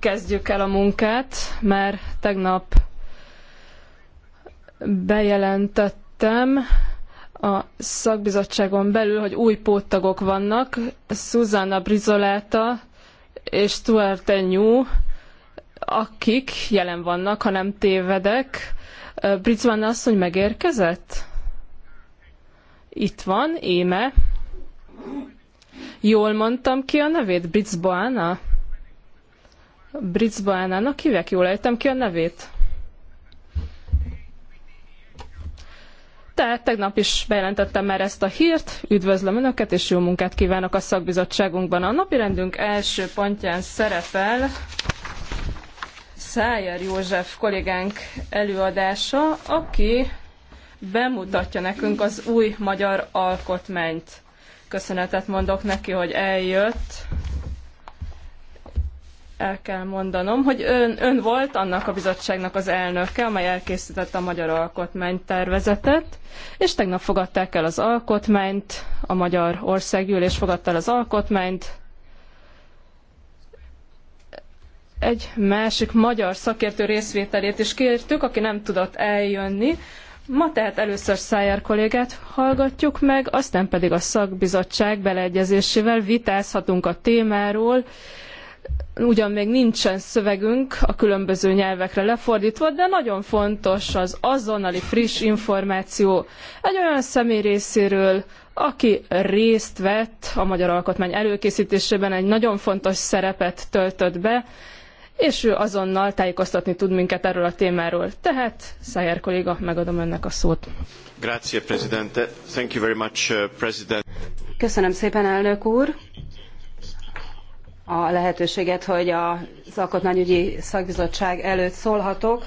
Kezdjük el a munkát, mert tegnap bejelentettem a szakbizottságon belül, hogy új póttagok vannak, Susanna Brizoletta és Stuart Enyú, akik jelen vannak, ha nem tévedek. Brizoletta asszony megérkezett? Itt van, éme. Jól mondtam ki a nevét, Britsboana? Britsboánának hívják, jól ejtem ki a nevét. Tehát tegnap is bejelentettem már ezt a hírt, üdvözlöm Önöket, és jó munkát kívánok a szakbizottságunkban. A napirendünk első pontján szerepel Szájer József kollégánk előadása, aki bemutatja nekünk az új magyar alkotmányt. Köszönetet mondok neki, hogy eljött. El kell mondanom, hogy ön, ön volt annak a bizottságnak az elnöke, amely elkészítette a magyar tervezetet, és tegnap fogadták el az alkotmányt, a Magyar Országgyűlés fogadta el az alkotmányt, egy másik magyar szakértő részvételét is kértük, aki nem tudott eljönni, Ma tehát először Szájer kollégát hallgatjuk meg, aztán pedig a szakbizottság beleegyezésével vitázhatunk a témáról. Ugyan még nincsen szövegünk a különböző nyelvekre lefordítva, de nagyon fontos az azonnali friss információ egy olyan személy részéről, aki részt vett a Magyar Alkotmány előkészítésében, egy nagyon fontos szerepet töltött be, és ő azonnal tájékoztatni tud minket erről a témáról. Tehát, Szájer kolléga, megadom önnek a szót. Grazie, Presidente. Thank you very much, uh, President. Köszönöm szépen, elnök úr a lehetőséget, hogy az Alkotmányügyi Szakbizottság előtt szólhatok.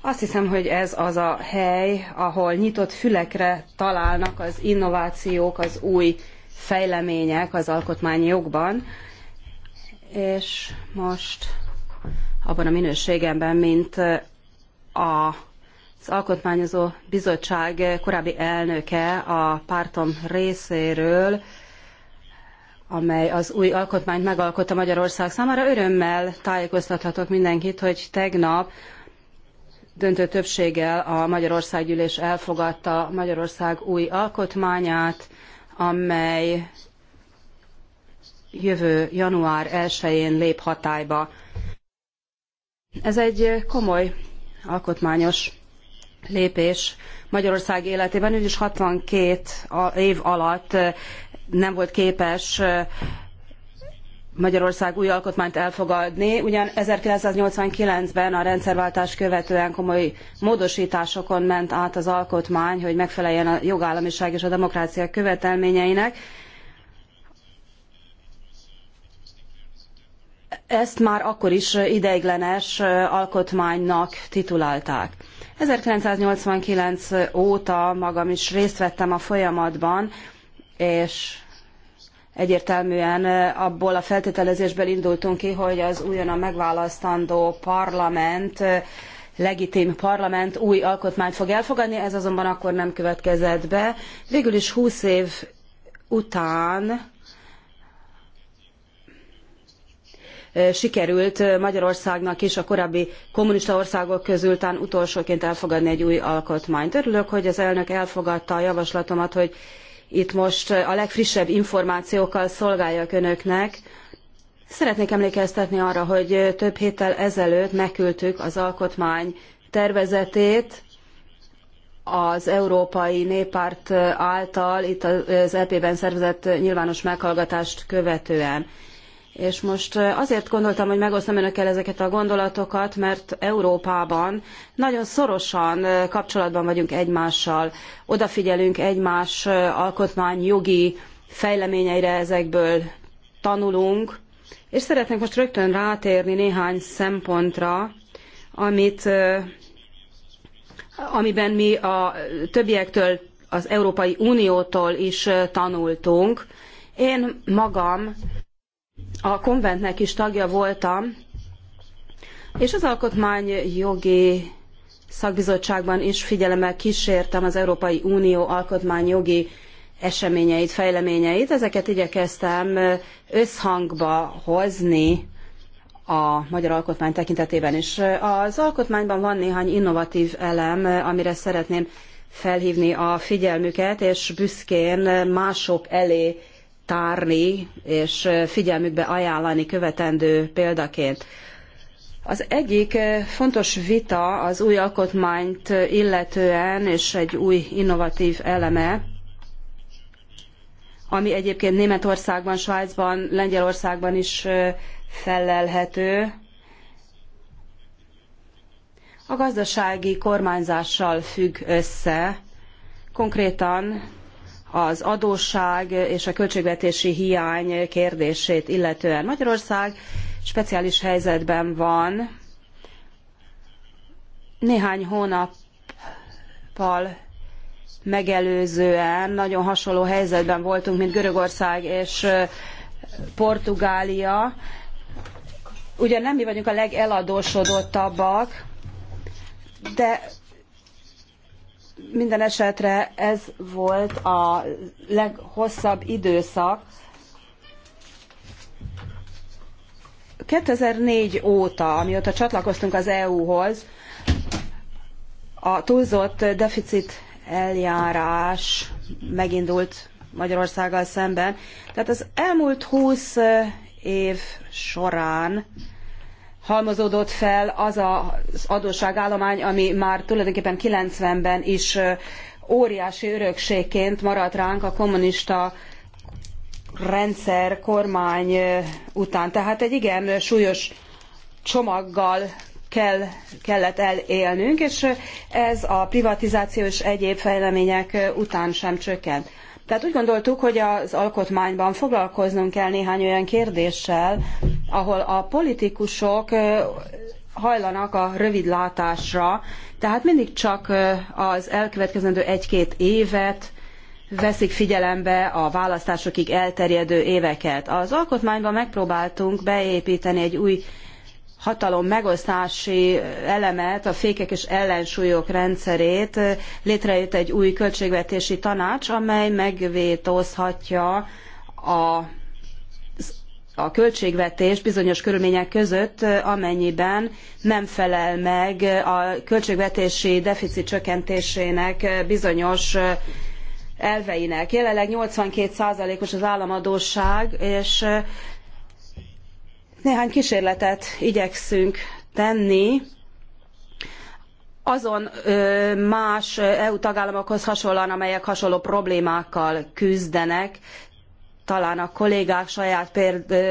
Azt hiszem, hogy ez az a hely, ahol nyitott fülekre találnak az innovációk, az új fejlemények az alkotmányjogban. És most abban a minőségemben, mint a az Alkotmányozó Bizottság korábbi elnöke a pártom részéről, amely az új alkotmányt megalkotta Magyarország számára. Örömmel tájékoztathatok mindenkit, hogy tegnap döntő többséggel a Magyarországgyűlés elfogadta Magyarország új alkotmányát, amely jövő január 1-én lép hatályba. Ez egy komoly alkotmányos lépés Magyarország életében, ugyanis 62 év alatt nem volt képes Magyarország új alkotmányt elfogadni, ugyan 1989-ben a rendszerváltás követően komoly módosításokon ment át az alkotmány, hogy megfeleljen a jogállamiság és a demokrácia követelményeinek, ezt már akkor is ideiglenes alkotmánynak titulálták. 1989 óta magam is részt vettem a folyamatban, és egyértelműen abból a feltételezésből indultunk ki, hogy az újonnan megválasztandó parlament legitim parlament új alkotmányt fog elfogadni, ez azonban akkor nem következett be. Végül is 20 év után sikerült Magyarországnak is a korábbi kommunista országok közül tán utolsóként elfogadni egy új alkotmányt. Örülök, hogy az elnök elfogadta a javaslatomat, hogy itt most a legfrissebb információkkal szolgáljak önöknek. Szeretnék emlékeztetni arra, hogy több héttel ezelőtt megküldtük az alkotmány tervezetét az Európai Néppárt által itt az EP-ben szervezett nyilvános meghallgatást követően. És most azért gondoltam, hogy megosztom önökkel ezeket a gondolatokat, mert Európában nagyon szorosan kapcsolatban vagyunk egymással, odafigyelünk egymás alkotmányjogi fejleményeire ezekből tanulunk, és szeretnék most rögtön rátérni néhány szempontra, amit, amiben mi a többiektől, az Európai Uniótól is tanultunk. Én magam a konventnek is tagja voltam, és az alkotmányjogi szakbizottságban is figyelemmel kísértem az Európai Unió alkotmányjogi eseményeit, fejleményeit. Ezeket igyekeztem összhangba hozni a magyar alkotmány tekintetében is. Az alkotmányban van néhány innovatív elem, amire szeretném felhívni a figyelmüket, és büszkén mások elé tárni és figyelmükbe ajánlani követendő példaként. Az egyik fontos vita az új alkotmányt illetően, és egy új innovatív eleme, ami egyébként Németországban, Svájcban, Lengyelországban is fellelhető, a gazdasági kormányzással függ össze. Konkrétan az adósság és a költségvetési hiány kérdését illetően. Magyarország speciális helyzetben van. Néhány hónappal megelőzően nagyon hasonló helyzetben voltunk, mint Görögország és Portugália. Ugyan nem mi vagyunk a legeladósodottabbak, de minden esetre ez volt a leghosszabb időszak. 2004 óta, amióta csatlakoztunk az EU-hoz, a túlzott deficit eljárás megindult Magyarországgal szemben. Tehát az elmúlt 20 év során halmozódott fel az az adósságállomány, ami már tulajdonképpen 90-ben is óriási örökségként maradt ránk a kommunista rendszer, kormány után. Tehát egy igen súlyos csomaggal kell, kellett elélnünk, és ez a privatizáció és egyéb fejlemények után sem csökkent. Tehát úgy gondoltuk, hogy az alkotmányban foglalkoznunk kell néhány olyan kérdéssel, ahol a politikusok hajlanak a rövidlátásra, tehát mindig csak az elkövetkezendő egy-két évet veszik figyelembe a választásokig elterjedő éveket. Az alkotmányban megpróbáltunk beépíteni egy új hatalom megosztási elemet, a fékek és ellensúlyok rendszerét, létrejött egy új költségvetési tanács, amely megvétózhatja a a költségvetés bizonyos körülmények között, amennyiben nem felel meg a költségvetési deficit csökkentésének bizonyos elveinek. Jelenleg 82%-os az államadósság, és néhány kísérletet igyekszünk tenni, azon más EU tagállamokhoz hasonlóan, amelyek hasonló problémákkal küzdenek, talán a kollégák saját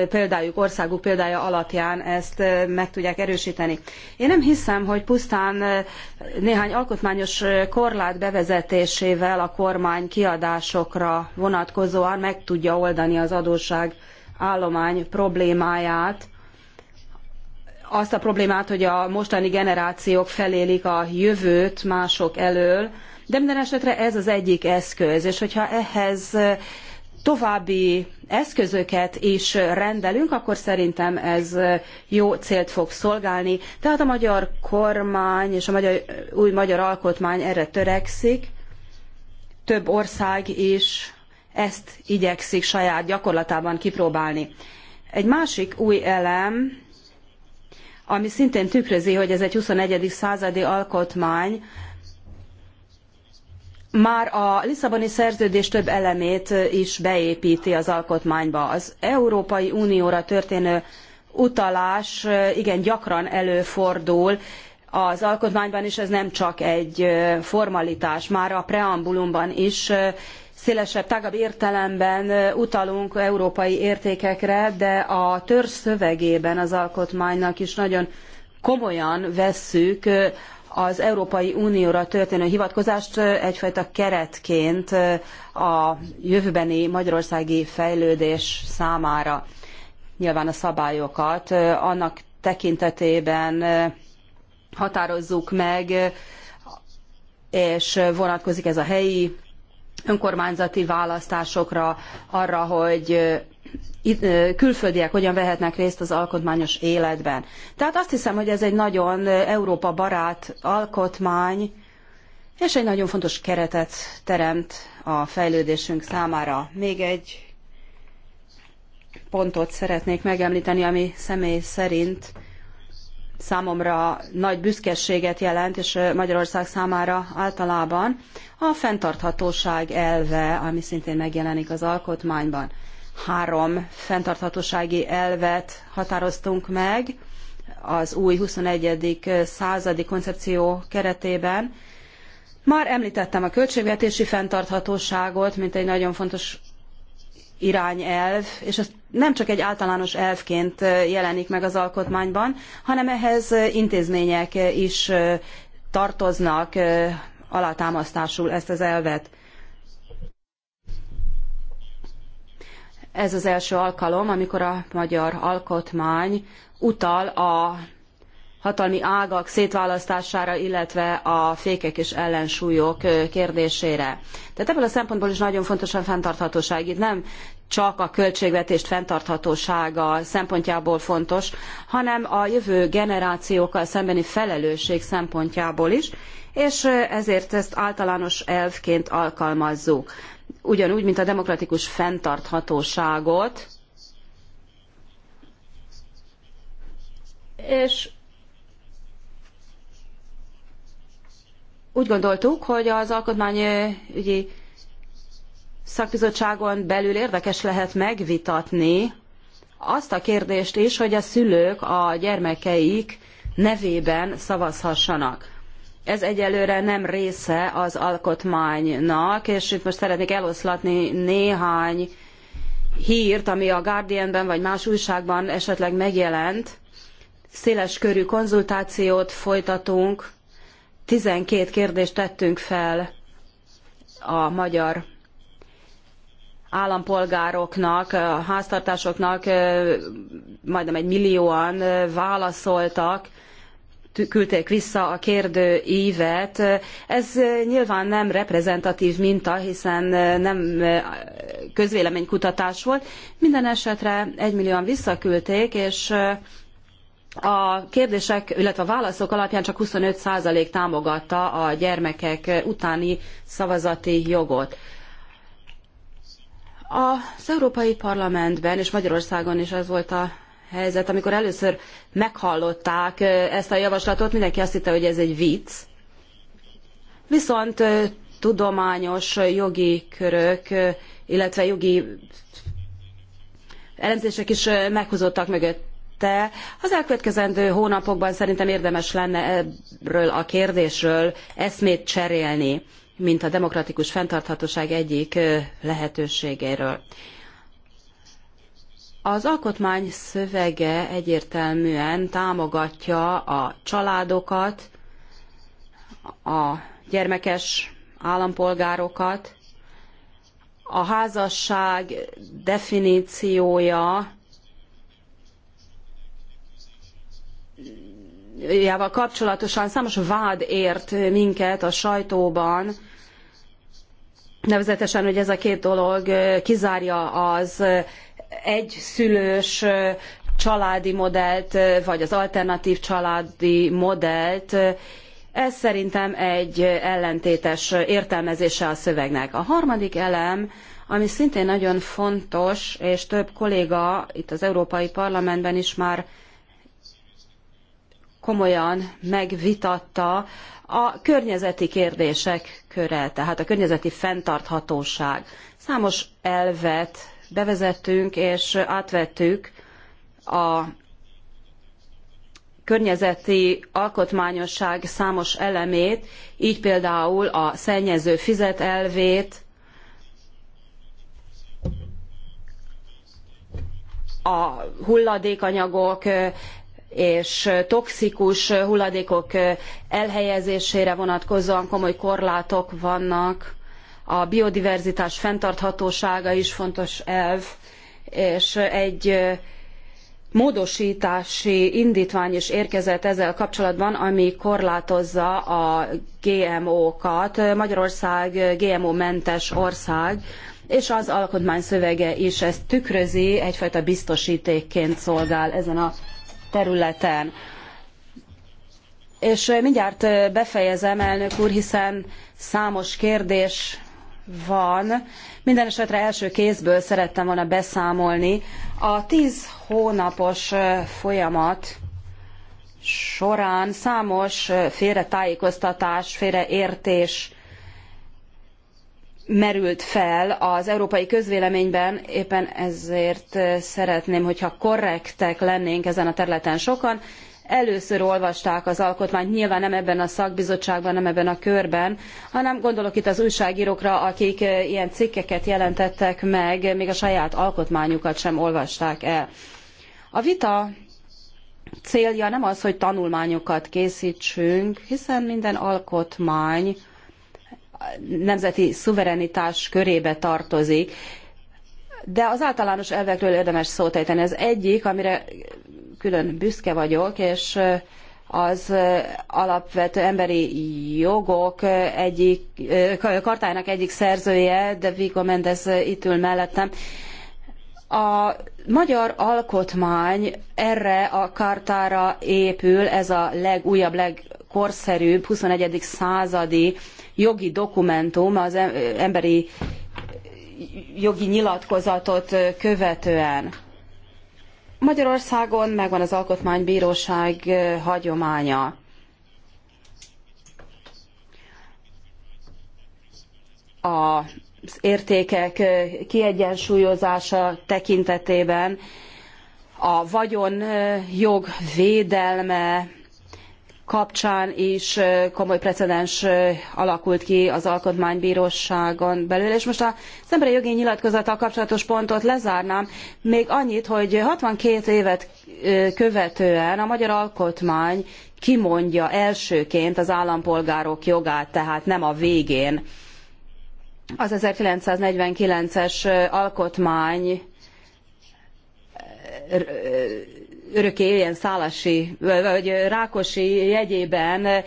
példájuk, országuk példája alapján ezt meg tudják erősíteni. Én nem hiszem, hogy pusztán néhány alkotmányos korlát bevezetésével a kormány kiadásokra vonatkozóan meg tudja oldani az adósság állomány problémáját, azt a problémát, hogy a mostani generációk felélik a jövőt mások elől, de minden esetre ez az egyik eszköz, és hogyha ehhez további eszközöket is rendelünk, akkor szerintem ez jó célt fog szolgálni. Tehát a magyar kormány és a magyar, új magyar alkotmány erre törekszik, több ország is ezt igyekszik saját gyakorlatában kipróbálni. Egy másik új elem, ami szintén tükrözi, hogy ez egy 21. századi alkotmány, már a Lisszaboni szerződés több elemét is beépíti az alkotmányba. Az Európai Unióra történő utalás igen gyakran előfordul az alkotmányban, és ez nem csak egy formalitás, már a preambulumban is szélesebb, tágabb értelemben utalunk európai értékekre, de a törzs szövegében az alkotmánynak is nagyon komolyan vesszük az Európai Unióra történő hivatkozást egyfajta keretként a jövőbeni magyarországi fejlődés számára. Nyilván a szabályokat annak tekintetében határozzuk meg, és vonatkozik ez a helyi önkormányzati választásokra, arra, hogy külföldiek hogyan vehetnek részt az alkotmányos életben. Tehát azt hiszem, hogy ez egy nagyon Európa barát alkotmány, és egy nagyon fontos keretet teremt a fejlődésünk számára. Még egy pontot szeretnék megemlíteni, ami személy szerint számomra nagy büszkeséget jelent, és Magyarország számára általában, a fenntarthatóság elve, ami szintén megjelenik az alkotmányban. Három fenntarthatósági elvet határoztunk meg az új 21. századi koncepció keretében. Már említettem a költségvetési fenntarthatóságot, mint egy nagyon fontos irányelv, és ez nem csak egy általános elvként jelenik meg az alkotmányban, hanem ehhez intézmények is tartoznak alátámasztásul ezt az elvet. Ez az első alkalom, amikor a magyar alkotmány utal a hatalmi ágak szétválasztására, illetve a fékek és ellensúlyok kérdésére. Tehát ebből a szempontból is nagyon fontos a fenntarthatóság. Itt nem csak a költségvetést fenntarthatósága szempontjából fontos, hanem a jövő generációkkal szembeni felelősség szempontjából is, és ezért ezt általános elvként alkalmazzuk. Ugyanúgy, mint a demokratikus fenntarthatóságot, és úgy gondoltuk, hogy az alkotmányügyi szakbizottságon belül érdekes lehet megvitatni azt a kérdést is, hogy a szülők a gyermekeik nevében szavazhassanak. Ez egyelőre nem része az alkotmánynak, és itt most szeretnék eloszlatni néhány hírt, ami a Guardianben vagy más újságban esetleg megjelent. Széles körű konzultációt folytatunk 12 kérdést tettünk fel a magyar állampolgároknak, a háztartásoknak, majdnem egy millióan válaszoltak, küldték vissza a kérdőívet. Ez nyilván nem reprezentatív minta, hiszen nem közvéleménykutatás volt. Minden esetre egymillióan visszaküldték, és a kérdések, illetve a válaszok alapján csak 25% támogatta a gyermekek utáni szavazati jogot. Az Európai Parlamentben és Magyarországon is ez volt a helyzet, amikor először meghallották ezt a javaslatot, mindenki azt hitte, hogy ez egy vicc. Viszont tudományos jogi körök, illetve jogi elemzések is meghozottak mögött említette. Az elkövetkezendő hónapokban szerintem érdemes lenne erről a kérdésről eszmét cserélni, mint a demokratikus fenntarthatóság egyik lehetőségéről. Az alkotmány szövege egyértelműen támogatja a családokat, a gyermekes állampolgárokat. A házasság definíciója jával kapcsolatosan számos vád ért minket a sajtóban, nevezetesen, hogy ez a két dolog kizárja az egyszülős családi modellt, vagy az alternatív családi modellt, ez szerintem egy ellentétes értelmezése a szövegnek. A harmadik elem, ami szintén nagyon fontos, és több kolléga itt az Európai Parlamentben is már komolyan megvitatta a környezeti kérdések köre, tehát a környezeti fenntarthatóság. Számos elvet bevezettünk és átvettük a környezeti alkotmányosság számos elemét, így például a szennyező fizet elvét, a hulladékanyagok és toxikus hulladékok elhelyezésére vonatkozóan komoly korlátok vannak. A biodiverzitás fenntarthatósága is fontos elv, és egy módosítási indítvány is érkezett ezzel kapcsolatban, ami korlátozza a GMO-kat. Magyarország GMO-mentes ország, és az alkotmány szövege is ezt tükrözi, egyfajta biztosítékként szolgál ezen a területen. És mindjárt befejezem, elnök úr, hiszen számos kérdés van. Minden esetre első kézből szerettem volna beszámolni. A tíz hónapos folyamat során számos félretájékoztatás, félreértés merült fel az európai közvéleményben, éppen ezért eh, szeretném, hogyha korrektek lennénk ezen a területen sokan. Először olvasták az alkotmányt, nyilván nem ebben a szakbizottságban, nem ebben a körben, hanem gondolok itt az újságírókra, akik eh, ilyen cikkeket jelentettek meg, még a saját alkotmányukat sem olvasták el. A vita célja nem az, hogy tanulmányokat készítsünk, hiszen minden alkotmány nemzeti szuverenitás körébe tartozik, de az általános elvekről érdemes szót ejteni. Az egyik, amire külön büszke vagyok, és az alapvető emberi jogok egyik, kartájának egyik szerzője, de Vigo Mendez itt ül mellettem. A magyar alkotmány erre a kartára épül, ez a legújabb, legkorszerűbb, 21. századi jogi dokumentum az emberi jogi nyilatkozatot követően. Magyarországon megvan az alkotmánybíróság hagyománya. Az értékek kiegyensúlyozása tekintetében a vagyonjog védelme kapcsán is komoly precedens alakult ki az alkotmánybíróságon belül, és most az emberi jogi nyilatkozattal kapcsolatos pontot lezárnám, még annyit, hogy 62 évet követően a magyar alkotmány kimondja elsőként az állampolgárok jogát, tehát nem a végén. Az 1949-es alkotmány örökké éljen Szálasi, vagy Rákosi jegyében eh,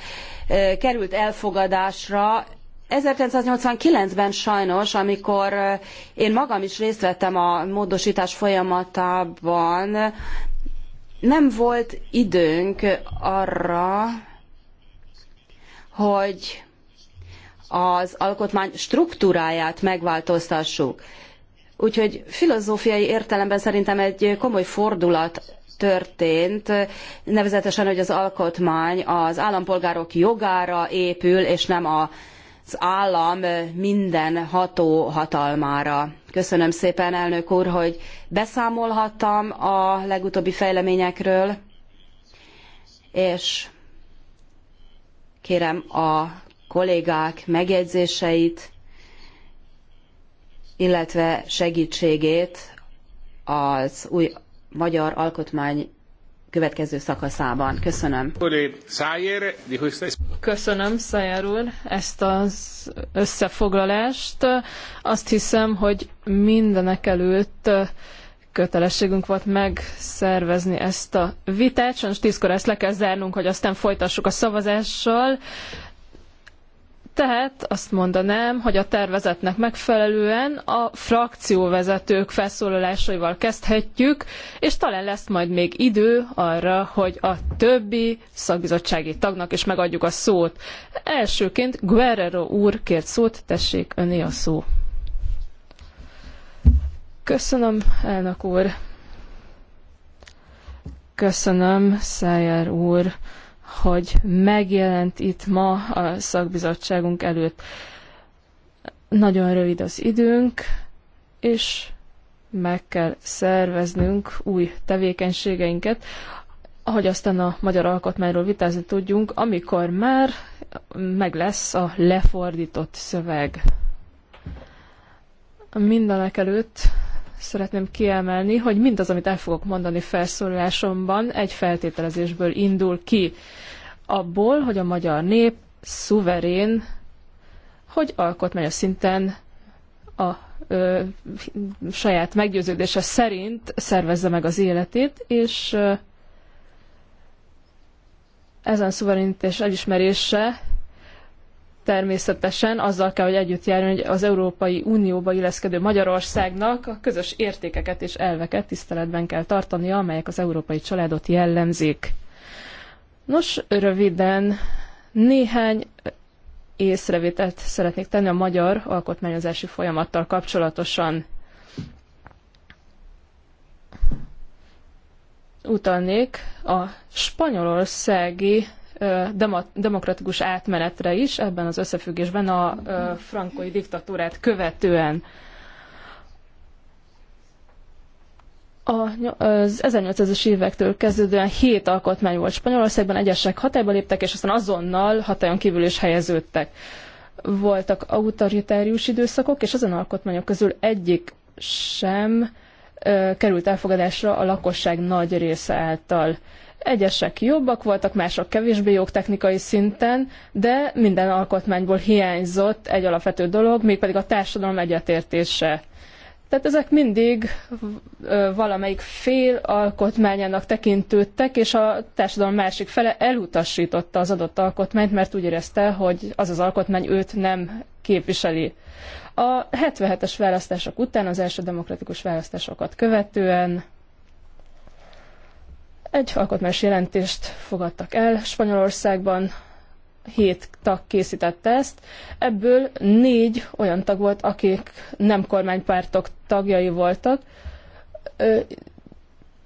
került elfogadásra. 1989-ben sajnos, amikor eh, én magam is részt vettem a módosítás folyamatában, nem volt időnk arra, hogy az alkotmány struktúráját megváltoztassuk. Úgyhogy filozófiai értelemben szerintem egy komoly fordulat történt, nevezetesen, hogy az alkotmány az állampolgárok jogára épül, és nem az állam minden ható hatalmára. Köszönöm szépen, elnök úr, hogy beszámolhattam a legutóbbi fejleményekről, és kérem a kollégák megjegyzéseit, illetve segítségét az új magyar alkotmány következő szakaszában. Köszönöm. Köszönöm, Szájer úr, ezt az összefoglalást. Azt hiszem, hogy mindenek előtt kötelességünk volt megszervezni ezt a vitát. Sajnos tízkor ezt le kell zárnunk, hogy aztán folytassuk a szavazással. Tehát azt mondanám, hogy a tervezetnek megfelelően a frakcióvezetők felszólalásaival kezdhetjük, és talán lesz majd még idő arra, hogy a többi szakbizottsági tagnak is megadjuk a szót. Elsőként Guerrero úr kért szót, tessék öné a szó. Köszönöm, elnök úr. Köszönöm, Szájer úr hogy megjelent itt ma a szakbizottságunk előtt. Nagyon rövid az időnk, és meg kell szerveznünk új tevékenységeinket, hogy aztán a magyar alkotmányról vitázni tudjunk, amikor már meg lesz a lefordított szöveg. Mindenek előtt szeretném kiemelni, hogy mindaz, amit el fogok mondani felszólalásomban, egy feltételezésből indul ki. Abból, hogy a magyar nép szuverén, hogy alkotmányos szinten a ö, saját meggyőződése szerint szervezze meg az életét, és ö, ezen szuverenitás elismerése természetesen azzal kell, hogy együtt járjon, hogy az Európai Unióba illeszkedő Magyarországnak a közös értékeket és elveket tiszteletben kell tartania, amelyek az európai családot jellemzik. Nos, röviden néhány észrevételt szeretnék tenni a magyar alkotmányozási folyamattal kapcsolatosan. Utalnék a spanyolországi demokratikus átmenetre is, ebben az összefüggésben a frankói diktatúrát követően. A, az 1800-es évektől kezdődően hét alkotmány volt Spanyolországban, egyesek hatályba léptek, és aztán azonnal hatályon kívül is helyeződtek. Voltak autoritárius időszakok, és ezen alkotmányok közül egyik sem ö, került elfogadásra a lakosság nagy része által. Egyesek jobbak voltak, mások kevésbé jók technikai szinten, de minden alkotmányból hiányzott egy alapvető dolog, mégpedig a társadalom egyetértése. Tehát ezek mindig valamelyik fél alkotmányának tekintődtek, és a társadalom másik fele elutasította az adott alkotmányt, mert úgy érezte, hogy az az alkotmány őt nem képviseli. A 77-es választások után, az első demokratikus választásokat követően egy alkotmányos jelentést fogadtak el Spanyolországban, hét tag készítette ezt, ebből négy olyan tag volt, akik nem kormánypártok tagjai voltak,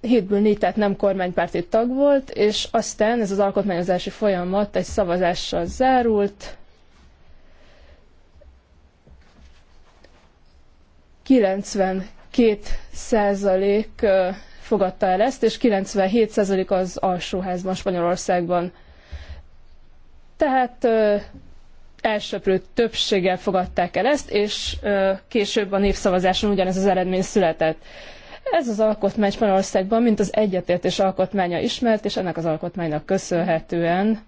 hétből négy, tehát nem kormánypárti tag volt, és aztán ez az alkotmányozási folyamat egy szavazással zárult, 92 százalék fogadta el ezt, és 97% az alsóházban, Spanyolországban. Tehát ö, többséggel fogadták el ezt, és ö, később a népszavazáson ugyanez az eredmény született. Ez az alkotmány Spanyolországban, mint az egyetértés alkotmánya ismert, és ennek az alkotmánynak köszönhetően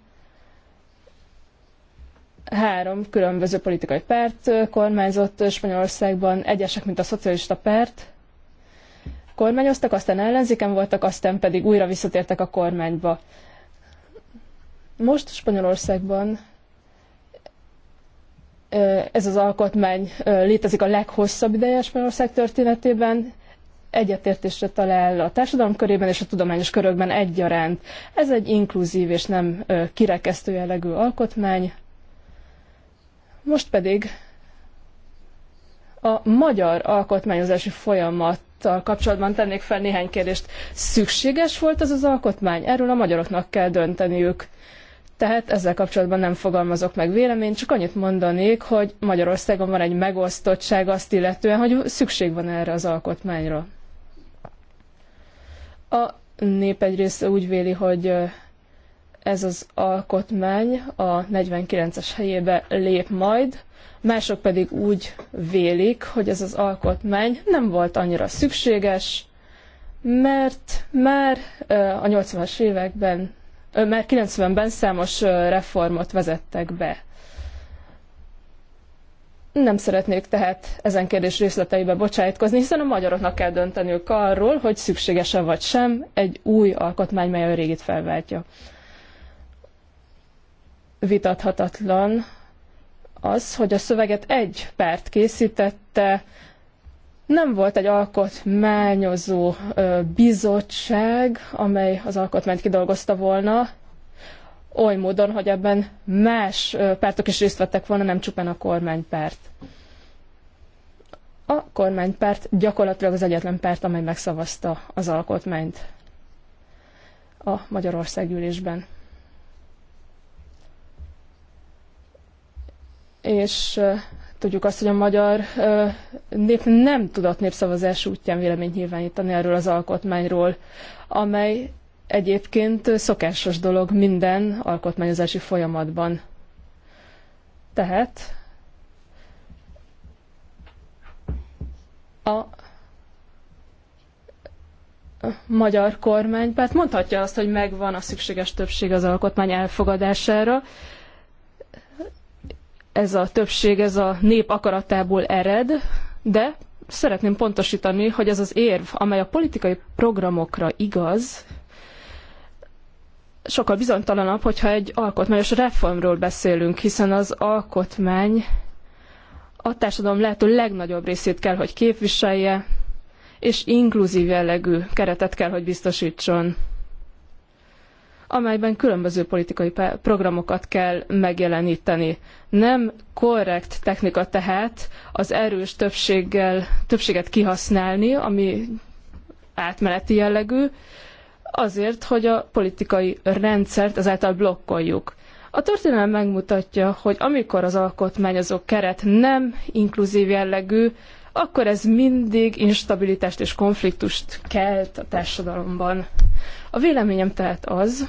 három különböző politikai párt kormányzott Spanyolországban, egyesek, mint a szocialista párt, kormányoztak, aztán ellenzéken voltak, aztán pedig újra visszatértek a kormányba. Most Spanyolországban ez az alkotmány létezik a leghosszabb ideje Spanyolország történetében, egyetértésre talál a társadalom körében és a tudományos körökben egyaránt. Ez egy inkluzív és nem kirekesztő jellegű alkotmány. Most pedig a magyar alkotmányozási folyamat alkotmányjal kapcsolatban tennék fel néhány kérdést. Szükséges volt ez az alkotmány? Erről a magyaroknak kell dönteniük. Tehát ezzel kapcsolatban nem fogalmazok meg véleményt, csak annyit mondanék, hogy Magyarországon van egy megosztottság azt illetően, hogy szükség van erre az alkotmányra. A nép egy része úgy véli, hogy ez az alkotmány a 49-es helyébe lép majd, mások pedig úgy vélik, hogy ez az alkotmány nem volt annyira szükséges, mert már a 80-as években, már 90-ben számos reformot vezettek be. Nem szeretnék tehát ezen kérdés részleteibe bocsájtkozni, hiszen a magyaroknak kell dönteniük arról, hogy szükséges-e vagy sem egy új alkotmány, mely a régit felváltja. Vitathatatlan, az, hogy a szöveget egy párt készítette, nem volt egy alkotmányozó bizottság, amely az alkotmányt kidolgozta volna, oly módon, hogy ebben más pártok is részt vettek volna, nem csupán a kormánypárt. A kormánypárt gyakorlatilag az egyetlen párt, amely megszavazta az alkotmányt a Magyarország gyűlésben. és tudjuk azt, hogy a magyar nép nem tudott népszavazás útján véleményt nyilvánítani erről az alkotmányról, amely egyébként szokásos dolog minden alkotmányozási folyamatban. Tehát a magyar kormánypárt mondhatja azt, hogy megvan a szükséges többség az alkotmány elfogadására, ez a többség, ez a nép akaratából ered, de szeretném pontosítani, hogy ez az érv, amely a politikai programokra igaz, sokkal bizonytalanabb, hogyha egy alkotmányos reformról beszélünk, hiszen az alkotmány a társadalom lehető legnagyobb részét kell, hogy képviselje, és inkluzív jellegű keretet kell, hogy biztosítson amelyben különböző politikai programokat kell megjeleníteni. Nem korrekt technika tehát az erős többséggel, többséget kihasználni, ami átmeneti jellegű, azért, hogy a politikai rendszert ezáltal blokkoljuk. A történelem megmutatja, hogy amikor az alkotmányozó keret nem inkluzív jellegű, akkor ez mindig instabilitást és konfliktust kelt a társadalomban. A véleményem tehát az,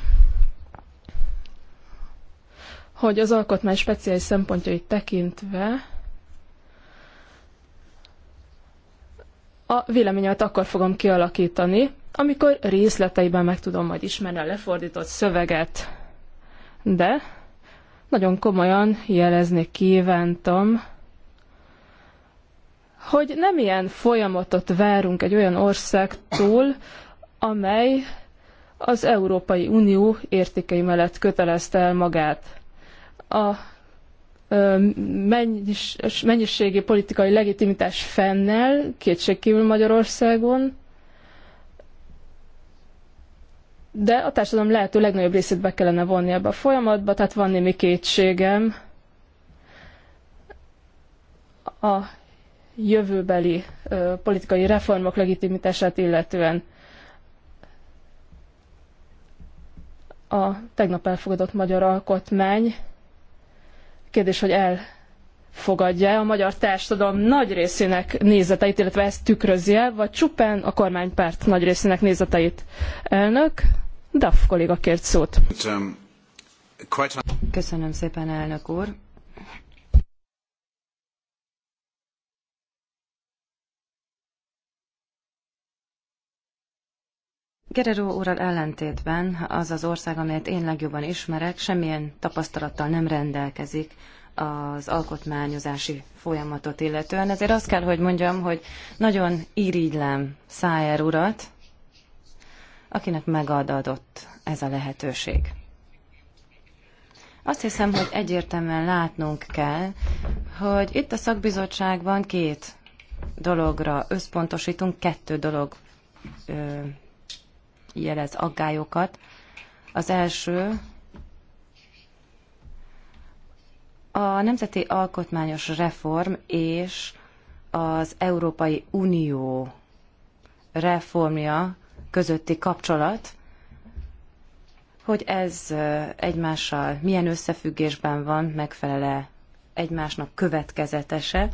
hogy az alkotmány speciális szempontjait tekintve a véleményemet akkor fogom kialakítani, amikor részleteiben meg tudom majd ismerni a lefordított szöveget. De nagyon komolyan jelezni kívántam, hogy nem ilyen folyamatot várunk egy olyan országtól, amely az Európai Unió értékei mellett kötelezte el magát. A mennyiségi politikai legitimitás fennel, kétségkívül Magyarországon, de a társadalom lehető legnagyobb részét be kellene vonni ebbe a folyamatba, tehát van némi kétségem a jövőbeli politikai reformok legitimitását illetően. a tegnap elfogadott magyar alkotmány. Kérdés, hogy fogadja a magyar társadalom nagy részének nézeteit, illetve ezt tükrözi el, vagy csupán a kormánypárt nagy részének nézeteit. Elnök, Duff kolléga kért szót. Um, Köszönöm szépen, elnök úr. Gerero úrral ellentétben az az ország, amelyet én legjobban ismerek, semmilyen tapasztalattal nem rendelkezik az alkotmányozási folyamatot illetően. Ezért azt kell, hogy mondjam, hogy nagyon irigylem Szájer urat, akinek megadadott ez a lehetőség. Azt hiszem, hogy egyértelműen látnunk kell, hogy itt a szakbizottságban két dologra összpontosítunk, kettő dolog ö, jelez aggályokat. Az első a nemzeti alkotmányos reform és az Európai Unió reformja közötti kapcsolat, hogy ez egymással milyen összefüggésben van, megfelele egymásnak következetese.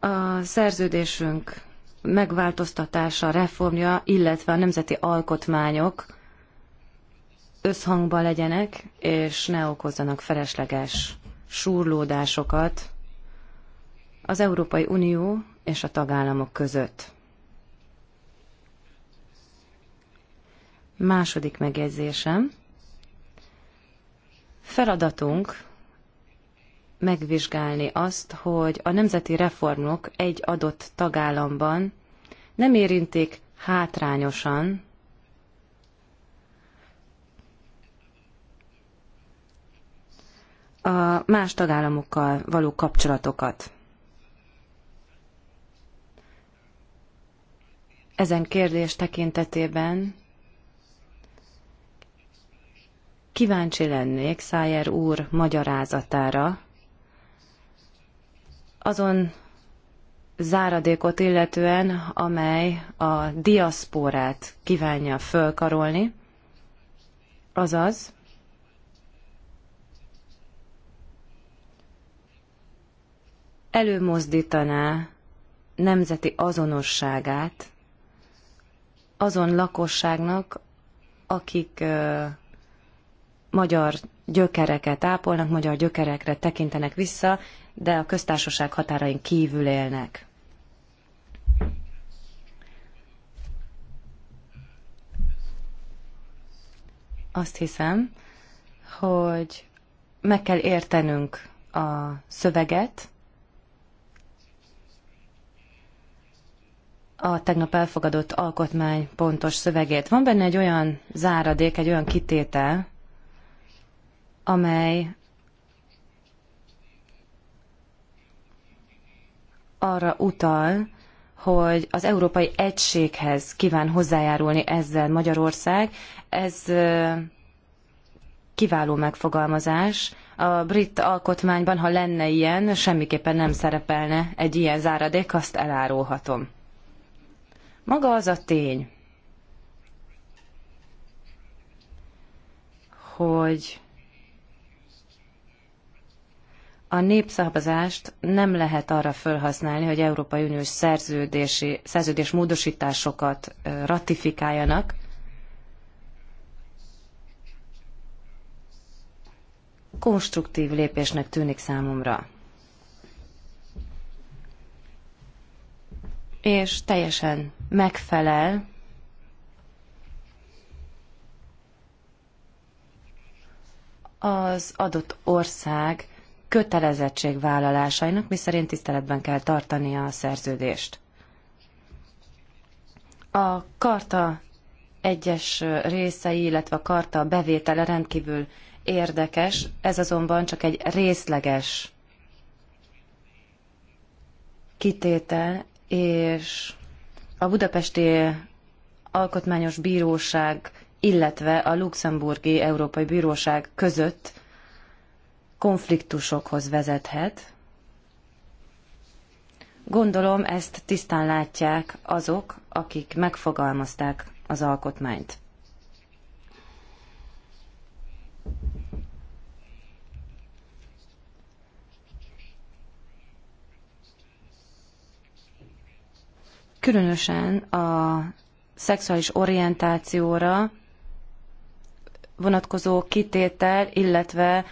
a szerződésünk megváltoztatása, reformja, illetve a nemzeti alkotmányok összhangban legyenek, és ne okozzanak felesleges súrlódásokat az Európai Unió és a tagállamok között. Második megjegyzésem. Feladatunk megvizsgálni azt, hogy a nemzeti reformok egy adott tagállamban nem érintik hátrányosan a más tagállamokkal való kapcsolatokat. Ezen kérdés tekintetében kíváncsi lennék Szájer úr magyarázatára, azon záradékot illetően, amely a diaszporát kívánja fölkarolni, azaz előmozdítaná nemzeti azonosságát azon lakosságnak, akik ö, magyar gyökereket ápolnak, magyar gyökerekre tekintenek vissza, de a köztársaság határain kívül élnek. Azt hiszem, hogy meg kell értenünk a szöveget, a tegnap elfogadott alkotmány pontos szövegét. Van benne egy olyan záradék, egy olyan kitétel, amely arra utal, hogy az európai egységhez kíván hozzájárulni ezzel Magyarország. Ez kiváló megfogalmazás. A brit alkotmányban, ha lenne ilyen, semmiképpen nem szerepelne egy ilyen záradék, azt elárulhatom. Maga az a tény, hogy a népszavazást nem lehet arra felhasználni, hogy Európai Uniós szerződési, szerződés módosításokat ratifikáljanak, konstruktív lépésnek tűnik számomra. És teljesen megfelel az adott ország kötelezettségvállalásainak, miszerint tiszteletben kell tartania a szerződést. A karta egyes részei, illetve a karta bevétele rendkívül érdekes, ez azonban csak egy részleges kitétel, és a budapesti alkotmányos bíróság, illetve a luxemburgi Európai Bíróság között konfliktusokhoz vezethet. Gondolom ezt tisztán látják azok, akik megfogalmazták az alkotmányt. Különösen a szexuális orientációra vonatkozó kitétel, illetve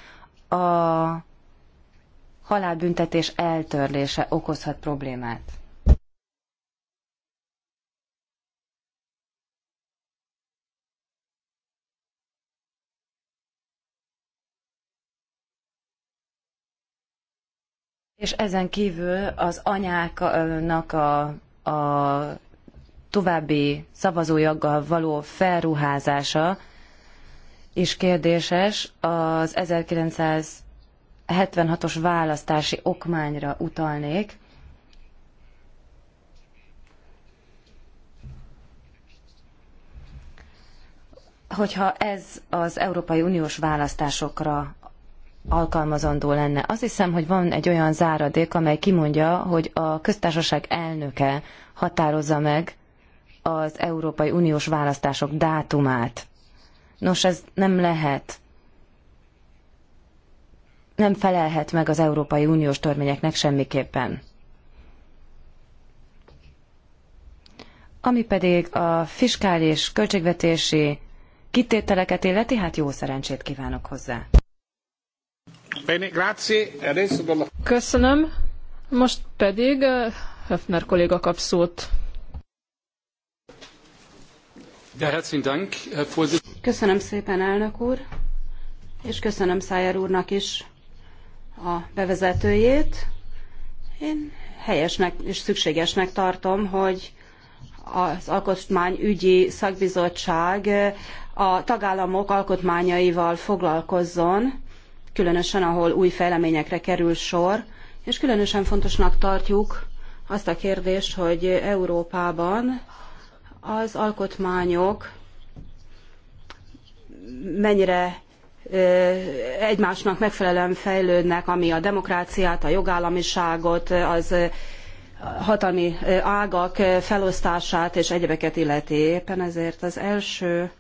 a halálbüntetés eltörlése okozhat problémát. És ezen kívül az anyáknak a, a további szavazójaggal való felruházása is kérdéses, az 1976-os választási okmányra utalnék. Hogyha ez az Európai Uniós választásokra alkalmazandó lenne. Azt hiszem, hogy van egy olyan záradék, amely kimondja, hogy a köztársaság elnöke határozza meg az Európai Uniós választások dátumát. Nos, ez nem lehet. Nem felelhet meg az Európai Uniós törvényeknek semmiképpen. Ami pedig a fiskális költségvetési kitételeket illeti, hát jó szerencsét kívánok hozzá. Köszönöm. Most pedig Höfner eh, kolléga kap szót. Köszönöm szépen, elnök úr, és köszönöm Szájer úrnak is a bevezetőjét. Én helyesnek és szükségesnek tartom, hogy az Alkotmányügyi Szakbizottság a tagállamok alkotmányaival foglalkozzon, különösen ahol új fejleményekre kerül sor, és különösen fontosnak tartjuk azt a kérdést, hogy Európában az alkotmányok mennyire egymásnak megfelelően fejlődnek, ami a demokráciát, a jogállamiságot, az hatalmi ágak felosztását és egyebeket illeti. Éppen ezért az első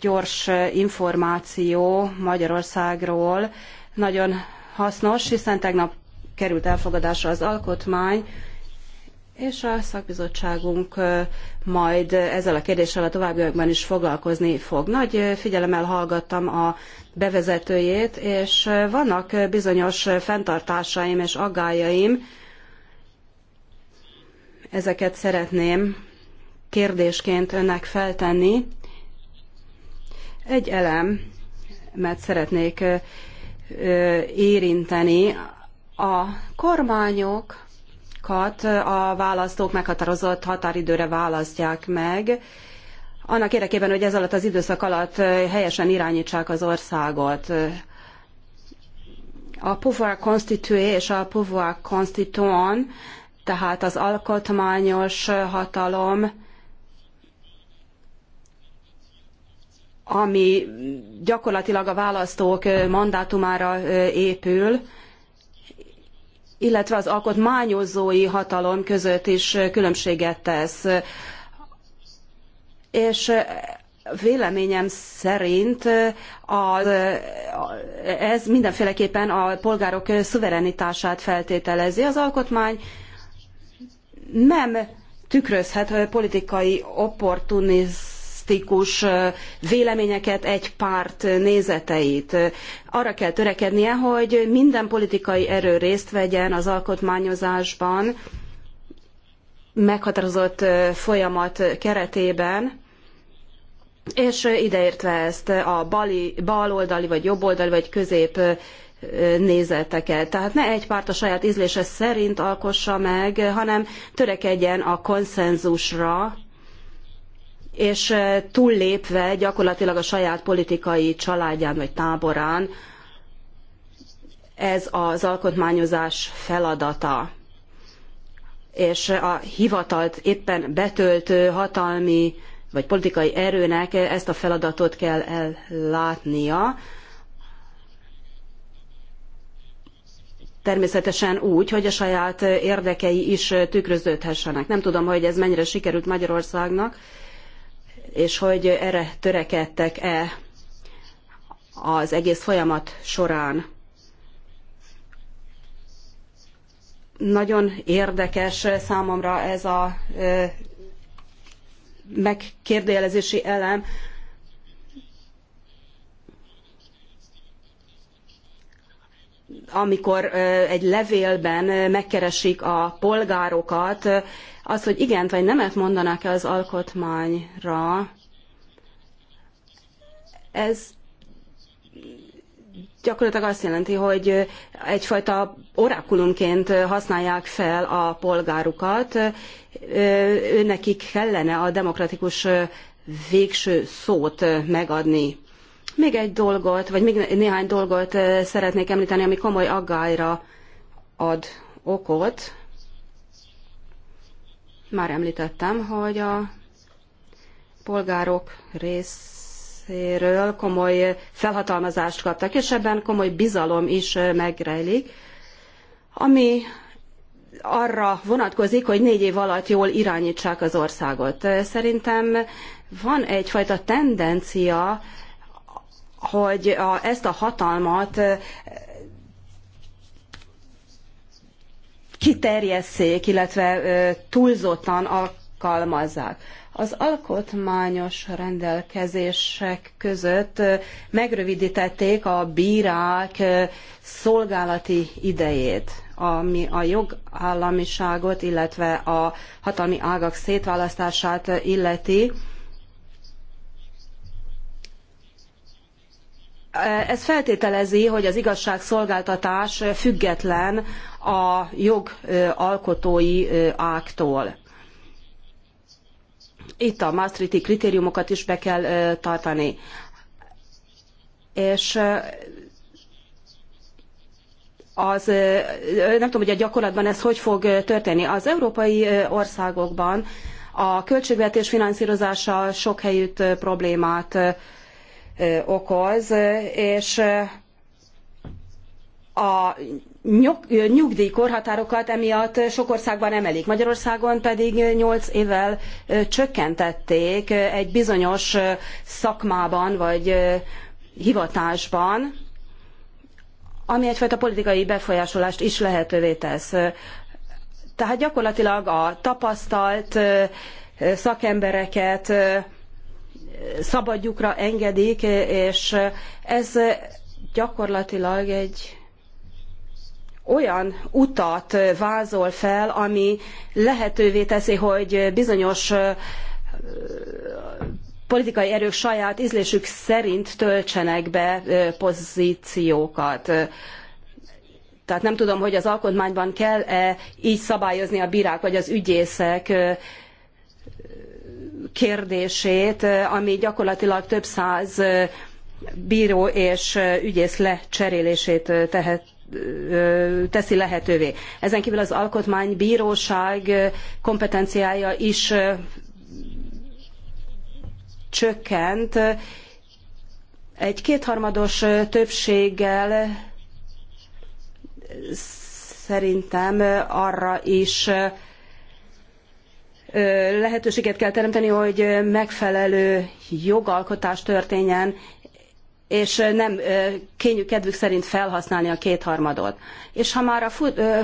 gyors információ Magyarországról nagyon hasznos, hiszen tegnap került elfogadásra az alkotmány, és a szakbizottságunk majd ezzel a kérdéssel a továbbiakban is foglalkozni fog. Nagy figyelemmel hallgattam a bevezetőjét, és vannak bizonyos fenntartásaim és aggájaim, ezeket szeretném kérdésként önnek feltenni. Egy elem, mert szeretnék érinteni, a kormányok programokat a választók meghatározott határidőre választják meg, annak érdekében, hogy ez alatt az időszak alatt helyesen irányítsák az országot. A pouvoir constitué és a pouvoir constituant, tehát az alkotmányos hatalom, ami gyakorlatilag a választók mandátumára épül, illetve az alkotmányozói hatalom között is különbséget tesz. És véleményem szerint az, ez mindenféleképpen a polgárok szuverenitását feltételezi. Az alkotmány nem tükrözhet politikai opportunizmus drasztikus véleményeket, egy párt nézeteit. Arra kell törekednie, hogy minden politikai erő részt vegyen az alkotmányozásban, meghatározott folyamat keretében, és ideértve ezt a bali, baloldali, vagy jobboldali, vagy közép nézeteket. Tehát ne egy párt a saját ízlése szerint alkossa meg, hanem törekedjen a konszenzusra, és túllépve gyakorlatilag a saját politikai családján vagy táborán, ez az alkotmányozás feladata. És a hivatalt éppen betöltő hatalmi vagy politikai erőnek ezt a feladatot kell ellátnia, természetesen úgy, hogy a saját érdekei is tükröződhessenek. Nem tudom, hogy ez mennyire sikerült Magyarországnak, és hogy erre törekedtek-e az egész folyamat során. Nagyon érdekes számomra ez a megkérdőjelezési elem, amikor egy levélben megkeresik a polgárokat, az, hogy igent vagy nemet mondanak-e az alkotmányra, ez gyakorlatilag azt jelenti, hogy egyfajta orákulumként használják fel a polgárukat, őnekik kellene a demokratikus végső szót megadni. Még egy dolgot, vagy még néhány dolgot szeretnék említeni, ami komoly aggályra ad okot. Már említettem, hogy a polgárok részéről komoly felhatalmazást kaptak, és ebben komoly bizalom is megrejlik, ami arra vonatkozik, hogy négy év alatt jól irányítsák az országot. Szerintem van egyfajta tendencia, hogy a, ezt a hatalmat kiterjesszék, illetve túlzottan alkalmazzák. Az alkotmányos rendelkezések között megrövidítették a bírák szolgálati idejét, ami a jogállamiságot, illetve a hatalmi ágak szétválasztását illeti Ez feltételezi, hogy az igazságszolgáltatás független a jogalkotói áktól. Itt a Maastrichti kritériumokat is be kell tartani. És az, nem tudom, hogy a gyakorlatban ez hogy fog történni. Az európai országokban a költségvetés finanszírozása sok helyütt problémát okoz, és a nyugdíjkorhatárokat emiatt sok országban emelik. Magyarországon pedig 8 évvel csökkentették egy bizonyos szakmában vagy hivatásban, ami egyfajta politikai befolyásolást is lehetővé tesz. Tehát gyakorlatilag a tapasztalt szakembereket szabadjukra engedik, és ez gyakorlatilag egy olyan utat vázol fel, ami lehetővé teszi, hogy bizonyos politikai erők saját ízlésük szerint töltsenek be pozíciókat. Tehát nem tudom, hogy az alkotmányban kell-e így szabályozni a bírák vagy az ügyészek kérdését, eh, ami gyakorlatilag több száz eh, bíró és eh, ügyész lecserélését tehet, teszi lehetővé. Ezen kívül az alkotmánybíróság kompetenciája is csökkent. Egy kétharmados többséggel szerintem arra is lehetőséget kell teremteni, hogy megfelelő jogalkotás történjen, és nem kényük kedvük szerint felhasználni a kétharmadot. És ha már a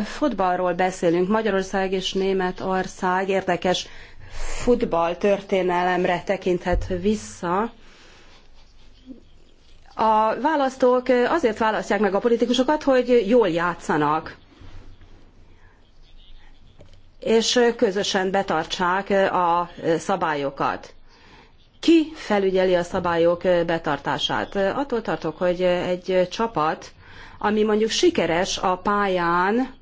futballról beszélünk, Magyarország és Németország érdekes futballtörténelemre tekinthet vissza, a választók azért választják meg a politikusokat, hogy jól játszanak és közösen betartsák a szabályokat. Ki felügyeli a szabályok betartását? Attól tartok, hogy egy csapat, ami mondjuk sikeres a pályán,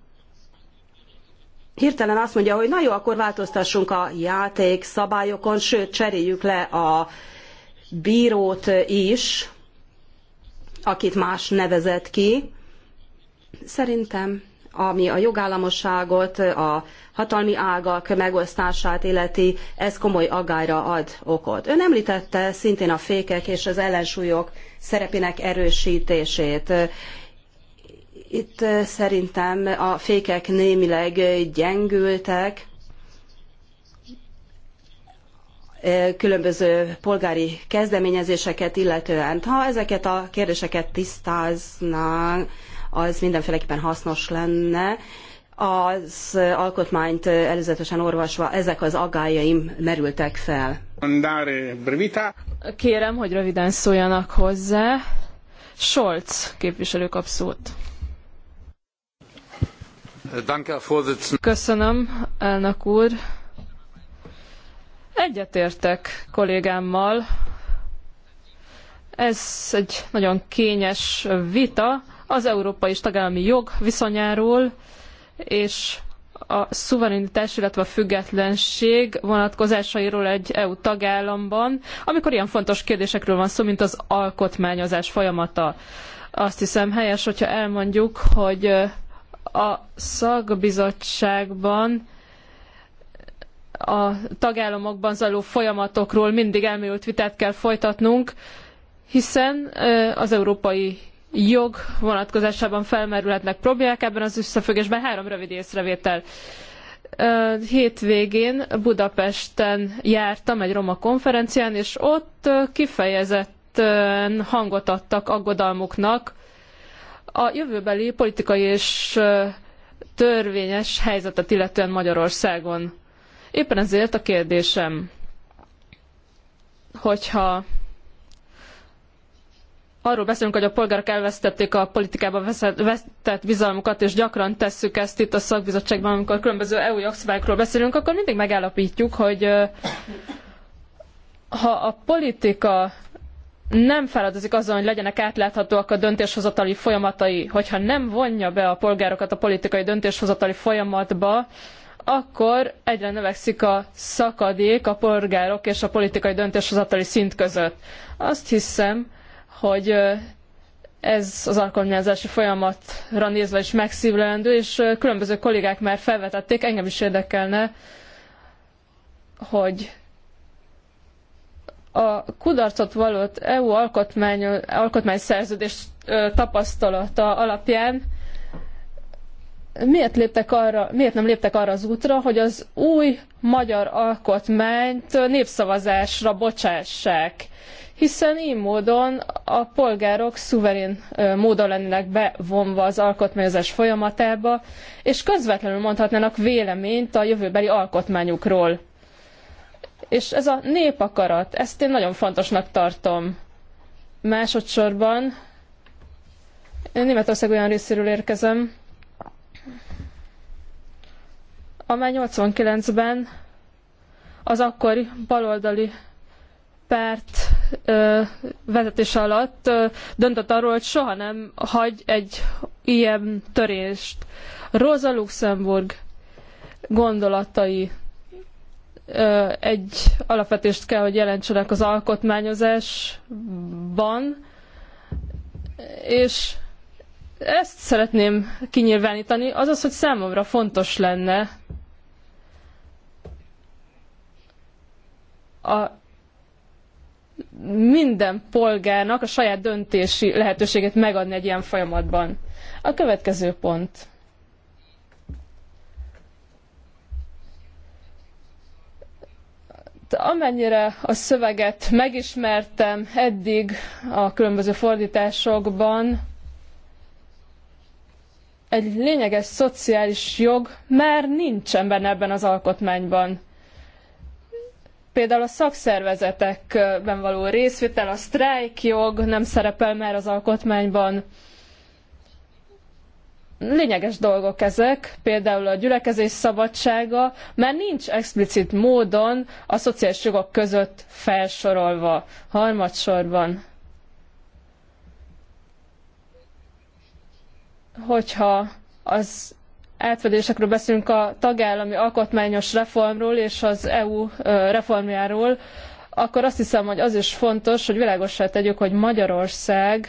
hirtelen azt mondja, hogy na jó, akkor változtassunk a játék szabályokon, sőt, cseréljük le a bírót is, akit más nevezett ki. Szerintem, ami a jogállamosságot, a hatalmi ágak megosztását illeti, ez komoly agályra ad okot. Ön említette szintén a fékek és az ellensúlyok szerepének erősítését. Itt szerintem a fékek némileg gyengültek, különböző polgári kezdeményezéseket illetően. Ha ezeket a kérdéseket tisztázná, az mindenféleképpen hasznos lenne az alkotmányt előzetesen orvosva ezek az aggájaim merültek fel. Kérem, hogy röviden szóljanak hozzá. Scholz képviselő kap szót. Köszönöm, elnök úr. Egyetértek kollégámmal. Ez egy nagyon kényes vita az európai és tagállami jog viszonyáról, és a szuverenitás, illetve a függetlenség vonatkozásairól egy EU tagállamban, amikor ilyen fontos kérdésekről van szó, mint az alkotmányozás folyamata. Azt hiszem helyes, hogyha elmondjuk, hogy a szakbizottságban a tagállamokban zajló folyamatokról mindig elmélyült vitát kell folytatnunk, hiszen az Európai jog vonatkozásában felmerülhetnek problémák. Ebben az összefüggésben három rövid észrevétel. Hétvégén Budapesten jártam egy roma konferencián, és ott kifejezetten hangot adtak aggodalmuknak a jövőbeli politikai és törvényes helyzetet illetően Magyarországon. Éppen ezért a kérdésem, hogyha arról beszélünk, hogy a polgárok elvesztették a politikába vesztett bizalmukat, és gyakran tesszük ezt itt a szakbizottságban, amikor különböző EU jogszabályokról beszélünk, akkor mindig megállapítjuk, hogy ha a politika nem feladozik azon, hogy legyenek átláthatóak a döntéshozatali folyamatai, hogyha nem vonja be a polgárokat a politikai döntéshozatali folyamatba, akkor egyre növekszik a szakadék a polgárok és a politikai döntéshozatali szint között. Azt hiszem, hogy ez az alkalmazási folyamatra nézve is megszívlelendő, és különböző kollégák már felvetették, engem is érdekelne, hogy a kudarcot valót EU alkotmány, alkotmányszerződés tapasztalata alapján miért, léptek arra, miért nem léptek arra az útra, hogy az új magyar alkotmányt népszavazásra bocsássák? hiszen így módon a polgárok szuverén módon lennének bevonva az alkotmányozás folyamatába, és közvetlenül mondhatnának véleményt a jövőbeli alkotmányukról. És ez a népakarat, ezt én nagyon fontosnak tartom. Másodszorban én Németország olyan részéről érkezem, amely 89-ben az akkori baloldali párt vezetés alatt döntött arról, hogy soha nem hagy egy ilyen törést. Rosa Luxemburg gondolatai egy alapvetést kell, hogy jelentsenek az alkotmányozásban, és ezt szeretném kinyilvánítani, azaz, hogy számomra fontos lenne a minden polgárnak a saját döntési lehetőségét megadni egy ilyen folyamatban. A következő pont. Amennyire a szöveget megismertem eddig a különböző fordításokban, egy lényeges szociális jog már nincsen benne ebben az alkotmányban Például a szakszervezetekben való részvétel, a sztrájkjog nem szerepel már az alkotmányban. Lényeges dolgok ezek, például a gyülekezés szabadsága, mert nincs explicit módon a szociális jogok között felsorolva. Harmadsorban, hogyha az átfedésekről beszélünk a tagállami alkotmányos reformról és az EU reformjáról, akkor azt hiszem, hogy az is fontos, hogy világossá tegyük, hogy Magyarország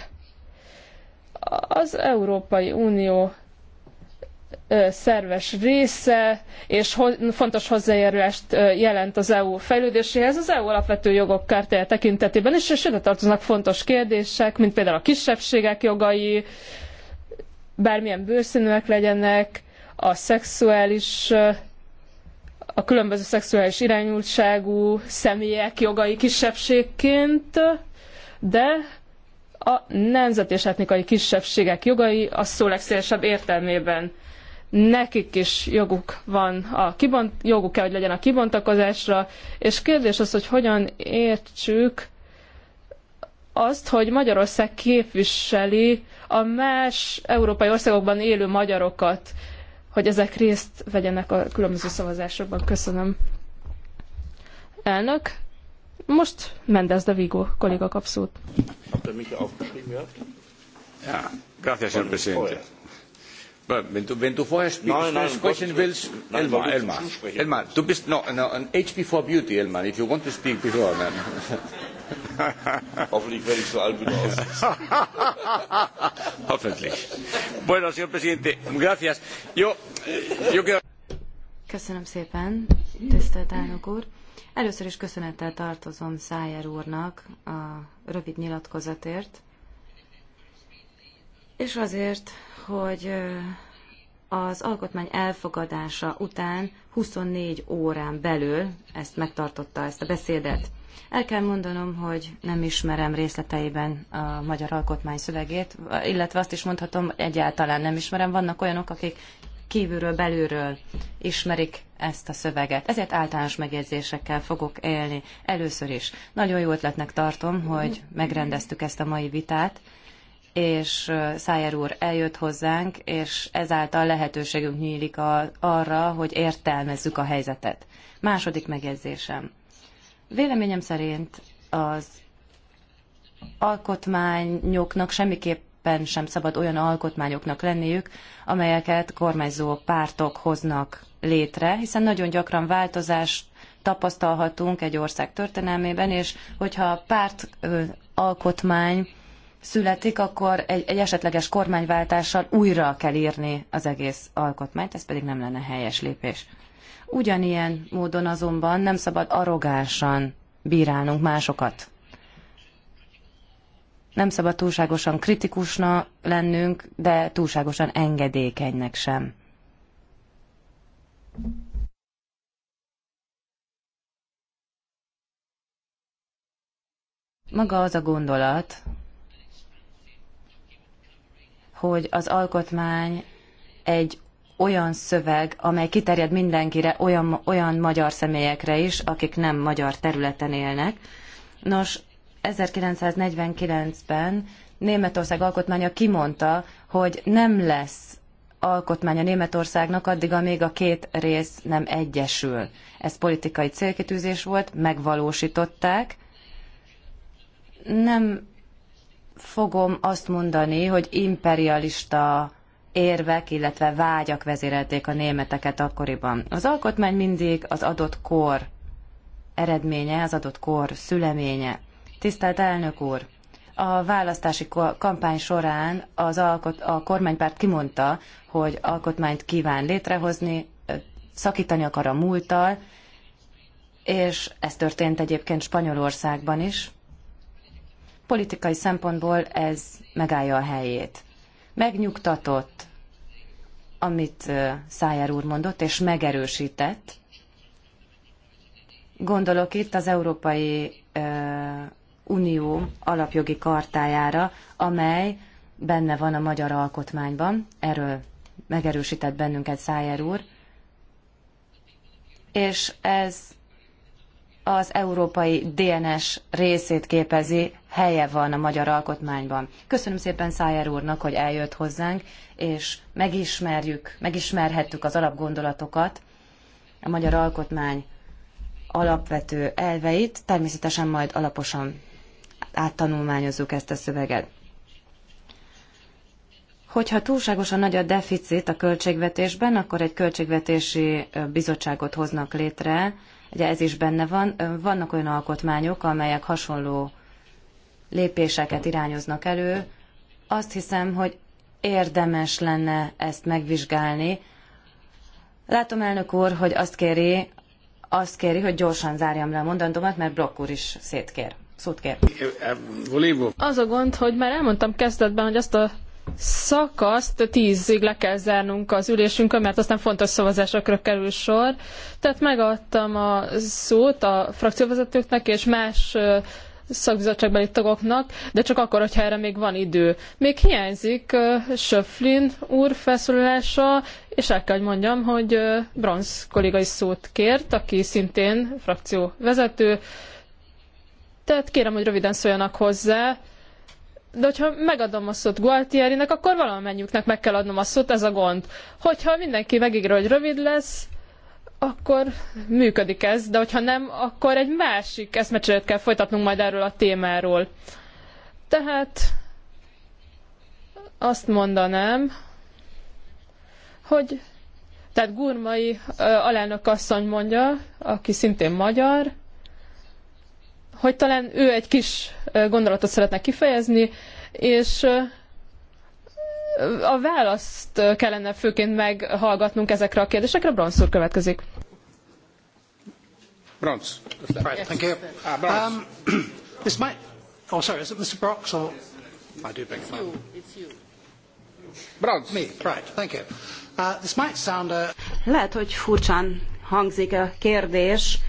az Európai Unió szerves része, és fontos hozzájárulást jelent az EU fejlődéséhez, az EU alapvető jogok kártyája tekintetében is, és ide tartoznak fontos kérdések, mint például a kisebbségek jogai, bármilyen bőrszínűek legyenek, a szexuális a különböző szexuális irányultságú személyek jogai kisebbségként, de a nemzet és etnikai kisebbségek jogai a szó legszélesebb értelmében. Nekik is joguk van a kibont, joguk kell, hogy legyen a kibontakozásra, és kérdés az, hogy hogyan értsük azt, hogy Magyarország képviseli a más európai országokban élő magyarokat hogy ezek részt vegyenek a különböző szavazásokban. Köszönöm. Elnök, most Mendez de Vigo kolléga kap szót. Ja, gracias, señor presidente. Wenn du, wenn du vorher nein, nein, sprechen willst, nein, Elmar, Elmar, Elmar, du bist no, no, an HP for Beauty, Elmar, if you want to speak before. man. Hoffentlich werde ich so alt wie du Hoffentlich. Bueno, señor presidente, gracias. Yo, yo quiero... Köszönöm szépen, tisztelt elnök úr. Először is köszönettel tartozom Szájer úrnak a rövid nyilatkozatért, és azért, hogy az alkotmány elfogadása után 24 órán belül ezt megtartotta, ezt a beszédet. El kell mondanom, hogy nem ismerem részleteiben a magyar alkotmány szövegét, illetve azt is mondhatom, egyáltalán nem ismerem. Vannak olyanok, akik kívülről, belülről ismerik ezt a szöveget. Ezért általános megjegyzésekkel fogok élni először is. Nagyon jó ötletnek tartom, hogy megrendeztük ezt a mai vitát, és Szájer úr eljött hozzánk, és ezáltal lehetőségünk nyílik a, arra, hogy értelmezzük a helyzetet. Második megjegyzésem. Véleményem szerint az alkotmányoknak semmiképpen sem szabad olyan alkotmányoknak lenniük, amelyeket kormányzó pártok hoznak létre, hiszen nagyon gyakran változást tapasztalhatunk egy ország történelmében, és hogyha a párt alkotmány születik, akkor egy, egy esetleges kormányváltással újra kell írni az egész alkotmányt, ez pedig nem lenne helyes lépés. Ugyanilyen módon azonban nem szabad arrogánsan bírálnunk másokat. Nem szabad túlságosan kritikusna lennünk, de túlságosan engedékenynek sem. Maga az a gondolat, hogy az alkotmány egy olyan szöveg, amely kiterjed mindenkire, olyan, olyan magyar személyekre is, akik nem magyar területen élnek. Nos, 1949-ben Németország alkotmánya kimondta, hogy nem lesz alkotmánya Németországnak addig, amíg a két rész nem egyesül. Ez politikai célkitűzés volt, megvalósították. Nem fogom azt mondani, hogy imperialista érvek, illetve vágyak vezérelték a németeket akkoriban. Az alkotmány mindig az adott kor eredménye, az adott kor szüleménye. Tisztelt elnök úr! A választási kampány során az alkot, a kormánypárt kimondta, hogy alkotmányt kíván létrehozni, szakítani akar a múlttal, és ez történt egyébként Spanyolországban is. Politikai szempontból ez megállja a helyét. Megnyugtatott, amit Szájer úr mondott, és megerősített. Gondolok itt az Európai Unió alapjogi kartájára, amely benne van a magyar alkotmányban. Erről megerősített bennünket Szájer úr. És ez az európai DNS részét képezi, helye van a magyar alkotmányban. Köszönöm szépen Szájer úrnak, hogy eljött hozzánk, és megismerjük, megismerhettük az alapgondolatokat, a magyar alkotmány alapvető elveit, természetesen majd alaposan áttanulmányozzuk ezt a szöveget. Hogyha túlságosan nagy a deficit a költségvetésben, akkor egy költségvetési bizottságot hoznak létre, ugye ez is benne van. Vannak olyan alkotmányok, amelyek hasonló lépéseket irányoznak elő. Azt hiszem, hogy érdemes lenne ezt megvizsgálni. Látom, elnök úr, hogy azt kéri, azt kéri, hogy gyorsan zárjam le a mondandómat, mert Brock úr is szétkér. Szót kér. Az a gond, hogy már elmondtam kezdetben, hogy azt a szakaszt tízig le kell zárnunk az ülésünkön, mert aztán fontos szavazásokra kerül sor. Tehát megadtam a szót a frakcióvezetőknek és más szakbizottságbeli tagoknak, de csak akkor, hogyha erre még van idő. Még hiányzik uh, Söflin úr felszólalása, és el kell, hogy mondjam, hogy uh, Bronz kolléga is szót kért, aki szintén frakcióvezető. Tehát kérem, hogy röviden szóljanak hozzá de hogyha megadom a szót Gualtierinek, akkor valamennyiüknek meg kell adnom a szót, ez a gond. Hogyha mindenki megígér, hogy rövid lesz, akkor működik ez, de hogyha nem, akkor egy másik eszmecserét kell folytatnunk majd erről a témáról. Tehát azt mondanám, hogy tehát Gurmai alelnök asszony mondja, aki szintén magyar, hogy talán ő egy kis gondolatot szeretne kifejezni, és a választ kellene főként meghallgatnunk ezekre a kérdésekre. Bronsz úr következik. Bronsz. Right, thank you. Ah, Bronsz. Um, this might... Oh, sorry, is it Mr. Brox or... I do beg your pardon. It's you. Bronz. Me, right, thank you. Uh, this might sound a... Lehet, hogy furcsán hangzik a kérdés,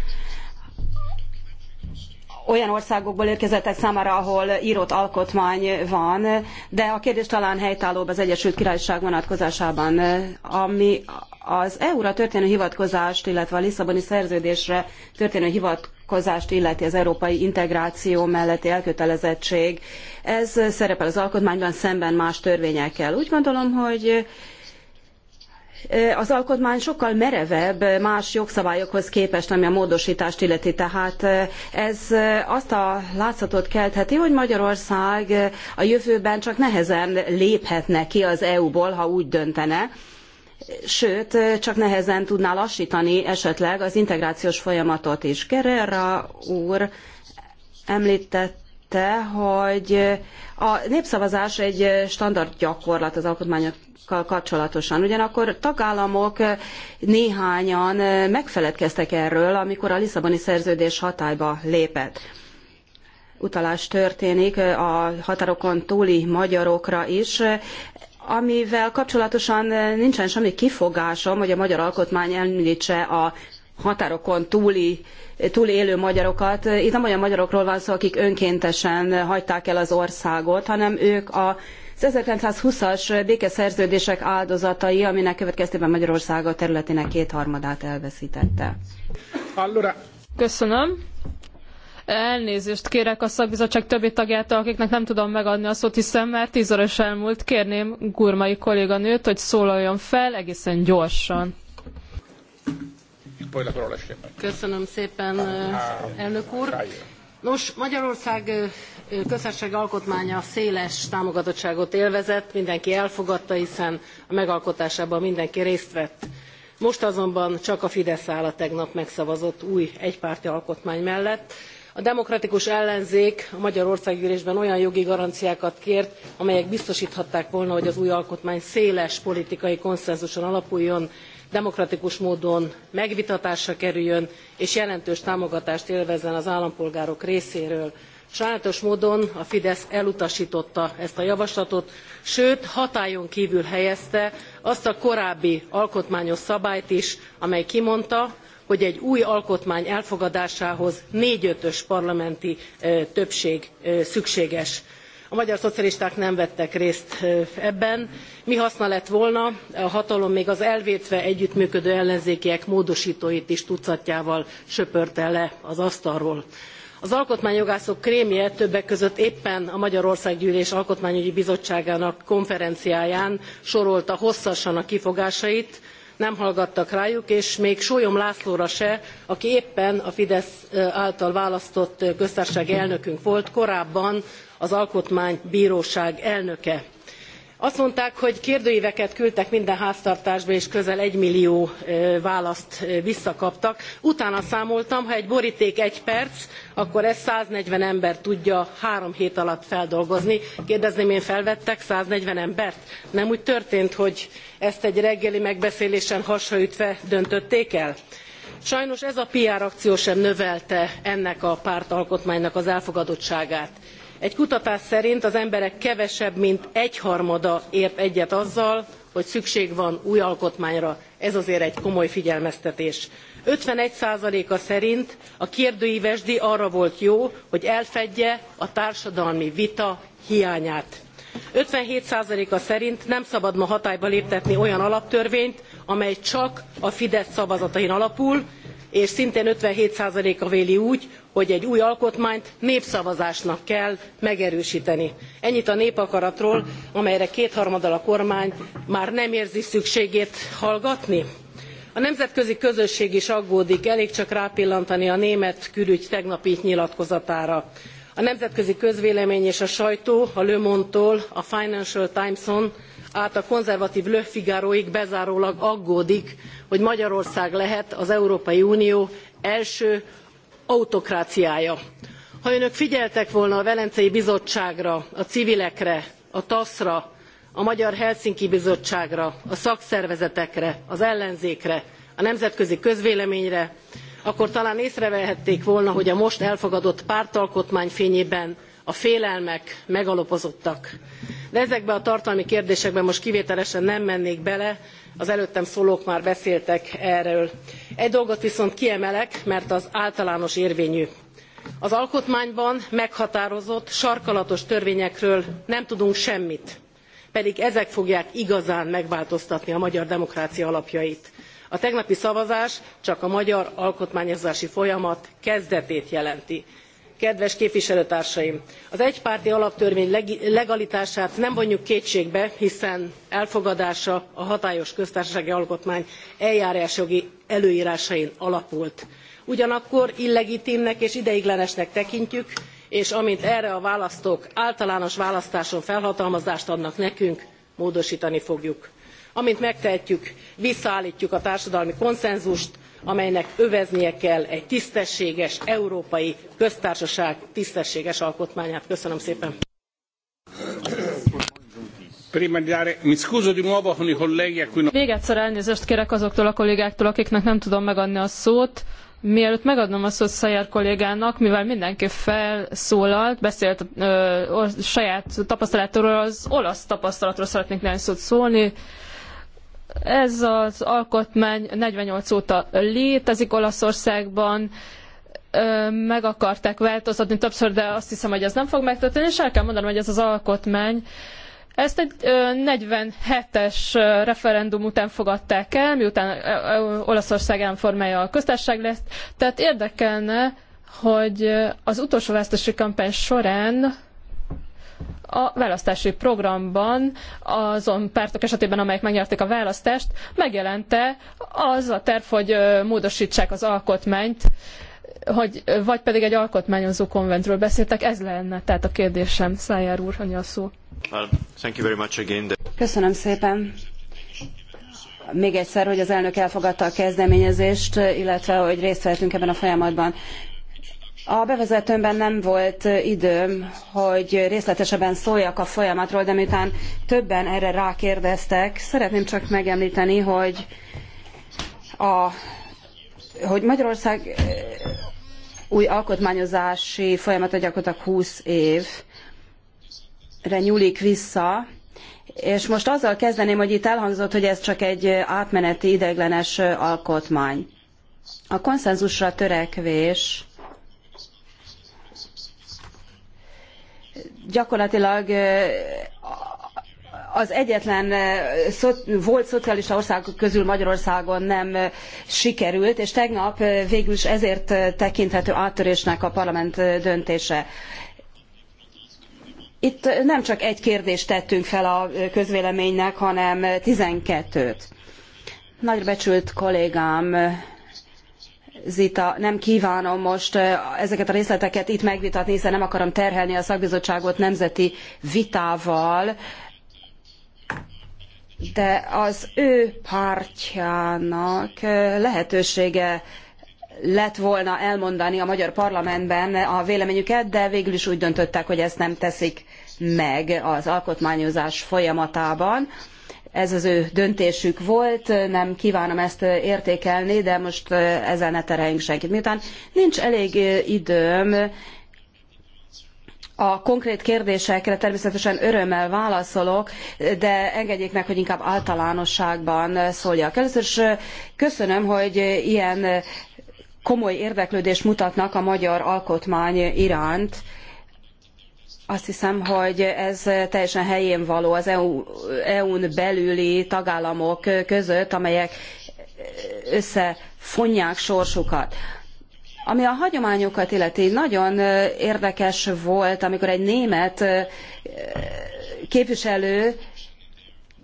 olyan országokból érkezettek számára, ahol írott alkotmány van, de a kérdés talán helytállóbb az Egyesült Királyság vonatkozásában, ami az EU-ra történő hivatkozást, illetve a Lisszaboni szerződésre történő hivatkozást illeti az európai integráció melletti elkötelezettség. Ez szerepel az alkotmányban szemben más törvényekkel. Úgy gondolom, hogy az alkotmány sokkal merevebb más jogszabályokhoz képest, ami a módosítást illeti. Tehát ez azt a látszatot keltheti, hogy Magyarország a jövőben csak nehezen léphetne ki az EU-ból, ha úgy döntene. Sőt, csak nehezen tudná lassítani esetleg az integrációs folyamatot is. Guerrera úr említett említette, hogy a népszavazás egy standard gyakorlat az alkotmányokkal kapcsolatosan. Ugyanakkor tagállamok néhányan megfeledkeztek erről, amikor a Lisszaboni szerződés hatályba lépett. Utalás történik a határokon túli magyarokra is amivel kapcsolatosan nincsen semmi kifogásom, hogy a magyar alkotmány említse a határokon túli, túl élő magyarokat. Itt nem olyan magyarokról van szó, akik önkéntesen hagyták el az országot, hanem ők a az 1920-as békeszerződések áldozatai, aminek következtében Magyarország a területének kétharmadát elveszítette. Allora. Köszönöm. Elnézést kérek a szakbizottság többi tagjától, akiknek nem tudom megadni a szót, hiszen már 10 óra elmúlt. Kérném Gurmai kolléganőt, hogy szólaljon fel egészen gyorsan. Köszönöm szépen, elnök úr. Nos, Magyarország közösség alkotmánya széles támogatottságot élvezett, mindenki elfogadta, hiszen a megalkotásában mindenki részt vett. Most azonban csak a Fidesz áll a tegnap megszavazott új egypárti alkotmány mellett. A demokratikus ellenzék a magyar országgyűlésben olyan jogi garanciákat kért, amelyek biztosíthatták volna, hogy az új alkotmány széles politikai konszenzuson alapuljon, demokratikus módon megvitatásra kerüljön és jelentős támogatást élvezzen az állampolgárok részéről. sajnálatos módon a fidesz elutastotta ezt a javaslatot sőt hatályon kvül helyezte azt a korábbi alkotmányos szabályt is amely kimondta hogy egy új alkotmány elfogadásához négyötös parlamenti többség szükséges a magyar szocialisták nem vettek részt ebben. mi haszna lett volna? a hatalom még az elvétve együttműködő ellenzékiek módostóit is tucatjával söpörte le az asztalról. az alkotmányjogászok krémje többek között éppen a magyar országgyűlés alkotmányügyi bizottságának konferenciáján sorolta hosszasan a kifogásait nem hallgattak rájuk és még sólyom lászlóra se aki éppen a fidesz által választott köztársasági elnökünk volt korábban az alkotmánybróság elnöke. Azt mondták, hogy kérdőíveket küldtek minden háztartásba, és közel egymillió választ visszakaptak. Utána számoltam, ha egy boríték egy perc, akkor ezt 140 ember tudja három hét alatt feldolgozni. Kérdezném, én felvettek 140 embert? Nem úgy történt, hogy ezt egy reggeli megbeszélésen hasraütve döntötték el? Sajnos ez a PR akció sem növelte ennek a pártalkotmánynak az elfogadottságát egy kutatás szerint az emberek kevesebb mint egyharmada ért egyet azzal hogy szükség van új alkotmányra ez azért egy komoly figyelmeztetés. fifty one a szerint a kérdővesdi arra volt jó hogy elfedje a társadalmi vita hiányát. fifty seven a szerint nem szabad ma hatályba léptetni olyan alaptörvényt amely csak a fidesz szavazatain alapul és szintén fifty seven a véli úgy hogy egy új alkotmányt népszavazásnak kell megerősteni. ennyit a népakaratról amelyre kétharmaddal a kormány már nem érzi szükségét hallgatni? a nemzetközi közösség is aggódik elég csak rápillantani a német külügy tegnapi nyilatkozatára. a nemzetközi közvélemény és a sajtó a le monde tól a financial times on át a konzervatv le figaroig bezárólag aggódik hogy magyarország lehet az európai unió első autokráciája. ha önök figyeltek volna a velencei bizottságra a civilekre a tasz ra a magyar helsinki bizottságra a szakszervezetekre az ellenzékre a nemzetközi közvéleményre akkor talán észrevehették volna hogy a most elfogadott pártalkotmány fényében a félelmek megalapozottak. De ezekbe a tartalmi kérdésekbe most kivételesen nem mennék bele, az előttem szólók már beszéltek erről. Egy dolgot viszont kiemelek, mert az általános érvényű. Az alkotmányban meghatározott, sarkalatos törvényekről nem tudunk semmit, pedig ezek fogják igazán megváltoztatni a magyar demokrácia alapjait. A tegnapi szavazás csak a magyar alkotmányozási folyamat kezdetét jelenti kedves képviselőtársaim! az egypárti alaptörvény legalitását nem vonjuk kétségbe hiszen elfogadása a hatályos köztársasági alkotmány eljárásjogi előrásain alapult. ugyanakkor illegitimnek és ideiglenesnek tekintjük és amint erre a választók általános választáson felhatalmazást adnak nekünk módostani fogjuk. amint megtehetjük visszaálltjuk a társadalmi konszenzust amelynek öveznie kell egy tisztességes európai köztársaság tisztességes alkotmányát. Köszönöm szépen! Végedszer elnézést kérek azoktól a kollégáktól, akiknek nem tudom megadni a szót. Mielőtt megadnom a szót Szajer kollégának, mivel mindenki felszólalt, beszélt ö, a saját tapasztalatáról, az olasz tapasztalatról szeretnék néhány szót szólni. Ö, ez az alkotmány 48 óta létezik Olaszországban, meg akarták változtatni többször, de azt hiszem, hogy ez nem fog megtörténni, és el kell mondanom, hogy ez az alkotmány ezt egy 47-es referendum után fogadták el, miután Olaszország elformája a köztársaság lesz. Tehát érdekelne, hogy az utolsó választási kampány során a választási programban azon pártok esetében, amelyek megnyerték a választást, megjelente az a terv, hogy módosítsák az alkotmányt, hogy, vagy pedig egy alkotmányozó konventről beszéltek, ez lenne tehát a kérdésem, Szájár úr, annyi a szó. Köszönöm szépen. Még egyszer, hogy az elnök elfogadta a kezdeményezést, illetve hogy részt vehetünk ebben a folyamatban. A bevezetőmben nem volt időm, hogy részletesebben szóljak a folyamatról, de miután többen erre rákérdeztek, szeretném csak megemlíteni, hogy, a, hogy Magyarország új alkotmányozási folyamata gyakorlatilag 20 évre nyúlik vissza, és most azzal kezdeném, hogy itt elhangzott, hogy ez csak egy átmeneti ideiglenes alkotmány. A konszenzusra törekvés gyakorlatilag az egyetlen volt szocialista ország közül Magyarországon nem sikerült, és tegnap végül is ezért tekinthető áttörésnek a parlament döntése. Itt nem csak egy kérdést tettünk fel a közvéleménynek, hanem 12-t. Nagybecsült kollégám Zita, nem kívánom most ezeket a részleteket itt megvitatni, hiszen nem akarom terhelni a szakbizottságot nemzeti vitával, de az ő pártjának lehetősége lett volna elmondani a magyar parlamentben a véleményüket, de végül is úgy döntöttek, hogy ezt nem teszik meg az alkotmányozás folyamatában ez az ő döntésük volt, nem kívánom ezt értékelni, de most ezzel ne tereljünk senkit. Miután nincs elég időm, a konkrét kérdésekre természetesen örömmel válaszolok, de engedjék meg, hogy inkább általánosságban szóljak. Először is köszönöm, hogy ilyen komoly érdeklődést mutatnak a magyar alkotmány iránt. Azt hiszem, hogy ez teljesen helyén való az EU-n e belüli tagállamok között, amelyek összefonják sorsukat. Ami a hagyományokat illeti, nagyon érdekes volt, amikor egy német képviselő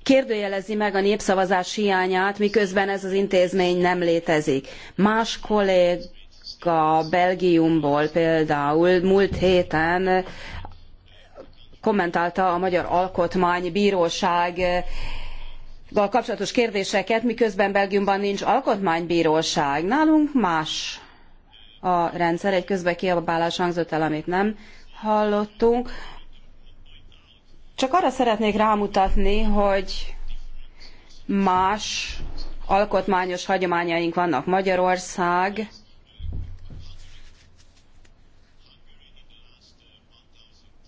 kérdőjelezi meg a népszavazás hiányát, miközben ez az intézmény nem létezik. Más kolléga Belgiumból például múlt héten kommentálta a Magyar Alkotmánybíróság eh, gal kapcsolatos kérdéseket, miközben Belgiumban nincs alkotmánybíróság. Nálunk más a rendszer, egy közbekiabálás hangzott el, amit nem hallottunk. Csak arra szeretnék rámutatni, hogy más alkotmányos hagyományaink vannak Magyarország,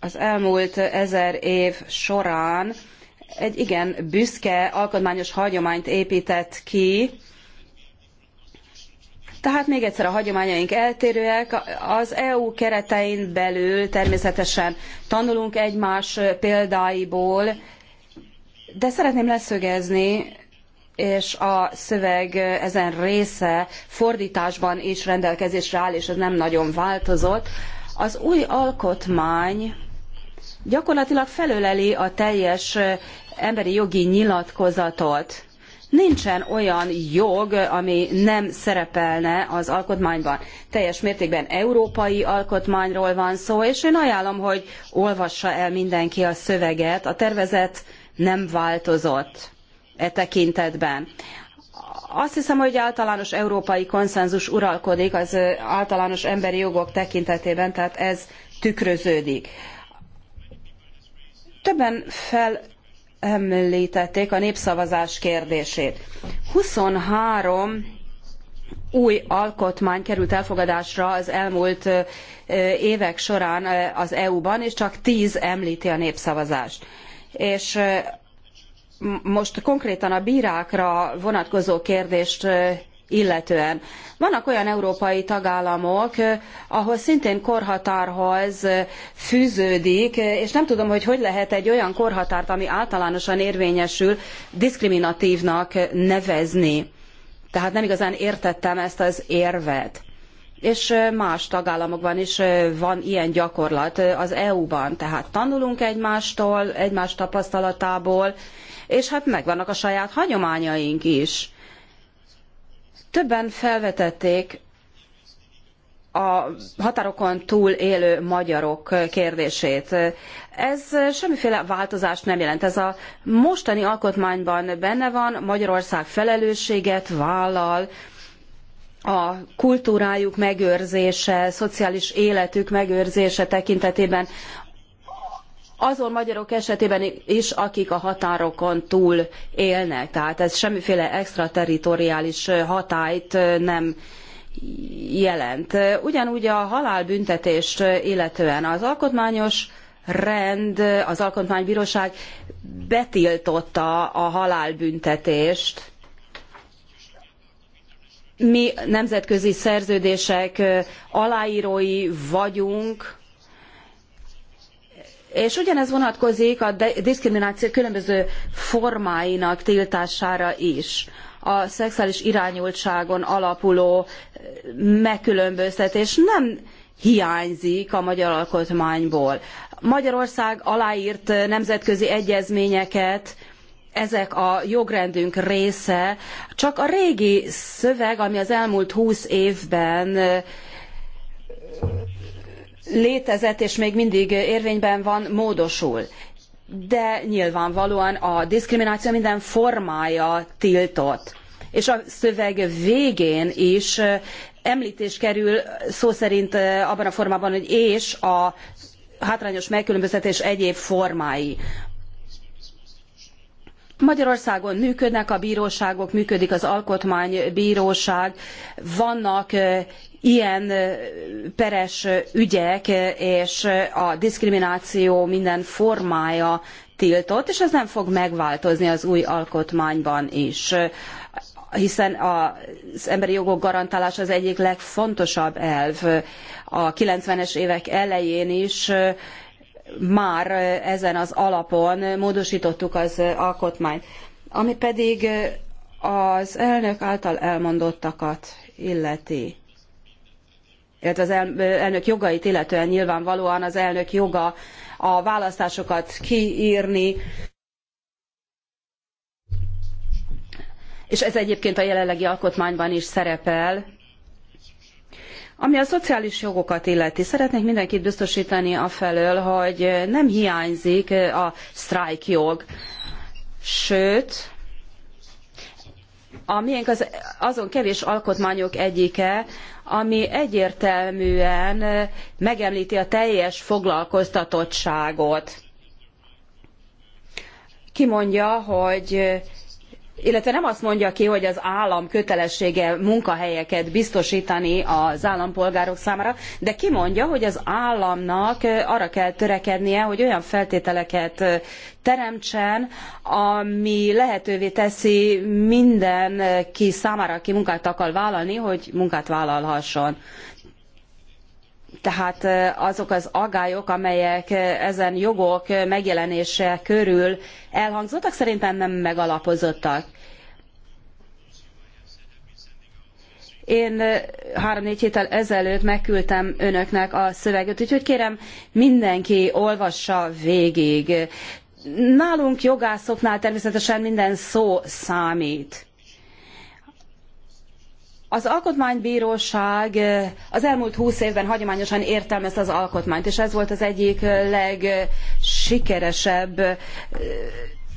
az elmúlt ezer év során egy igen büszke alkotmányos hagyományt épített ki. Tehát még egyszer a hagyományaink eltérőek, az EU keretein belül természetesen tanulunk egymás példáiból, de szeretném leszögezni, és a szöveg ezen része fordításban is rendelkezésre áll, és ez nem nagyon változott. Az új alkotmány gyakorlatilag felöleli a teljes emberi jogi nyilatkozatot. Nincsen olyan jog, ami nem szerepelne az alkotmányban. Teljes mértékben európai alkotmányról van szó, és én ajánlom, hogy olvassa el mindenki a szöveget. A tervezet nem változott e tekintetben. Azt hiszem, hogy általános európai konszenzus uralkodik az általános emberi jogok tekintetében, tehát ez tükröződik. Többen felemlítették a népszavazás kérdését. 23 új alkotmány került elfogadásra az elmúlt évek során az EU-ban, és csak tíz említi a népszavazást. És most konkrétan a bírákra vonatkozó kérdést illetően. Vannak olyan európai tagállamok, eh, ahol szintén korhatárhoz eh, fűződik, eh, és nem tudom, hogy hogy lehet egy olyan korhatárt, ami általánosan érvényesül, diszkriminatívnak nevezni. Tehát nem igazán értettem ezt az érvet és más tagállamokban is van ilyen gyakorlat az EU-ban. Tehát tanulunk egymástól, egymás tapasztalatából, és hát megvannak a saját hagyományaink is. Többen felvetették a határokon túl élő magyarok kérdését. Ez semmiféle változást nem jelent. Ez a mostani alkotmányban benne van, Magyarország felelősséget vállal, a kultúrájuk megőrzése, szociális életük megőrzése tekintetében azon magyarok esetében is, akik a határokon túl élnek. Tehát ez semmiféle extraterritoriális hatályt nem jelent. Ugyanúgy a halálbüntetést illetően az alkotmányos rend, az alkotmánybíróság betiltotta a halálbüntetést. Mi nemzetközi szerződések aláírói vagyunk, és ugyanez vonatkozik a diszkrimináció különböző formáinak tiltására is. A szexuális irányultságon alapuló eh, megkülönböztetés nem hiányzik a magyar alkotmányból. Magyarország aláírt eh, nemzetközi egyezményeket, ezek a jogrendünk része, csak a régi szöveg, ami az elmúlt húsz évben eh, létezett és még mindig érvényben van, módosul. De nyilvánvalóan a diszkrimináció minden formája tiltott. És a szöveg végén is említés kerül szó szerint abban a formában, hogy és a hátrányos megkülönböztetés egyéb formái. Magyarországon működnek a bíróságok, működik az alkotmánybíróság, vannak ilyen peres ügyek, és a diszkrimináció minden formája tiltott, és ez nem fog megváltozni az új alkotmányban is hiszen az emberi jogok garantálása az egyik legfontosabb elv. A 90-es évek elején is már ezen az alapon módosítottuk az alkotmányt. Ami pedig az elnök által elmondottakat illeti, illetve az elnök jogait illetően nyilvánvalóan az elnök joga a választásokat kiírni, és ez egyébként a jelenlegi alkotmányban is szerepel, ami a szociális jogokat illeti, szeretnék mindenkit biztosítani afelől, hogy nem hiányzik a sztrájkjog, sőt, a miénk az, azon kevés alkotmányok egyike, ami egyértelműen megemlíti a teljes foglalkoztatottságot. Kimondja, hogy illetve nem azt mondja ki, hogy az állam kötelessége munkahelyeket biztosítani az állampolgárok számára, de kimondja, hogy az államnak arra kell törekednie, hogy olyan feltételeket teremtsen, ami lehetővé teszi mindenki számára, aki munkát akar vállalni, hogy munkát vállalhasson. Tehát azok az agályok, amelyek ezen jogok megjelenése körül elhangzottak, szerintem nem megalapozottak. Én három-négy héttel ezelőtt megküldtem önöknek a szöveget, úgyhogy kérem mindenki olvassa végig. Nálunk jogászoknál természetesen minden szó számít. Az alkotmánybíróság az elmúlt húsz évben hagyományosan értelmezte az alkotmányt, és ez volt az egyik legsikeresebb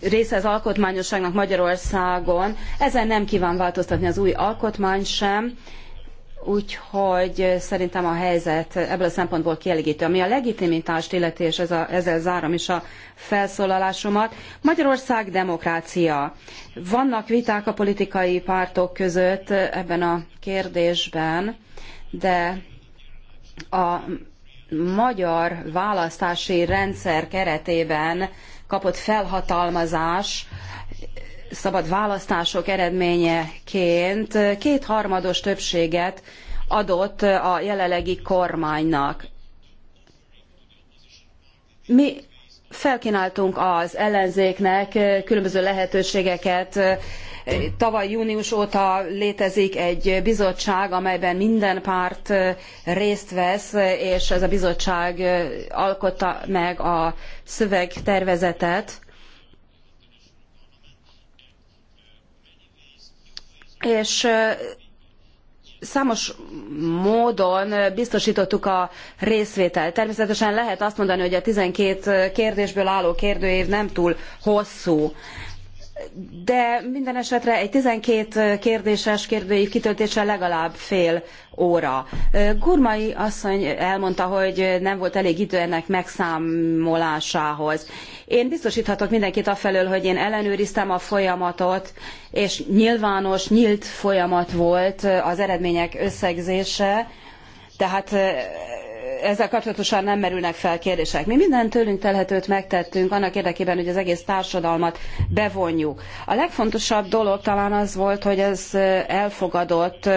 része az alkotmányosságnak Magyarországon. Ezen nem kíván változtatni az új alkotmány sem, Úgyhogy eh, szerintem a helyzet ebből a szempontból kielégítő. Ami a legitimitást illeti, és ez a, ezzel zárom is a felszólalásomat, Magyarország demokrácia. Vannak viták a politikai pártok között eh, ebben a kérdésben, de a magyar választási rendszer keretében kapott felhatalmazás szabad választások eredményeként kétharmados többséget adott a jelenlegi kormánynak. Mi felkínáltunk az ellenzéknek különböző lehetőségeket. Tavaly június óta létezik egy bizottság, amelyben minden párt részt vesz, és ez a bizottság alkotta meg a szövegtervezetet. és számos módon biztosítottuk a részvételt. Természetesen lehet azt mondani, hogy a 12 kérdésből álló kérdőív nem túl hosszú de minden esetre egy 12 kérdéses kérdői kitöltése legalább fél óra. Gurmai asszony elmondta, hogy nem volt elég idő ennek megszámolásához. Én biztosíthatok mindenkit afelől, hogy én ellenőriztem a folyamatot, és nyilvános, nyílt folyamat volt az eredmények összegzése, tehát ezzel kapcsolatosan nem merülnek fel kérdések. Mi minden tőlünk telhetőt megtettünk annak érdekében, hogy az egész társadalmat bevonjuk. A legfontosabb dolog talán az volt, hogy ez elfogadott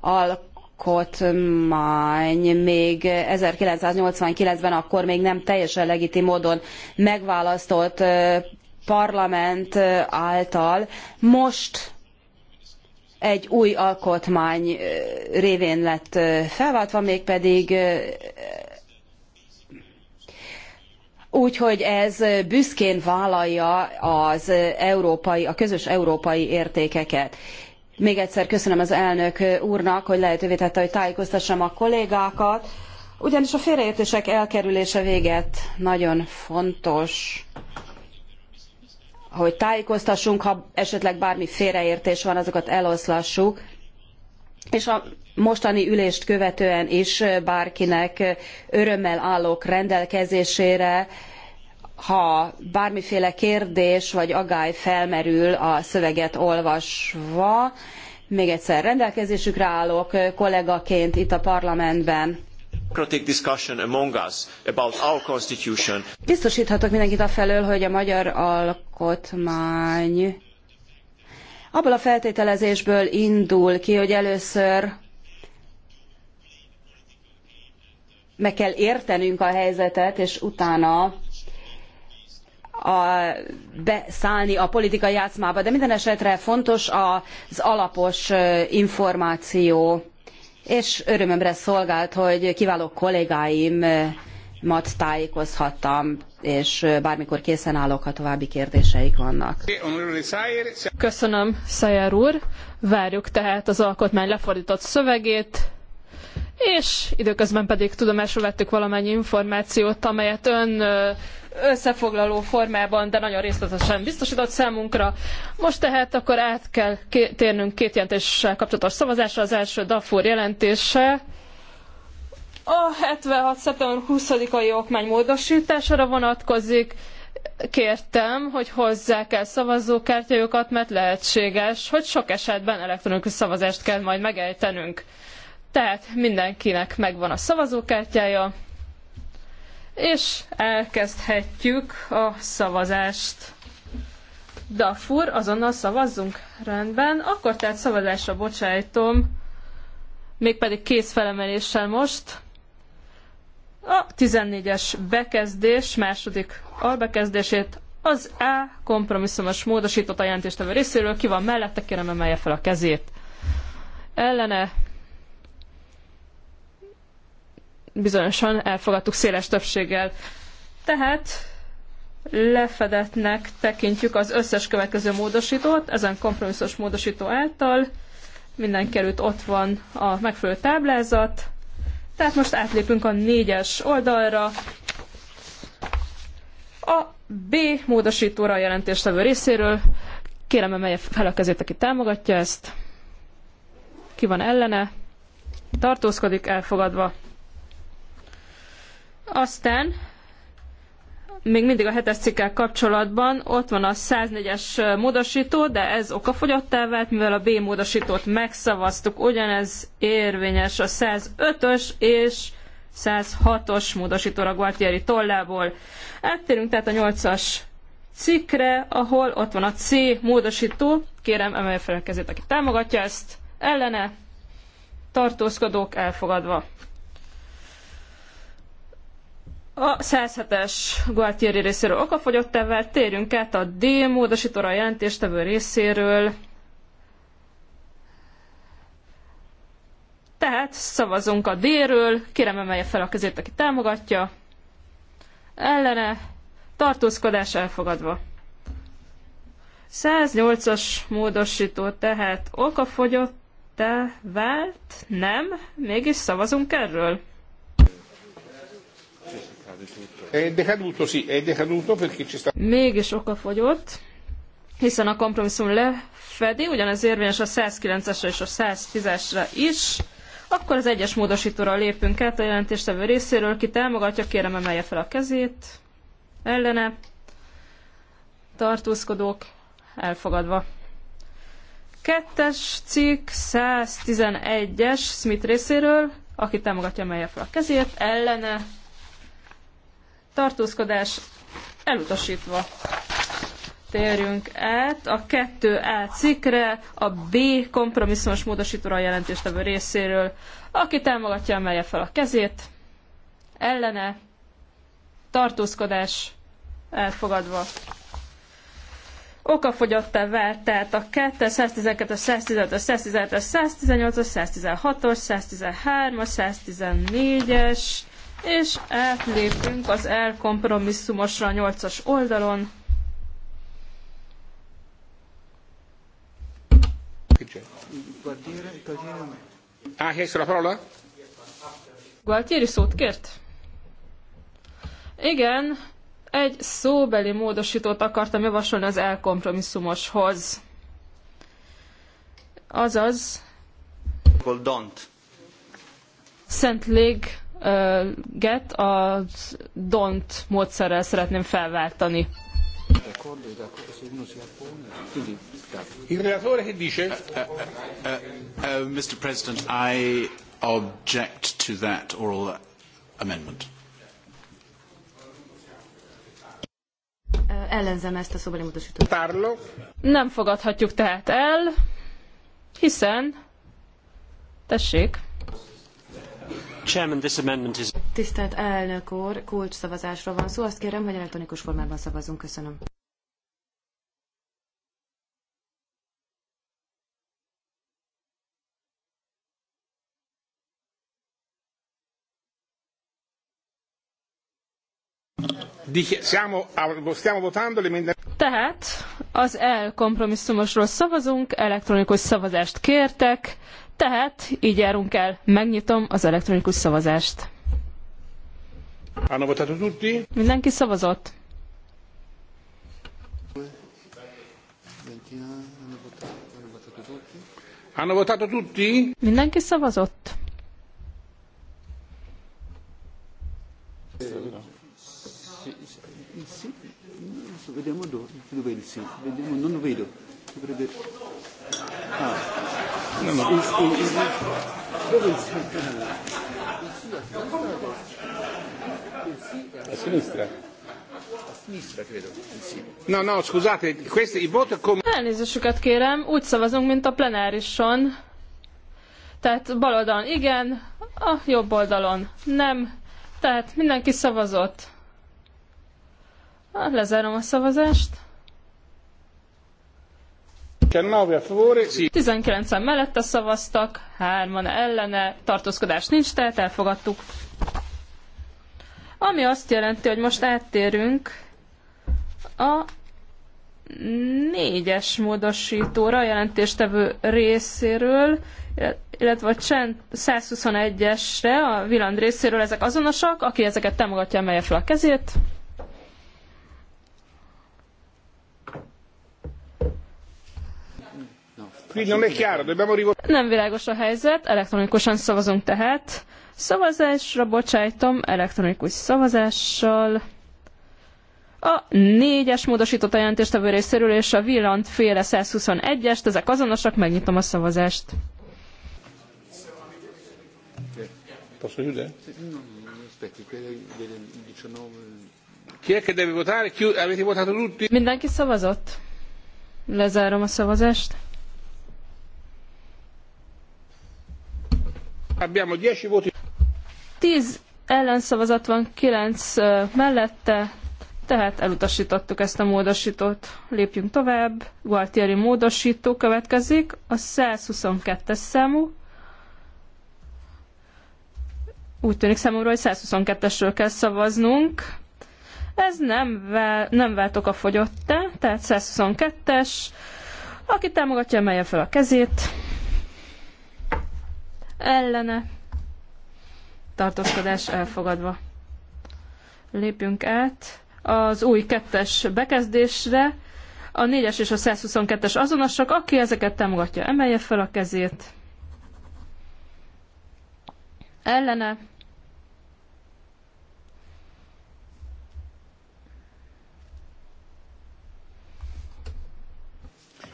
alkotmány még 1989-ben akkor még nem teljesen legitim módon megválasztott parlament által most egy új alkotmány révén lett felváltva, mégpedig úgy, hogy ez büszkén vállalja az európai, a közös európai értékeket. Még egyszer köszönöm az elnök úrnak, hogy lehetővé tette, hogy tájékoztassam a kollégákat, ugyanis a félreértések elkerülése véget nagyon fontos hogy tájékoztassunk, ha esetleg bármi félreértés van, azokat eloszlassuk. És a mostani ülést követően is bárkinek örömmel állok rendelkezésére, ha bármiféle kérdés vagy agály felmerül a szöveget olvasva, még egyszer rendelkezésükre állok kollégaként itt a parlamentben. Biztosíthatok mindenkit afelől, hogy a magyar alkotmány abból a feltételezésből indul ki, hogy először meg kell értenünk a helyzetet, és utána a, beszállni a politikai játszmába. De minden esetre fontos az alapos információ és örömömre szolgált, hogy kiváló kollégáimat tájékozhattam, és bármikor készen állok, ha további kérdéseik vannak. Köszönöm, Szajer úr. Várjuk tehát az alkotmány lefordított szövegét, és időközben pedig tudomásul vettük valamennyi információt, amelyet ön összefoglaló formában, de nagyon részletesen biztosított számunkra. Most tehát akkor át kell térnünk két jelentéssel kapcsolatos szavazásra. Az első DAFUR jelentése. A 76. szeptember 20-ai okmány módosítására vonatkozik. Kértem, hogy hozzák el szavazókártyájukat, mert lehetséges, hogy sok esetben elektronikus szavazást kell majd megejtenünk. Tehát mindenkinek megvan a szavazókártyája és elkezdhetjük a szavazást. Dafur, azonnal szavazzunk? Rendben. Akkor tehát szavazásra bocsájtom, mégpedig kézfelemeléssel most. A 14-es bekezdés, második albekezdését az A kompromisszumos módosított a részéről. Ki van mellette, kérem emelje fel a kezét. Ellene bizonyosan elfogadtuk széles többséggel. Tehát lefedetnek tekintjük az összes következő módosítót, ezen kompromisszos módosító által. Minden került ott van a megfelelő táblázat. Tehát most átlépünk a négyes oldalra. A B módosítóra a jelentéstevő részéről. Kérem, emelje fel a kezét, aki támogatja ezt. Ki van ellene? Tartózkodik, elfogadva. Aztán még mindig a hetes cikkel kapcsolatban ott van a 104-es módosító, de ez okafogyottá vált, mivel a B módosítót megszavaztuk. Ugyanez érvényes a 105-ös és 106-os módosítóra Gualtieri tollából. Áttérünk tehát a 8-as cikkre, ahol ott van a C módosító. Kérem, emelje fel a kezét, aki támogatja ezt. Ellene tartózkodók elfogadva. A 107-es Gualtieri részéről okafogyott vált, térjünk át a D módosítóra a jelentéstevő részéről. Tehát szavazunk a D-ről, kérem emelje fel a kezét, aki támogatja. Ellene, tartózkodás elfogadva. 108-as módosító tehát okafogyott vált, nem, mégis szavazunk erről. Mégis fogyott, hiszen a kompromisszum lefedi, ugyanez érvényes a 109-esre és a 110-esre is. Akkor az egyes módosítóra lépünk át a jelentéstevő részéről. Ki támogatja, kérem emelje fel a kezét. Ellene. Tartózkodók. Elfogadva. Kettes cikk 111-es Smith részéről. Aki támogatja, emelje fel a kezét. Ellene tartózkodás elutasítva. Térjünk át a 2A cikkre, a B kompromisszumos módosítóra a jelentéstevő részéről. Aki támogatja, emelje fel a kezét. Ellene. Tartózkodás elfogadva. Okafogyottá vált, tehát a 2-es, 112-es, 115 es 117-es, 118-as, 116-os, 113-as, 114-es, és átlépünk az elkompromisszumosra a nyolcas oldalon. Ah, Gualtieri szót kért? Igen, egy szóbeli módosítót akartam javasolni az elkompromisszumoshoz. Azaz... Don't. Szent lég get a don't módszerrel szeretném felváltani. Uh, uh, uh, Mr. President, I object to that oral amendment. Ellenzem ezt a szobani módosítót. Párló. Nem fogadhatjuk tehát el, hiszen... Tessék. Tisztelt elnök úr, kulcs szavazásról van szó. Azt kérem, hogy elektronikus formában szavazunk. Köszönöm. Tehát az elkompromisszumosról szavazunk, elektronikus szavazást kértek, tehát így járunk el. Megnyitom az elektronikus szavazást. Mindenki szavazott. Hanno votato tutti? Mindenki szavazott. Vediamo dove, dove il sì, vediamo, non vedo. Ah nem mais il, il, il, il... A sinistra. A sinistra, scusate, questo, il voto come... Elnézésüket kérem, úgy szavazunk, mint a plenárison. Tehát bal oldalon igen, a jobb oldalon nem. Tehát mindenki szavazott. Ah, lezárom a szavazást. 19-en mellette szavaztak, 3-an ellene, tartózkodás nincs, tehát elfogadtuk. Ami azt jelenti, hogy most áttérünk a négyes módosítóra a jelentéstevő részéről, illetve a 121-esre a Viland részéről ezek azonosak, aki ezeket támogatja, emelje fel a kezét. Nem világos a helyzet, elektronikusan szavazunk tehát. Szavazásra bocsájtom elektronikus szavazással. A négyes módosított jelentéstevő részéről és a villant féle 121-est, ezek azonosak, megnyitom a szavazást. Mindenki szavazott? Lezárom a szavazást. Abbiamo 10 voti. 10 ellenszavazat van, 9 mellette, tehát elutasítottuk ezt a módosítót. Lépjünk tovább. Gualtieri módosító következik, a 122-es számú. Úgy tűnik számomra, hogy 122-esről kell szavaznunk. Ez nem, vál, nem a a -e, tehát 122-es. Aki támogatja, emelje fel a kezét ellene tartózkodás elfogadva. Lépjünk át az új kettes bekezdésre. A 4-es és a 122-es azonosak, aki ezeket támogatja, emelje fel a kezét. Ellene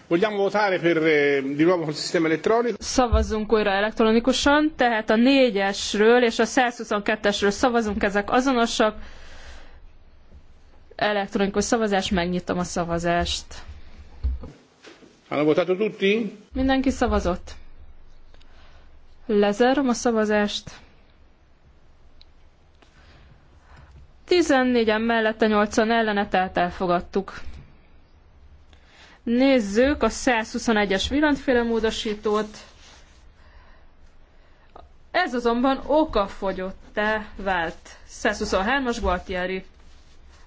Vogliamo votare per, eh, di nuovo col sistema elettronico? Szavazzunk újra elektronikusan, tehát a 4-esről és a 122-esről szavazunk, ezek azonosak. Elektronikus szavazás, megnyitom a szavazást. Hanno votato tutti? Mindenki szavazott. Lezárom a szavazást. 14-en mellette 8-an ellene, tehát elfogadtuk. Nézzük a 121-es villantféle módosítót. Ez azonban okafogyottá vált. 123-as Gualtieri.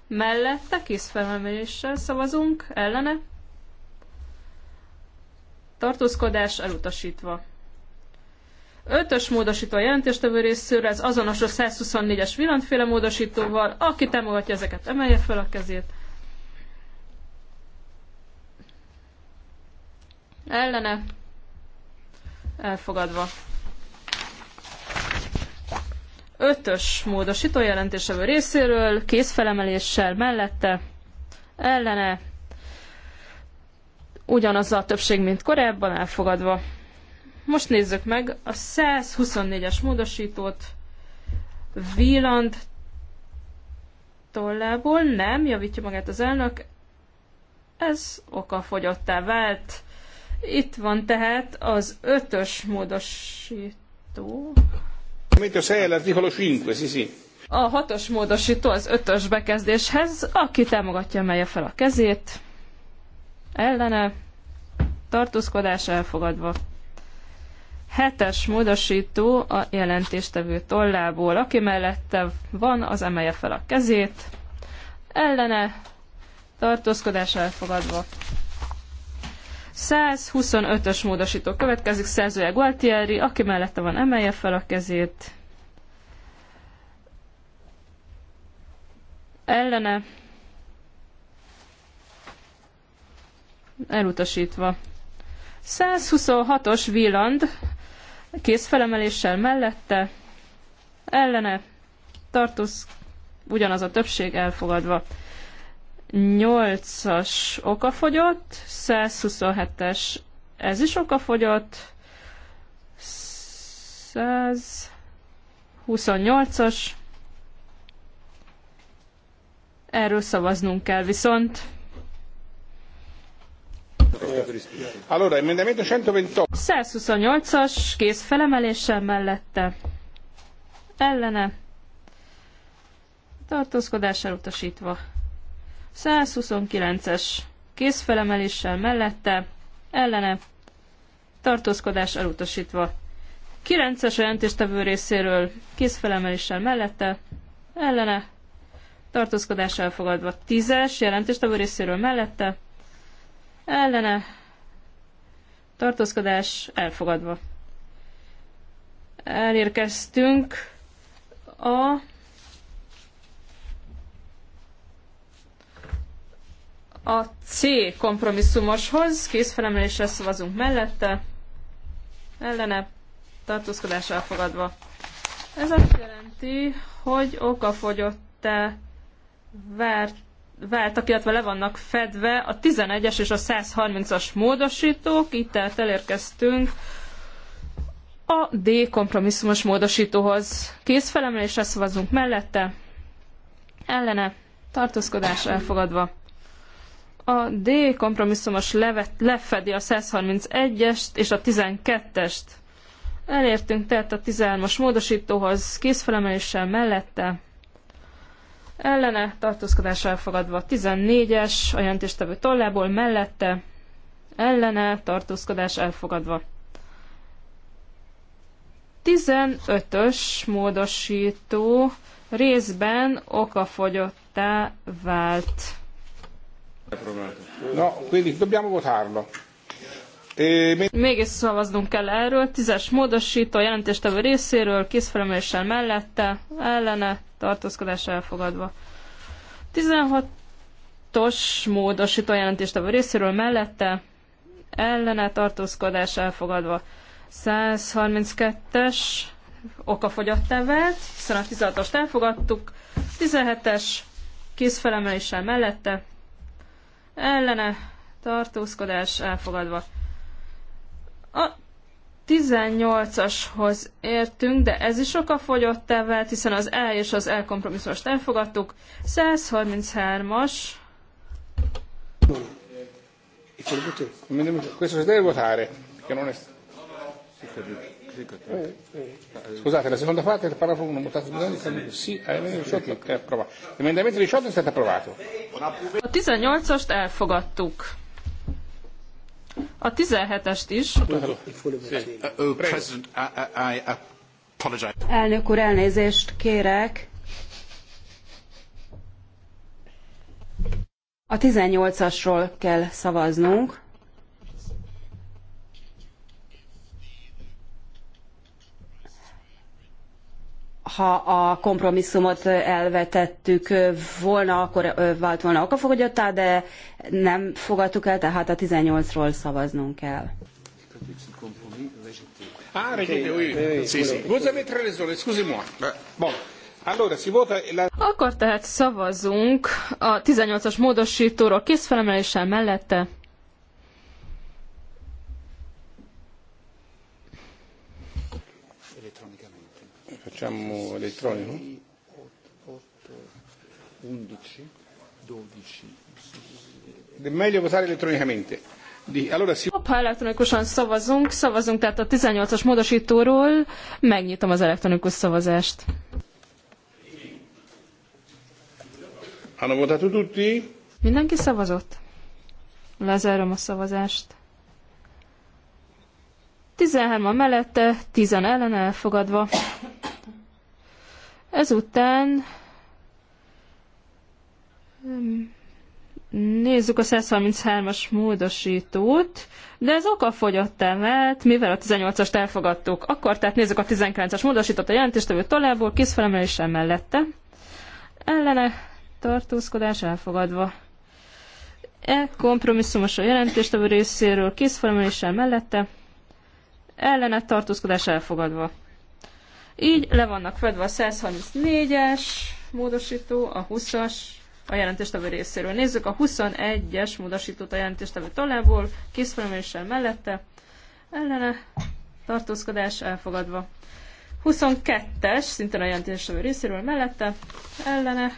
Mellette felemeléssel szavazunk, ellene. Tartózkodás elutasítva. 5-ös módosító a jelentéstevő részéről, ez azonos a 124-es villantféle módosítóval. Aki támogatja ezeket, emelje fel a kezét. ellene elfogadva. Ötös módosító jelentésevő részéről kézfelemeléssel mellette ellene ugyanaz a többség, mint korábban elfogadva. Most nézzük meg a 124-es módosítót Wieland tollából, nem, javítja magát az elnök, ez okafogyottá vált. Itt van tehát az ötös módosító. Mint a l'articolo 5, sì, sì. A hatos módosító az ötös bekezdéshez, aki támogatja, emelje fel a kezét. Ellene. Tartózkodás elfogadva. Hetes módosító a jelentéstevő tollából. Aki mellette van, az emelje fel a kezét. Ellene. Tartózkodás elfogadva. 125-ös módosító következik, szerzője Gualtieri, aki mellette van, emelje fel a kezét. Ellene. Elutasítva. 126-os Wieland kézfelemeléssel mellette. Ellene. Tartusz. Ugyanaz a többség elfogadva. 8-as okafogyott, 127-es ez is okafogyott, 128-as, erről szavaznunk kell viszont. Allora, emendamento 128-as, kész felemeléssel mellette, ellene, tartózkodás elutasítva. 129-es kézfelemeléssel mellette, ellene, tartózkodás elutasítva. 9-es a jelentéstevő részéről kézfelemeléssel mellette, ellene, tartózkodás elfogadva. 10-es jelentéstevő részéről mellette, ellene, tartózkodás elfogadva. Elérkeztünk a a C kompromisszumoshoz készfelemelésre szavazunk mellette, ellene tartózkodás elfogadva. Ez azt jelenti, hogy okafogyottá várt váltak, illetve le vannak fedve a 11-es és a 130-as módosítók, itt tehát elérkeztünk a D kompromisszumos módosítóhoz. Készfelemelésre szavazunk mellette, ellene, tartózkodás elfogadva. A D kompromisszumos levet, lefedi a 131-est és a 12-est. Elértünk tehát a 13-as módosítóhoz kézfelemeléssel mellette. Ellene tartózkodás elfogadva 14-es, a jelentéstevő tollából mellette. Ellene tartózkodás elfogadva. 15-ös módosító részben okafogyottá vált. Na, quindi dobbiamo votarlo. E... Mégis szavaznunk kell erről. Tízes módosító jelentéstevő részéről, készfelemeléssel mellette, ellene, tartózkodás elfogadva. 16-os módosító jelentéstevő részéről mellette, ellene, tartózkodás elfogadva. 132-es okafogyottá vált, hiszen a 16-ost elfogadtuk. 17-es készfelemeléssel mellette, ellene tartózkodás elfogadva. A 18-ashoz értünk, de ez is oka fogyott vált, hiszen az E és az E kompromisszumost elfogadtuk. 133-as. Questo si deve votare, che non è... Scusate, la seconda parte del paragrafo 1 mutato sì, emendamento 18 è approvato. L'emendamento 18 è stato approvato. A 18-ast elfogadtuk. A 17-est is. Elnök úr, elnézést kérek. A 18-asról kell szavaznunk. ha a kompromisszumot elvetettük volna, akkor vált volna okafogyottá, de nem fogadtuk el, tehát a 18-ról szavaznunk kell. Ah, Akkor tehát szavazunk a 18-as módosítóról készfelemeléssel mellette facciamo elettronico? 11, 12. De meglio votare elettronicamente. allora si... Ha elektronikusan szavazunk, szavazunk tehát a 18-as módosítóról, megnyitom az elektronikus szavazást. Hanno votato tutti? Mindenki szavazott? Lezárom a szavazást. 13-a mellette, 10 ellen elfogadva. Ezután hm, nézzük a 133-as módosítót, de ez okafogyottá emelt, mivel a 18-ast elfogadtuk. Akkor tehát nézzük a 19-as módosított a jelentéstevő tollából, készfelemeléssel mellette. Ellene tartózkodás elfogadva. E kompromisszumos a jelentéstevő részéről készfelemeléssel mellette. Ellene tartózkodás elfogadva. Így le vannak fedve a 134-es módosító, a 20-as a jelentéstevő részéről. Nézzük a 21-es módosítót a jelentéstevő tollából, készfelemeléssel mellette, ellene tartózkodás elfogadva. 22-es, szintén a jelentéstevő részéről mellette, ellene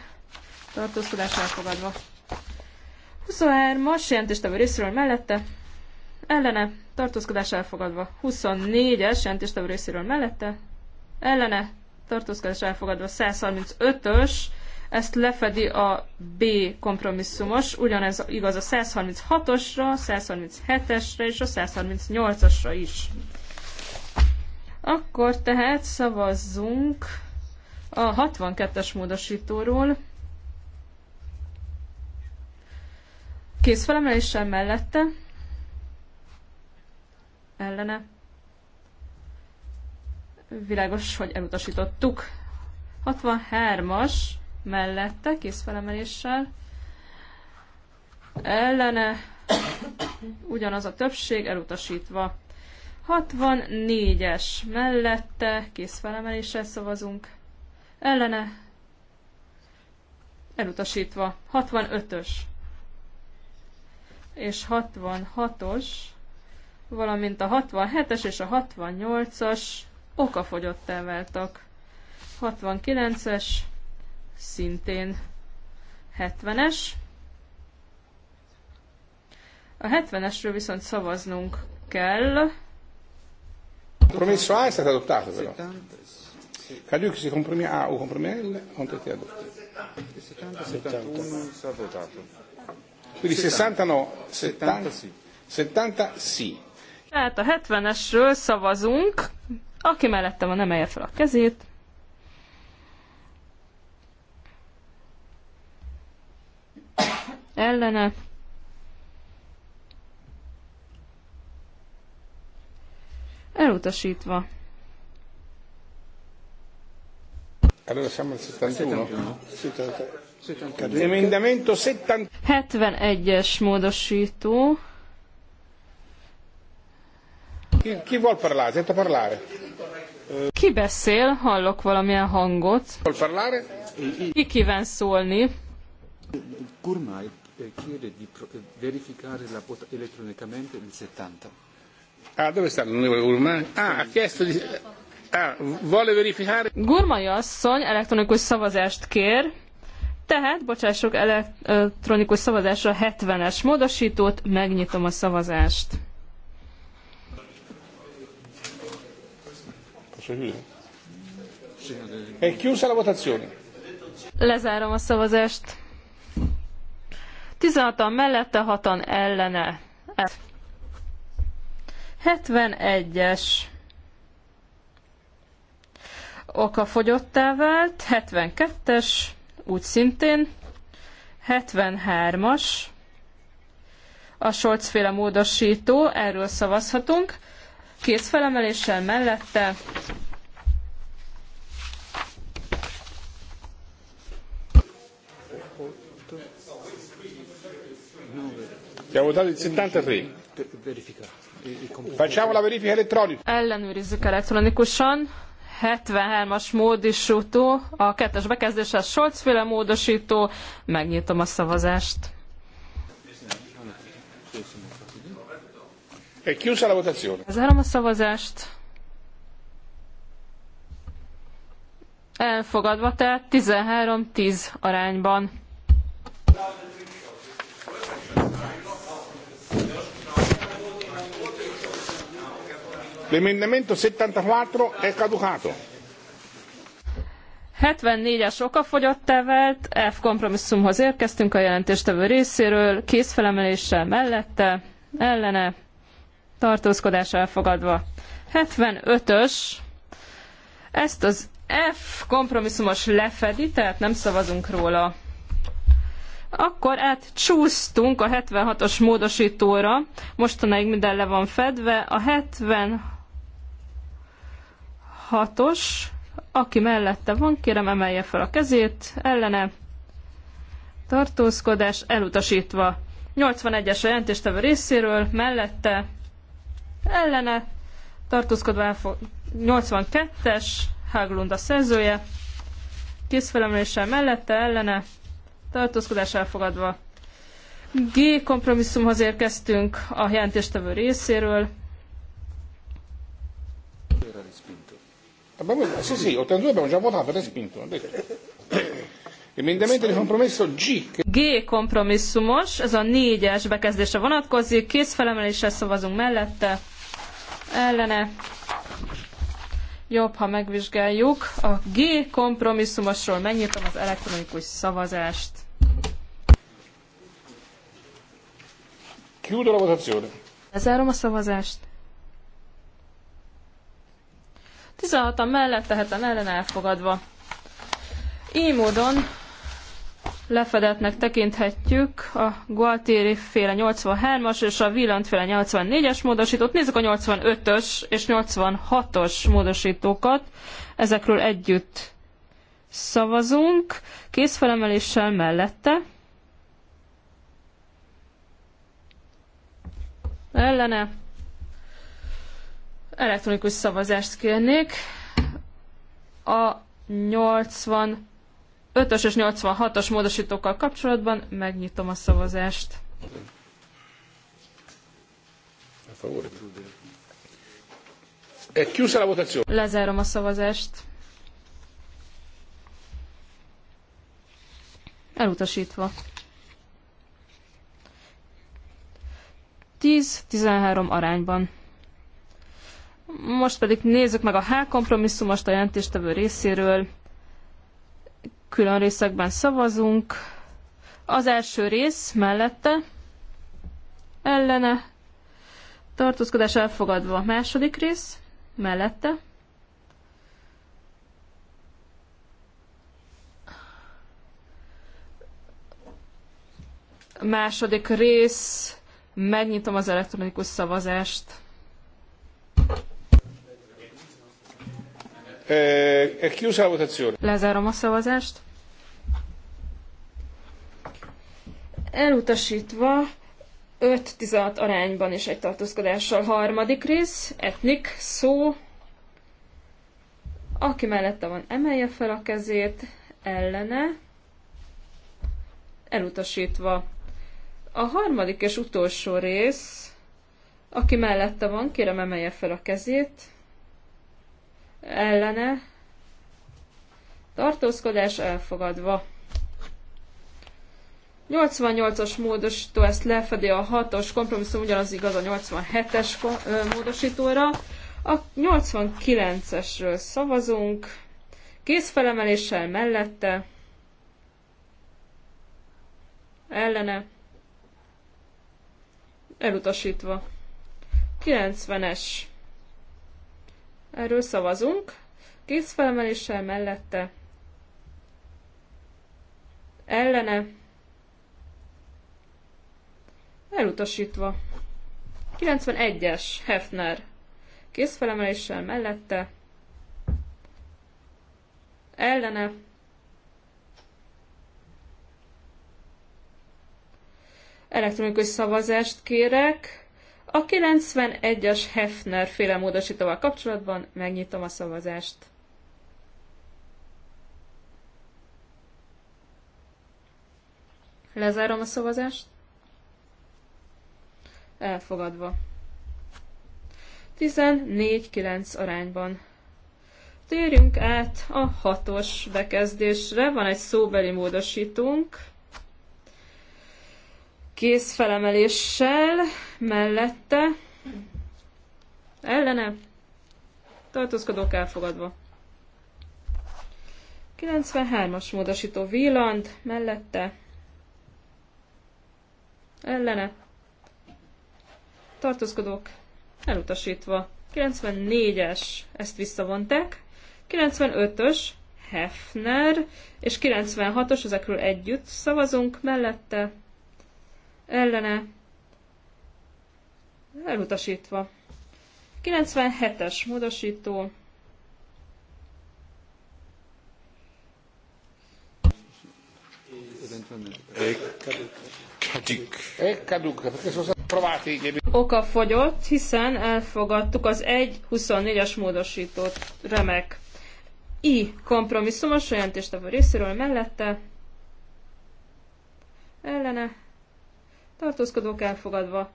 tartózkodás elfogadva. 23-as, jelentéstevő részéről mellette, ellene tartózkodás elfogadva. 24-es, jelentéstevő részéről mellette, ellene tartózkodás elfogadva 135-ös, ezt lefedi a B kompromisszumos, ugyanez igaz a 136-osra, 137-esre és a 138-asra is. Akkor tehát szavazzunk a 62-es módosítóról. Kész felemeléssel mellette. Ellene. Világos, hogy elutasítottuk. 63-as mellette, kész felemeléssel. Ellene ugyanaz a többség elutasítva. 64-es mellette, kész felemeléssel szavazunk. Ellene elutasítva. 65-ös és 66-os, valamint a 67-es és a 68-as okafogyottá váltak. 69-es, szintén 70-es. A 70-esről viszont szavaznunk kell. Compromesso A è stato adottato però. Caduc se compromis A o compromis L ont été adottati. 70 71 sta votato. Quindi 60 no, 70, 70 sì. Tehát a 70-esről szavazunk. Aki mellette van, emelje fel a kezét. Ellene. Elutasítva. Allora siamo 71. 71-es módosító. Ki, ki vuol parlare? Sento parlare. Ki beszél? Hallok valamilyen hangot. Ki kíván szólni? Kurmai eh, chiede di eh, verificare la vota elettronicamente il 70. Ah, dove sta l'onorevole Gurmai? Ah, ha chiesto di... Ah, vuole verificare... Gurmai asszony elektronikus szavazást kér, tehát bocsássuk elektronikus szavazásra 70-es módosítót, megnyitom a szavazást. chiusa la votazione. Lezárom a szavazást. 16-an mellette, 6-an ellene. 71-es fogyottá vált, 72-es, úgy szintén, 73-as, a Scholz-féle módosító, erről szavazhatunk, kézfelemeléssel mellette. 73. Ellenőrizzük elektronikusan. 73-as módosító, a kettes bekezdéses Scholz-féle módosító. Megnyitom a szavazást. E chiusa la votazione. Zárom a szavazást. Elfogadva tehát 13-10 arányban. L'emendamento 74 è caducato. 74-es fogyott vált, F kompromisszumhoz érkeztünk a jelentéstevő részéről, kézfelemeléssel mellette, ellene, tartózkodás elfogadva. 75-ös, ezt az F kompromisszumos lefedi, tehát nem szavazunk róla. Akkor átcsúsztunk a 76-os módosítóra, mostanáig minden le van fedve, a 76-os, aki mellette van, kérem emelje fel a kezét, ellene, tartózkodás elutasítva. 81-es a jelentéstevő részéről, mellette, ellene, tartózkodva elfog... 82-es, Haglund a szerzője, készfelemeléssel mellette, ellene, tartózkodás elfogadva. G kompromisszumhoz érkeztünk a jelentéstevő részéről. Sì, sì, 82 abbiamo già votato, respinto. Emendamento di compromesso G. G kompromisszumos, ez a négyes bekezdése vonatkozik, készfelemeléssel szavazunk mellette, ellene. Jobb, ha megvizsgáljuk. A G kompromisszumosról megnyitom az elektronikus szavazást. Chiudo la votazione. Lezárom a szavazást. 16-an mellett, teheten ellen elfogadva. Így módon lefedetnek tekinthetjük a Gualtieri féle 83-as és a Wieland féle 84-es módosítót. Nézzük a 85-ös és 86-os módosítókat. Ezekről együtt szavazunk, Készfelemeléssel mellette. Ellene elektronikus szavazást kérnék. A 80 5-ös és 86-os módosítókkal kapcsolatban megnyitom a szavazást. E, Lezárom a szavazást. Elutasítva. 10-13 arányban. Most pedig nézzük meg a H kompromisszumos a jelentéstevő részéről külön részekben szavazunk. Az első rész mellette, ellene, tartózkodás elfogadva. A második rész mellette. A második rész, megnyitom az elektronikus szavazást. Eh, Lezárom a szavazást. elutasítva 5-16 arányban és egy tartózkodással. Harmadik rész, etnik, szó. Aki mellette van, emelje fel a kezét, ellene, elutasítva. A harmadik és utolsó rész, aki mellette van, kérem emelje fel a kezét, ellene, tartózkodás elfogadva. 88-as módosító ezt lefedi a 6-os kompromisszum, ugyanaz igaz a 87-es módosítóra. A 89-esről szavazunk, Készfelemeléssel mellette, ellene, elutasítva. 90-es. Erről szavazunk, Készfelemeléssel mellette, ellene, Elutasítva. 91-es Hefner. Készfelemeléssel mellette. Ellene. Elektronikus szavazást kérek. A 91-es Hefner féle módosítóval kapcsolatban megnyitom a szavazást. Lezárom a szavazást elfogadva. 14-9 arányban. Térjünk át a hatos bekezdésre. Van egy szóbeli módosítunk. Kész felemeléssel mellette. Ellene. Tartózkodók elfogadva. 93-as módosító Wieland mellette. Ellene tartózkodók elutasítva. 94-es, ezt visszavonták. 95-ös, Hefner, és 96-os, ezekről együtt szavazunk, mellette, ellene, elutasítva. 97-es módosító. Egy Kaduk. Egy Kaduk, perché sono Oka fogyott, hiszen elfogadtuk az 1.24-es módosítót. Remek. I. Kompromisszumos jelentést, jelentéstevő részéről mellette. Ellene. Tartózkodók elfogadva.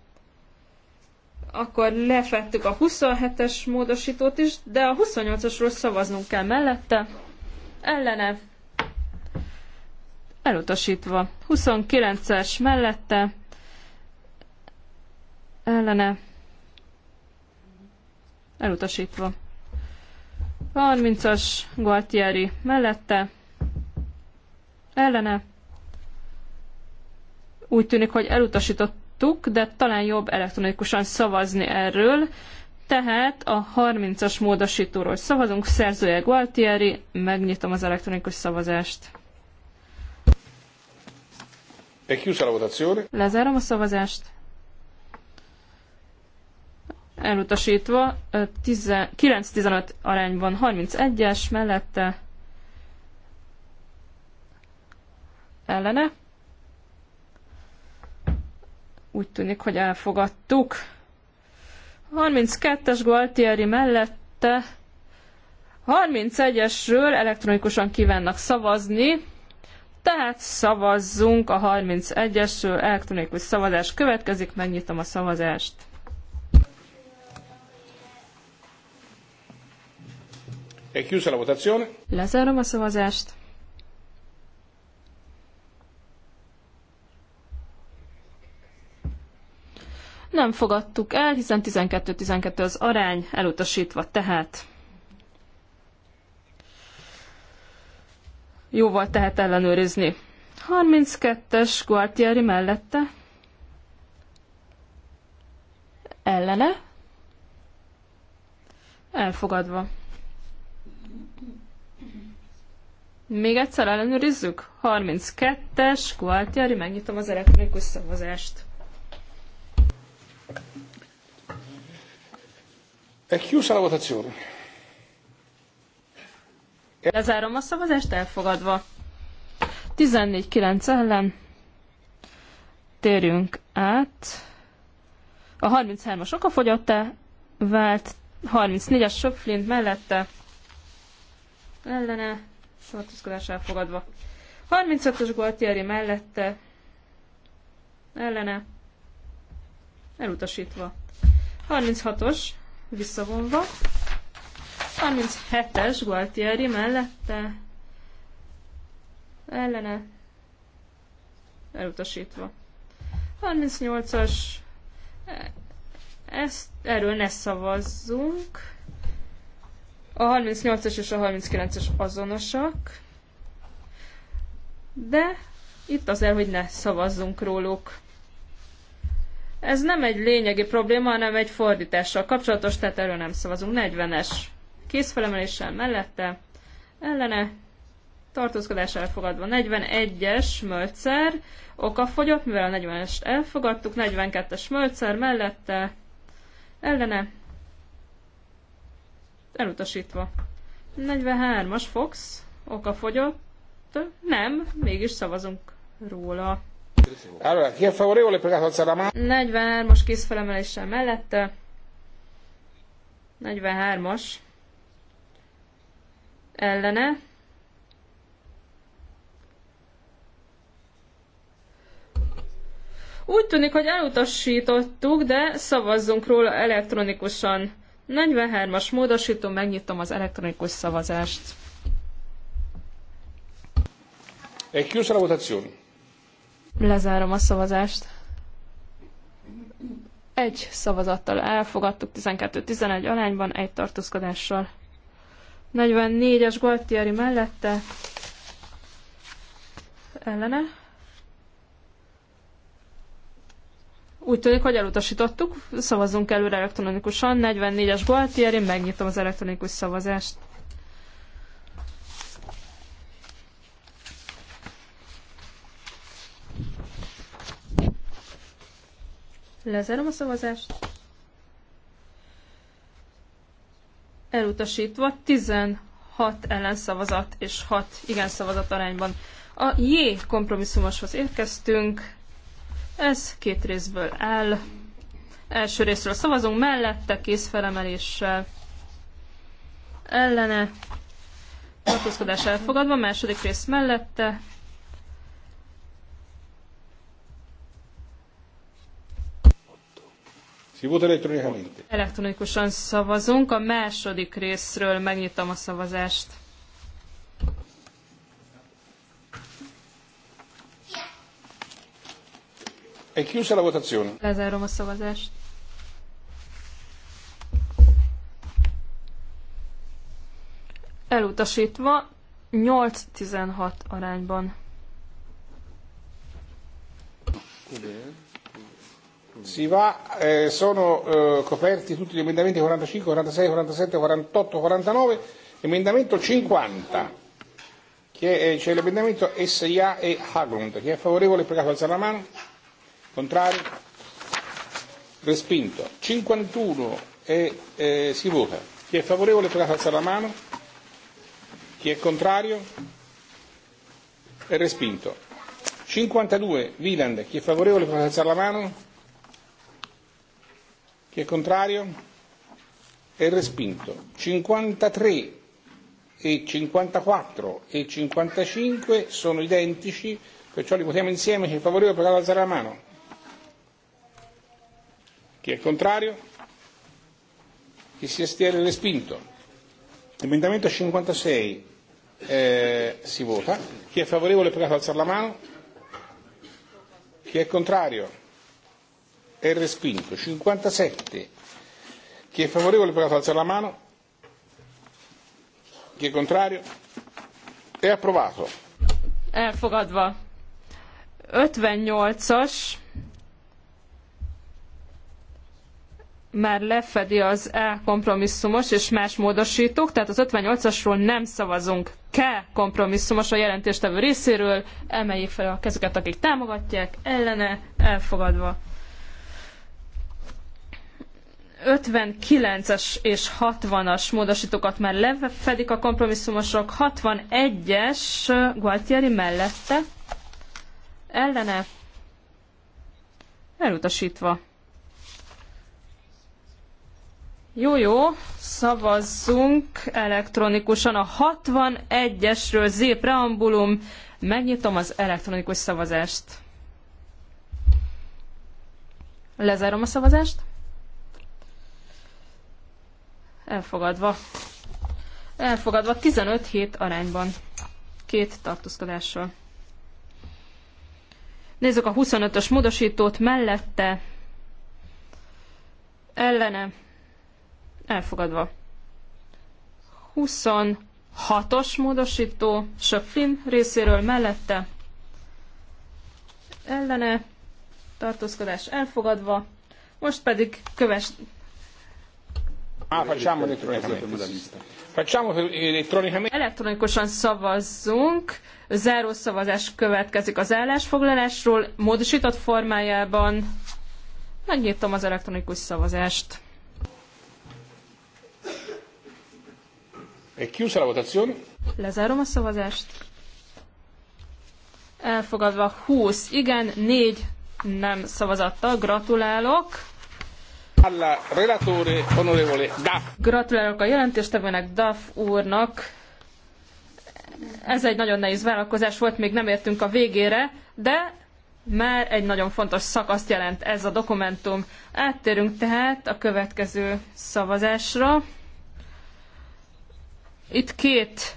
Akkor lefettük a 27-es módosítót is, de a 28-asról szavaznunk kell mellette. Ellene. Elutasítva. 29-es mellette ellene elutasítva. 30-as Gualtieri mellette ellene úgy tűnik, hogy elutasítottuk, de talán jobb elektronikusan szavazni erről. Tehát a 30-as módosítóról szavazunk, szerzője Gualtieri, megnyitom az elektronikus szavazást. Lezárom a szavazást elutasítva, 9-15 arányban 31-es, mellette ellene. Úgy tűnik, hogy elfogadtuk. 32-es Gualtieri mellette 31-esről elektronikusan kívánnak szavazni, tehát szavazzunk a 31-esről, elektronikus szavazás következik, megnyitom a szavazást. È chiusa la votazione. Lezárom a szavazást. Nem fogadtuk el, hiszen 12-12 az arány, elutasítva tehát. Jóval tehet ellenőrizni. 32-es Guartieri mellette. Ellene. Elfogadva. Még egyszer ellenőrizzük. 32-es, Gualtieri, megnyitom az elektronikus szavazást. Lezárom a szavazást elfogadva. 14-9 ellen. Térjünk át. A 33-as okafogyott-e? vált. 34-es Söpflint mellette. Ellene tartózkodás elfogadva. 36-os Gualtieri mellette, ellene, elutasítva. 36-os, visszavonva. 37-es Gualtieri mellette, ellene, elutasítva. 38-as, e, ezt, erről ne szavazzunk. A 38-as és a 39-es azonosak, de itt azért, hogy ne szavazzunk róluk. Ez nem egy lényegi probléma, hanem egy fordítással kapcsolatos, tehát erről nem szavazunk. 40-es kézfelemeléssel mellette, ellene, tartózkodás elfogadva. 41-es mölcer, oka fogyott, mivel a 40-est elfogadtuk, 42-es mölcer mellette, ellene, Elutasítva. 43-as Fox, oka fogyott. Nem, mégis szavazunk róla. 43-as felemeléssel mellette. 43-as. Ellene. Úgy tűnik, hogy elutasítottuk, de szavazzunk róla elektronikusan. 43-as módosító, megnyitom az elektronikus szavazást. Egy chiusa la votazione. Lezárom a szavazást. Egy szavazattal elfogadtuk, 12-11 arányban, egy tartózkodással. 44-es Gualtieri mellette ellene Úgy tűnik, hogy elutasítottuk, szavazzunk előre elektronikusan. 44-es én megnyitom az elektronikus szavazást. Lezárom a szavazást. Elutasítva 16 ellenszavazat és 6 igen szavazat arányban. A J kompromisszumoshoz érkeztünk. Ez két részből áll. Első részről szavazunk mellette, készfelemeléssel. ellene, tartózkodás elfogadva, második rész mellette, Elektronikusan szavazunk. A második részről megnyitom a szavazást. È e chiusa la votazione. a szavazást. Elutasítva 8-16 arányban. Si va, eh, sono eh, coperti tutti gli emendamenti 45, 46, 47, 48, 49, emendamento 50, che eh, c'è l'emendamento SIA e Haglund. Chi è favorevole pregato alzare la mano. Contrari? Respinto. 51 e eh, si vota. Chi è favorevole potrà alzare la mano. Chi è contrario? È respinto. 52 Wieland. Chi è favorevole potrà alzare la mano. Chi è contrario? È respinto. 53 e 54 e 55 sono identici, perciò li votiamo insieme. Chi è favorevole potrà alzare la mano. Chi è contrario? Chi si astiene respinto. Emendamento 56 eh, si vota. Chi è favorevole è ad alzare la mano. Chi è contrario? È respinto. 57. Chi è favorevole è ad alzare la mano. Chi è contrario? È approvato. Elfogadva. 58-as már lefedi az E kompromisszumos és más módosítók, tehát az 58-asról nem szavazunk. K kompromisszumos a jelentéstevő részéről, emeljék fel a kezüket, akik támogatják, ellene, elfogadva. 59-es és 60-as módosítókat már lefedik a kompromisszumosok, 61-es Gualtieri mellette, ellene, elutasítva. Jó, jó, szavazzunk elektronikusan a 61-esről Z preambulum. Megnyitom az elektronikus szavazást. Lezárom a szavazást. Elfogadva. Elfogadva 15 hét arányban. Két tartózkodással. Nézzük a 25-ös módosítót mellette. Ellene Elfogadva. 26-os módosító Söflin részéről mellette. Ellene. Tartózkodás elfogadva. Most pedig köves... Ah, Elektronikusan szavazzunk. Záró szavazás következik az állásfoglalásról, módosított formájában. Megnyitom az elektronikus szavazást. Chiusa la votazione. Lezárom a szavazást. Elfogadva 20 igen, 4 nem szavazatta. Gratulálok. Alla relatore onorevole Duff. Gratulálok a jelentéstevőnek Duff úrnak. Ez egy nagyon nehéz vállalkozás volt, még nem értünk a végére, de már egy nagyon fontos szakaszt jelent ez a dokumentum. Áttérünk tehát a következő szavazásra. Itt két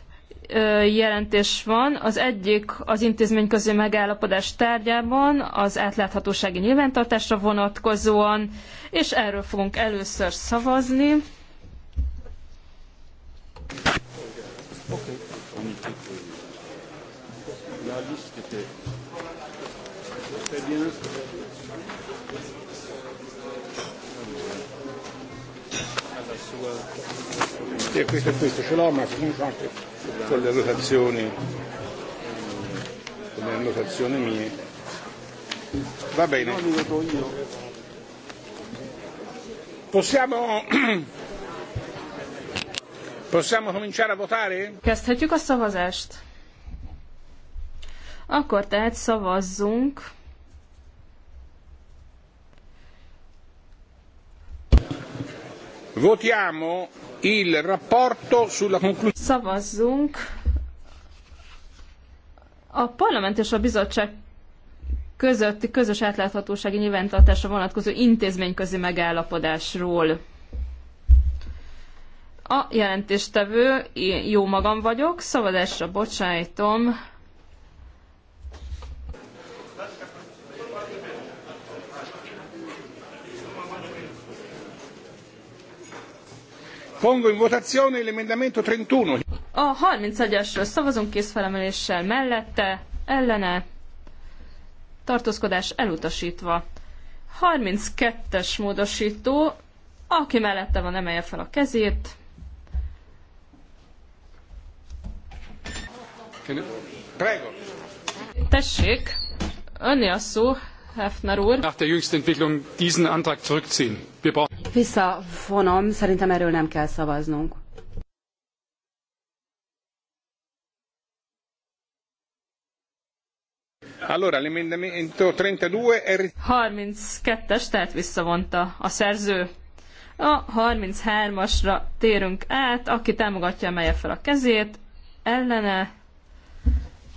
jelentés van. Az egyik az intézményközi megállapodás tárgyában, az átláthatósági nyilvántartásra vonatkozóan, és erről fogunk először szavazni. Okay. questo e questo e questo ce l'ho ma con le con le annotazioni mie va bene possiamo possiamo cominciare a votare? Kezdhetjük a szavazást. Akkor tehát szavazzunk. Votiamo il rapporto sulla conclusione. Szavazzunk a parlament és a bizottság közötti közös átláthatósági nyilvántartásra vonatkozó intézményközi megállapodásról. A jelentéstevő, jó magam vagyok, szavazásra bocsájtom Pongo in votazione l'emendamento 31. A 31-esről szavazunk készfelemeléssel mellette, ellene, tartózkodás elutasítva. 32-es módosító, aki mellette van, emelje fel a kezét. Prego. Tessék, önni a szó, Hefner úr. Nach der jüngsten Entwicklung diesen Antrag zurückziehen. Wir brauchen visszavonom, szerintem erről nem kell szavaznunk. Allora, l'emendamento 32 32-es, tehát visszavonta a szerző. A 33-asra térünk át, aki támogatja, emelje fel a kezét, ellene,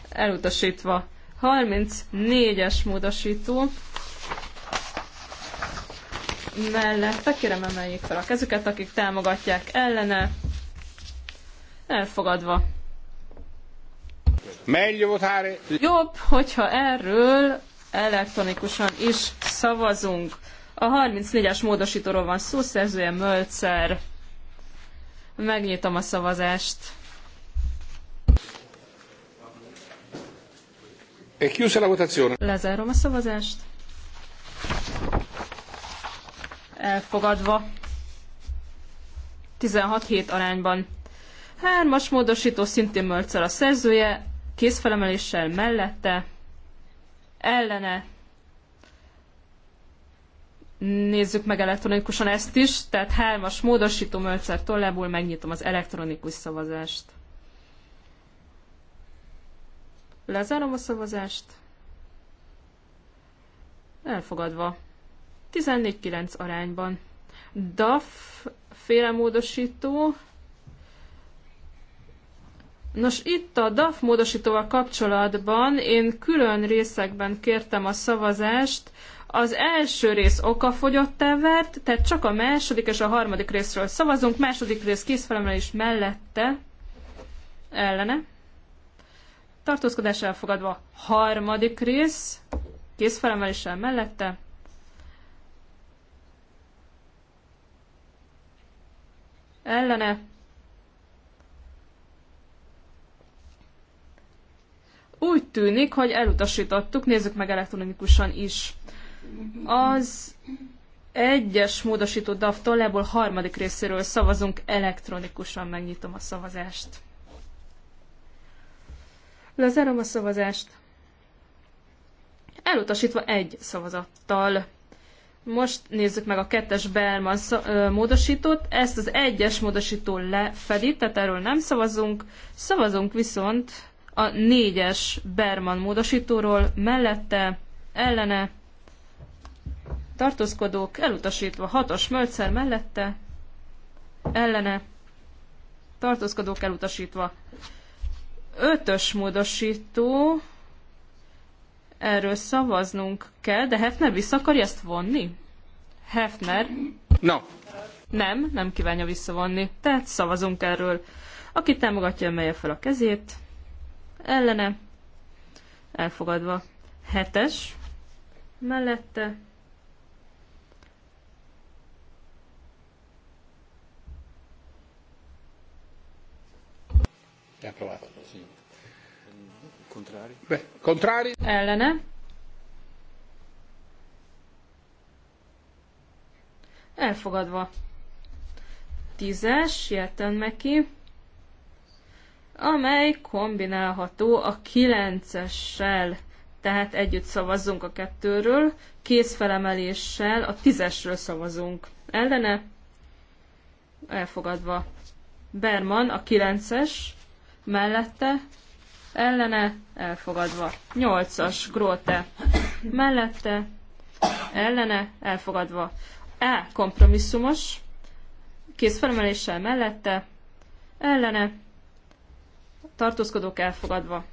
elutasítva. 34-es módosító, mellette, kérem emeljék fel a kezüket, akik támogatják ellene. Elfogadva. Jobb, hogyha erről elektronikusan is szavazunk. A 34-es módosítóról van szó, szerzője Mölcer. Megnyitom a szavazást. E Lezárom a szavazást elfogadva. 16 hét arányban. Hármas módosító szintén Mölcer a szerzője, kézfelemeléssel mellette, ellene. Nézzük meg elektronikusan ezt is, tehát hármas módosító Mölcer tollából megnyitom az elektronikus szavazást. Lezárom a szavazást. Elfogadva. 14-9 arányban. DAF félemódosító. Nos, itt a DAF módosítóval kapcsolatban én külön részekben kértem a szavazást, az első rész okafogyott vált, tehát csak a második és a harmadik részről szavazunk. Második rész készfelemelés mellette, ellene. Tartózkodás elfogadva. Harmadik rész készfelemeléssel mellette, ellene. Úgy tűnik, hogy elutasítottuk, nézzük meg elektronikusan is. Az egyes módosító DAF tollából harmadik részéről szavazunk elektronikusan, megnyitom a szavazást. Lezárom a szavazást. Elutasítva egy szavazattal. Most nézzük meg a kettes Berman módosítót. Ezt az egyes módosító lefedi, tehát erről nem szavazunk. Szavazunk viszont a négyes Berman módosítóról mellette, ellene, tartózkodók, elutasítva hatos mölcer mellette, ellene, tartózkodók elutasítva. Ötös módosító erről szavaznunk kell, de Hefner vissza akarja ezt vonni? Hefner? No. Nem, nem kívánja visszavonni. Tehát szavazunk erről. Aki támogatja, emelje fel a kezét. Ellene. Elfogadva. Hetes. Mellette. Elpróbáltam. Contrari. contrari. Ellene. Elfogadva. Tízes, jelten meg ki, amely kombinálható a kilencessel. Tehát együtt szavazzunk a kettőről, kézfelemeléssel a tízesről szavazunk. Ellene. Elfogadva. Berman a kilences mellette ellene, elfogadva. 8-as Gróte mellette, ellene, elfogadva. E kompromisszumos, kézfelemeléssel mellette, ellene, tartózkodók elfogadva.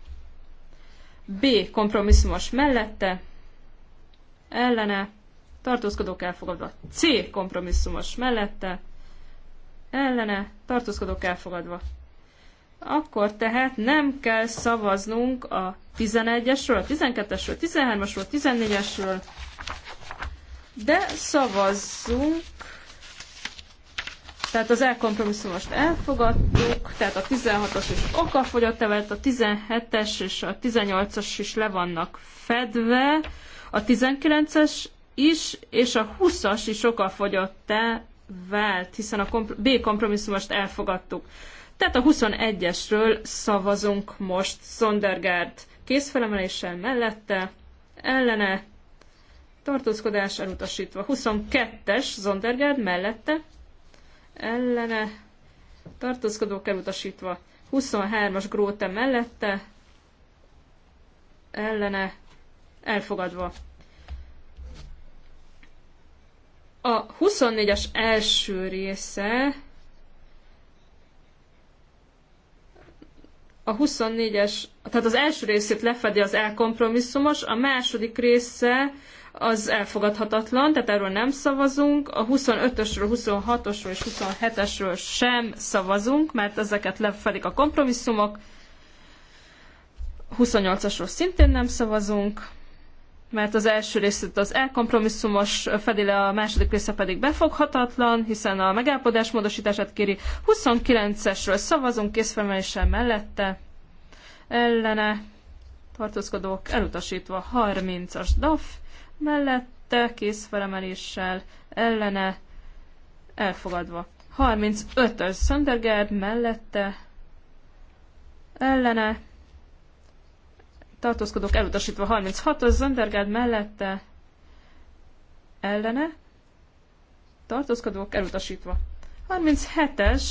B kompromisszumos mellette, ellene, tartózkodók elfogadva. C kompromisszumos mellette, ellene, tartózkodók elfogadva. Akkor tehát nem kell szavaznunk a 11-esről, a 12-esről, 13-asról, 14-esről, de szavazzunk. Tehát az elkompromisszumost elfogadtuk, tehát a 16-os is okafogyott, a 17-es és a 18-as is le vannak fedve, a 19-es is, és a 20-as is okafogyott-e vált, hiszen a B kompromisszumost elfogadtuk. Tehát a 21-esről szavazunk most. Sondergaard kézfelemeléssel mellette, ellene, tartózkodás elutasítva. 22-es Sondergaard mellette, ellene, tartózkodók elutasítva. 23-as Gróte mellette, ellene, elfogadva. A 24-es első része a 24-es, tehát az első részét lefedi az elkompromisszumos, a második része az elfogadhatatlan, tehát erről nem szavazunk, a 25-ösről, 26-osról és 27-esről sem szavazunk, mert ezeket lefedik a kompromisszumok, 28-asról szintén nem szavazunk, mert az első részét az elkompromisszumos fedi le, a második része pedig befoghatatlan, hiszen a megállapodás módosítását kéri. 29-esről szavazunk készfelemeléssel mellette, ellene tartózkodók elutasítva 30-as DAF, mellette készfelemeléssel ellene elfogadva. 35-ös Söndergaard mellette ellene tartózkodók elutasítva 36, az Zöndergád mellette ellene, tartózkodók elutasítva. 37-es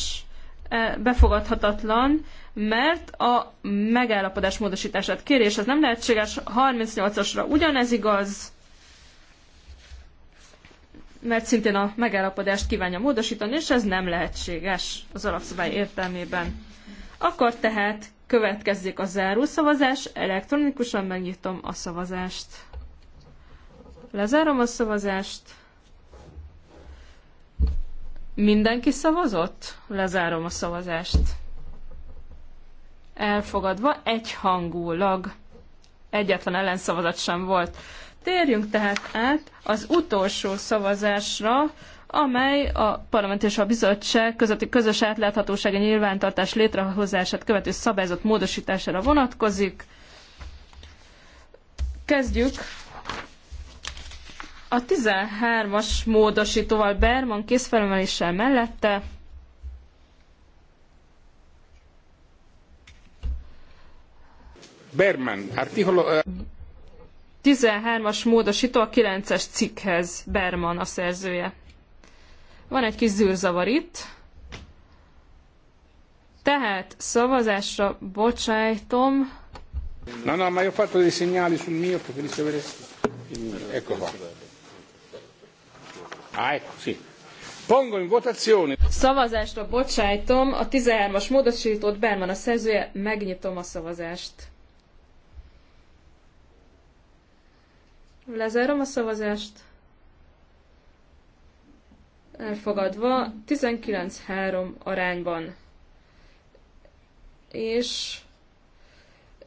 e, befogadhatatlan, mert a megállapodás módosítását kérés, az nem lehetséges. 38-asra ugyanez igaz, mert szintén a megállapodást kívánja módosítani, és ez nem lehetséges az alapszabály értelmében. Akkor tehát Következzék a zárószavazás. Elektronikusan megnyitom a szavazást. Lezárom a szavazást. Mindenki szavazott? Lezárom a szavazást. Elfogadva egyhangulag. Egyetlen ellenszavazat sem volt. Térjünk tehát át az utolsó szavazásra, amely a parlament és a bizottság közötti közös átláthatósági nyilvántartás létrehozását követő szabályzat módosítására vonatkozik. Kezdjük a 13-as módosítóval Berman készfelemeléssel mellette Berman, artikolo... 13-as eh, módosító a 9-es cikkhez Berman a szerzője. Van egy kis zűrzavar itt. Tehát szavazásra bocsájtom. Na na, ma jó ho fatto dei segnali sul mio, preferisco avere Ecco qua. Ah, ecco, sì. Pongo in votazione. Szavazásra bocsájtom a 13-as módosított benn van a szerzője, megnyitom a szavazást. Lezárom a szavazást elfogadva 19-3 arányban. És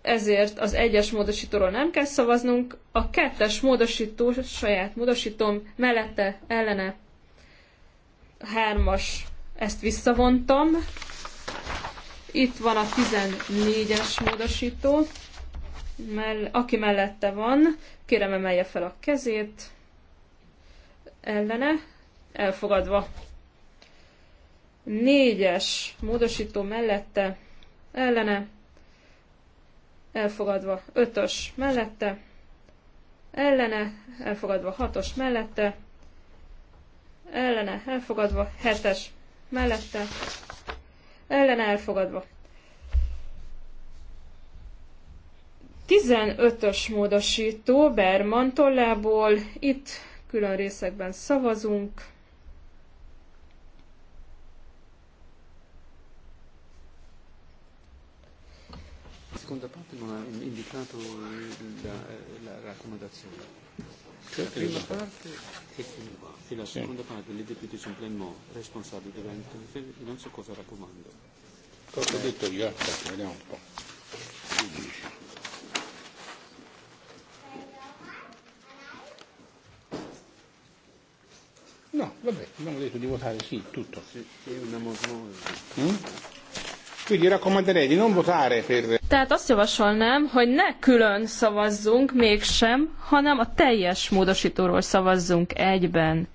ezért az egyes módosítóról nem kell szavaznunk, a kettes módosító, saját módosítom mellette, ellene hármas, ezt visszavontam. Itt van a 14-es módosító, mell aki mellette van, kérem emelje fel a kezét, ellene, elfogadva. Négyes módosító mellette, ellene, elfogadva. Ötös mellette, ellene, elfogadva. Hatos mellette, ellene, elfogadva. Hetes mellette, ellene, elfogadva. 15-ös módosító Berman tollából, itt külön részekben szavazunk. seconda parte non ha indicato la, la raccomandazione. La prima parte è fin qua e la seconda sì. parte le deputy sono pleinement responsabili dell'intervento, non so cosa raccomando. Cosa ho detto io? Aspetta, vediamo un po'. No, vabbè, abbiamo detto di votare sì, tutto. Sì, è una mosmosa. Mm? Tehát azt javasolnám, hogy ne külön szavazzunk mégsem, hanem a teljes módosítóról szavazzunk egyben.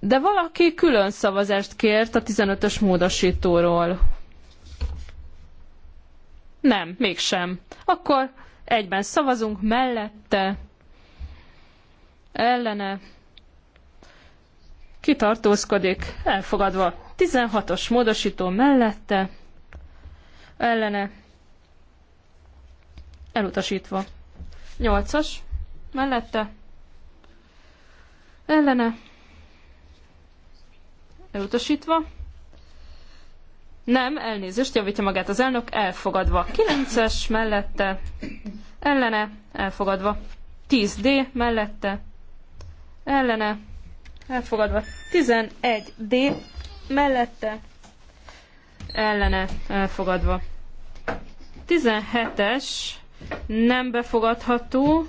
De valaki külön szavazást kért a 15-ös módosítóról. Nem, mégsem. Akkor egyben szavazunk mellette, ellene, kitartózkodik, elfogadva. 16-os módosító mellette ellene elutasítva. 8-as mellette ellene elutasítva. Nem, elnézést, javítja magát az elnök, elfogadva. 9-es mellette, ellene, elfogadva. 10D mellette, ellene, elfogadva. 11D mellette ellene elfogadva. 17-es nem befogadható,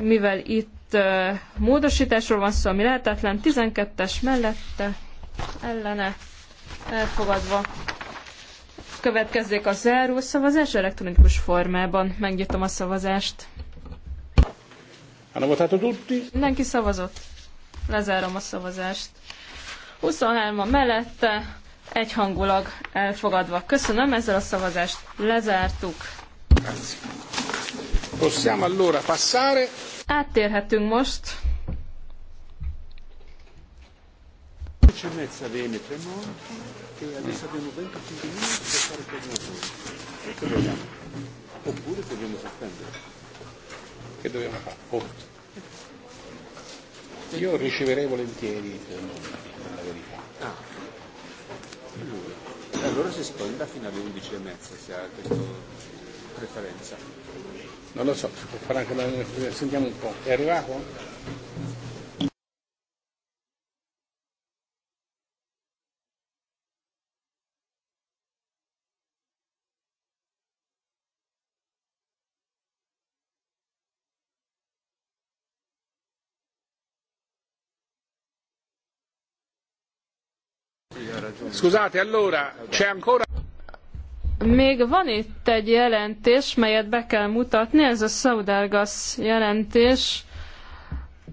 mivel itt uh, módosításról van szó, ami lehetetlen, 12-es mellette ellene elfogadva. Következzék a záró szavazás elektronikus formában. Megnyitom a szavazást. Hanno votato tutti? Mindenki szavazott. Lezárom a szavazást. 23-a mellette egyhangulag elfogadva. Köszönöm, ezzel a szavazást lezártuk. Possiamo allora passare. Áttérhetünk most. Io riceverei volentieri. Ah. Allora. si sponda fino alle 11 e mezza se ha questa preferenza. Non lo so, si anche sentiamo un po'. È arrivato? Scusate, allora, c'è ancora... Még van itt egy jelentés, melyet be kell mutatni, ez a Saudárgasz jelentés.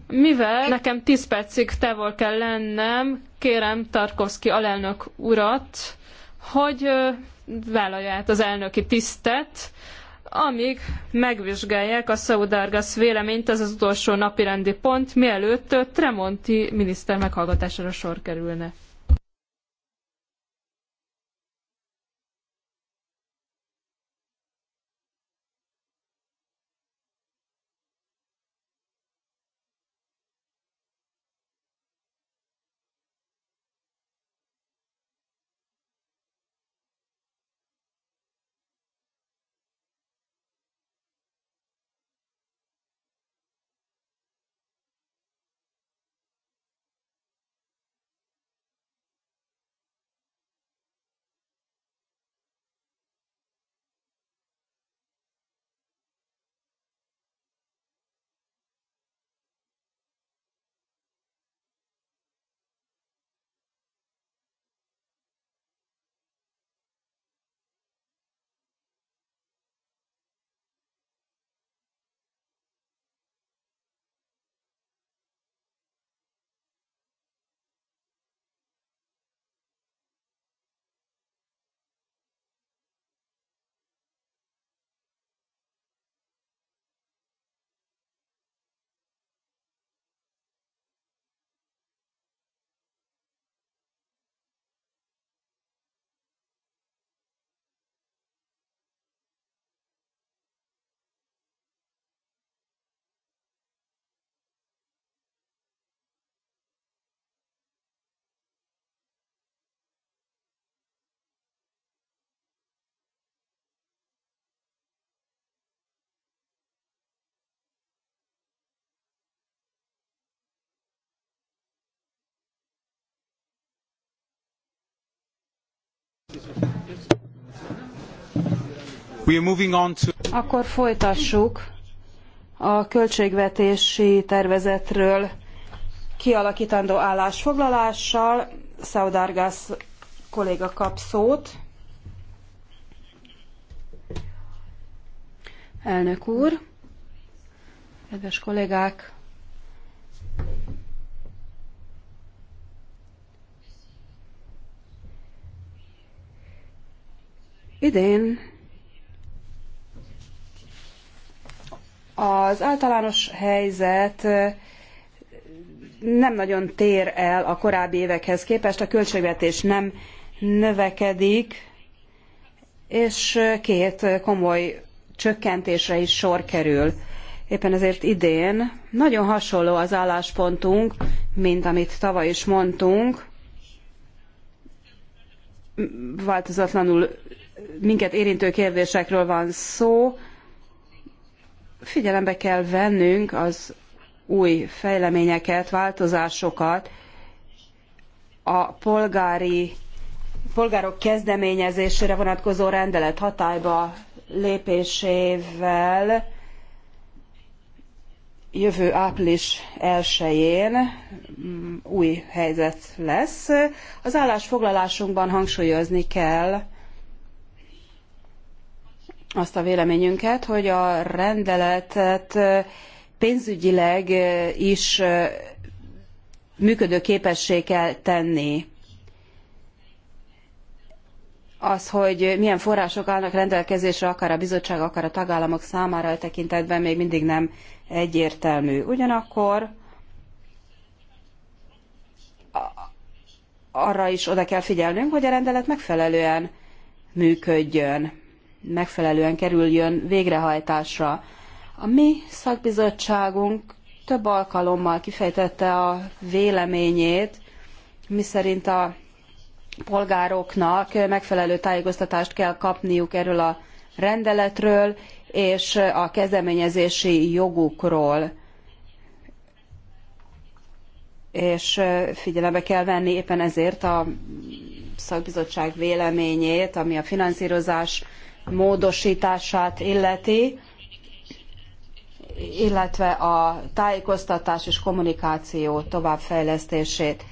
Mivel nekem 10 percig távol kell lennem, kérem Tarkovsky alelnök urat, hogy vállalja át az elnöki tisztet, amíg megvizsgálják a Szaudárgasz véleményt, ez az utolsó napirendi pont, mielőtt Tremonti miniszter meghallgatására sor kerülne. We are moving on to... Akkor folytassuk a költségvetési tervezetről kialakítandó állásfoglalással. Szaudárgász kolléga kap szót. Elnök úr, kedves kollégák, Idén az általános helyzet nem nagyon tér el a korábbi évekhez képest, a költségvetés nem növekedik, és két komoly csökkentésre is sor kerül. Éppen ezért idén nagyon hasonló az álláspontunk, mint amit tavaly is mondtunk. Változatlanul minket érintő kérdésekről van szó, figyelembe kell vennünk az új fejleményeket, változásokat, a polgári, polgárok kezdeményezésére vonatkozó rendelet hatályba lépésével jövő április 1-én mm, új helyzet lesz. Az állásfoglalásunkban hangsúlyozni kell, azt a véleményünket, hogy a rendeletet pénzügyileg is működőképessé kell tenni. Az, hogy milyen források állnak rendelkezésre akár a bizottság, akár a tagállamok számára a e tekintetben még mindig nem egyértelmű. Ugyanakkor arra is oda kell figyelnünk, hogy a rendelet megfelelően működjön megfelelően kerüljön végrehajtásra. A mi szakbizottságunk több alkalommal kifejtette a véleményét, miszerint a polgároknak megfelelő tájékoztatást kell kapniuk erről a rendeletről és a kezdeményezési jogukról. És figyelembe kell venni éppen ezért a szakbizottság véleményét, ami a finanszírozás módosítását illeti, illetve a tájékoztatás és kommunikáció továbbfejlesztését.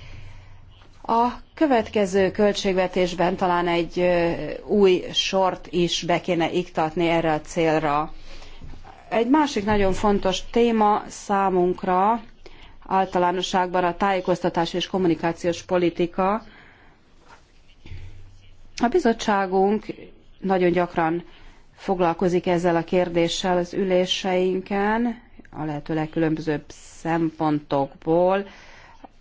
A következő költségvetésben talán egy új sort is be kéne iktatni erre a célra. Egy másik nagyon fontos téma számunkra általánosságban a tájékoztatás és kommunikációs politika. A bizottságunk nagyon gyakran foglalkozik ezzel a kérdéssel az üléseinken, a lehető legkülönbözőbb szempontokból,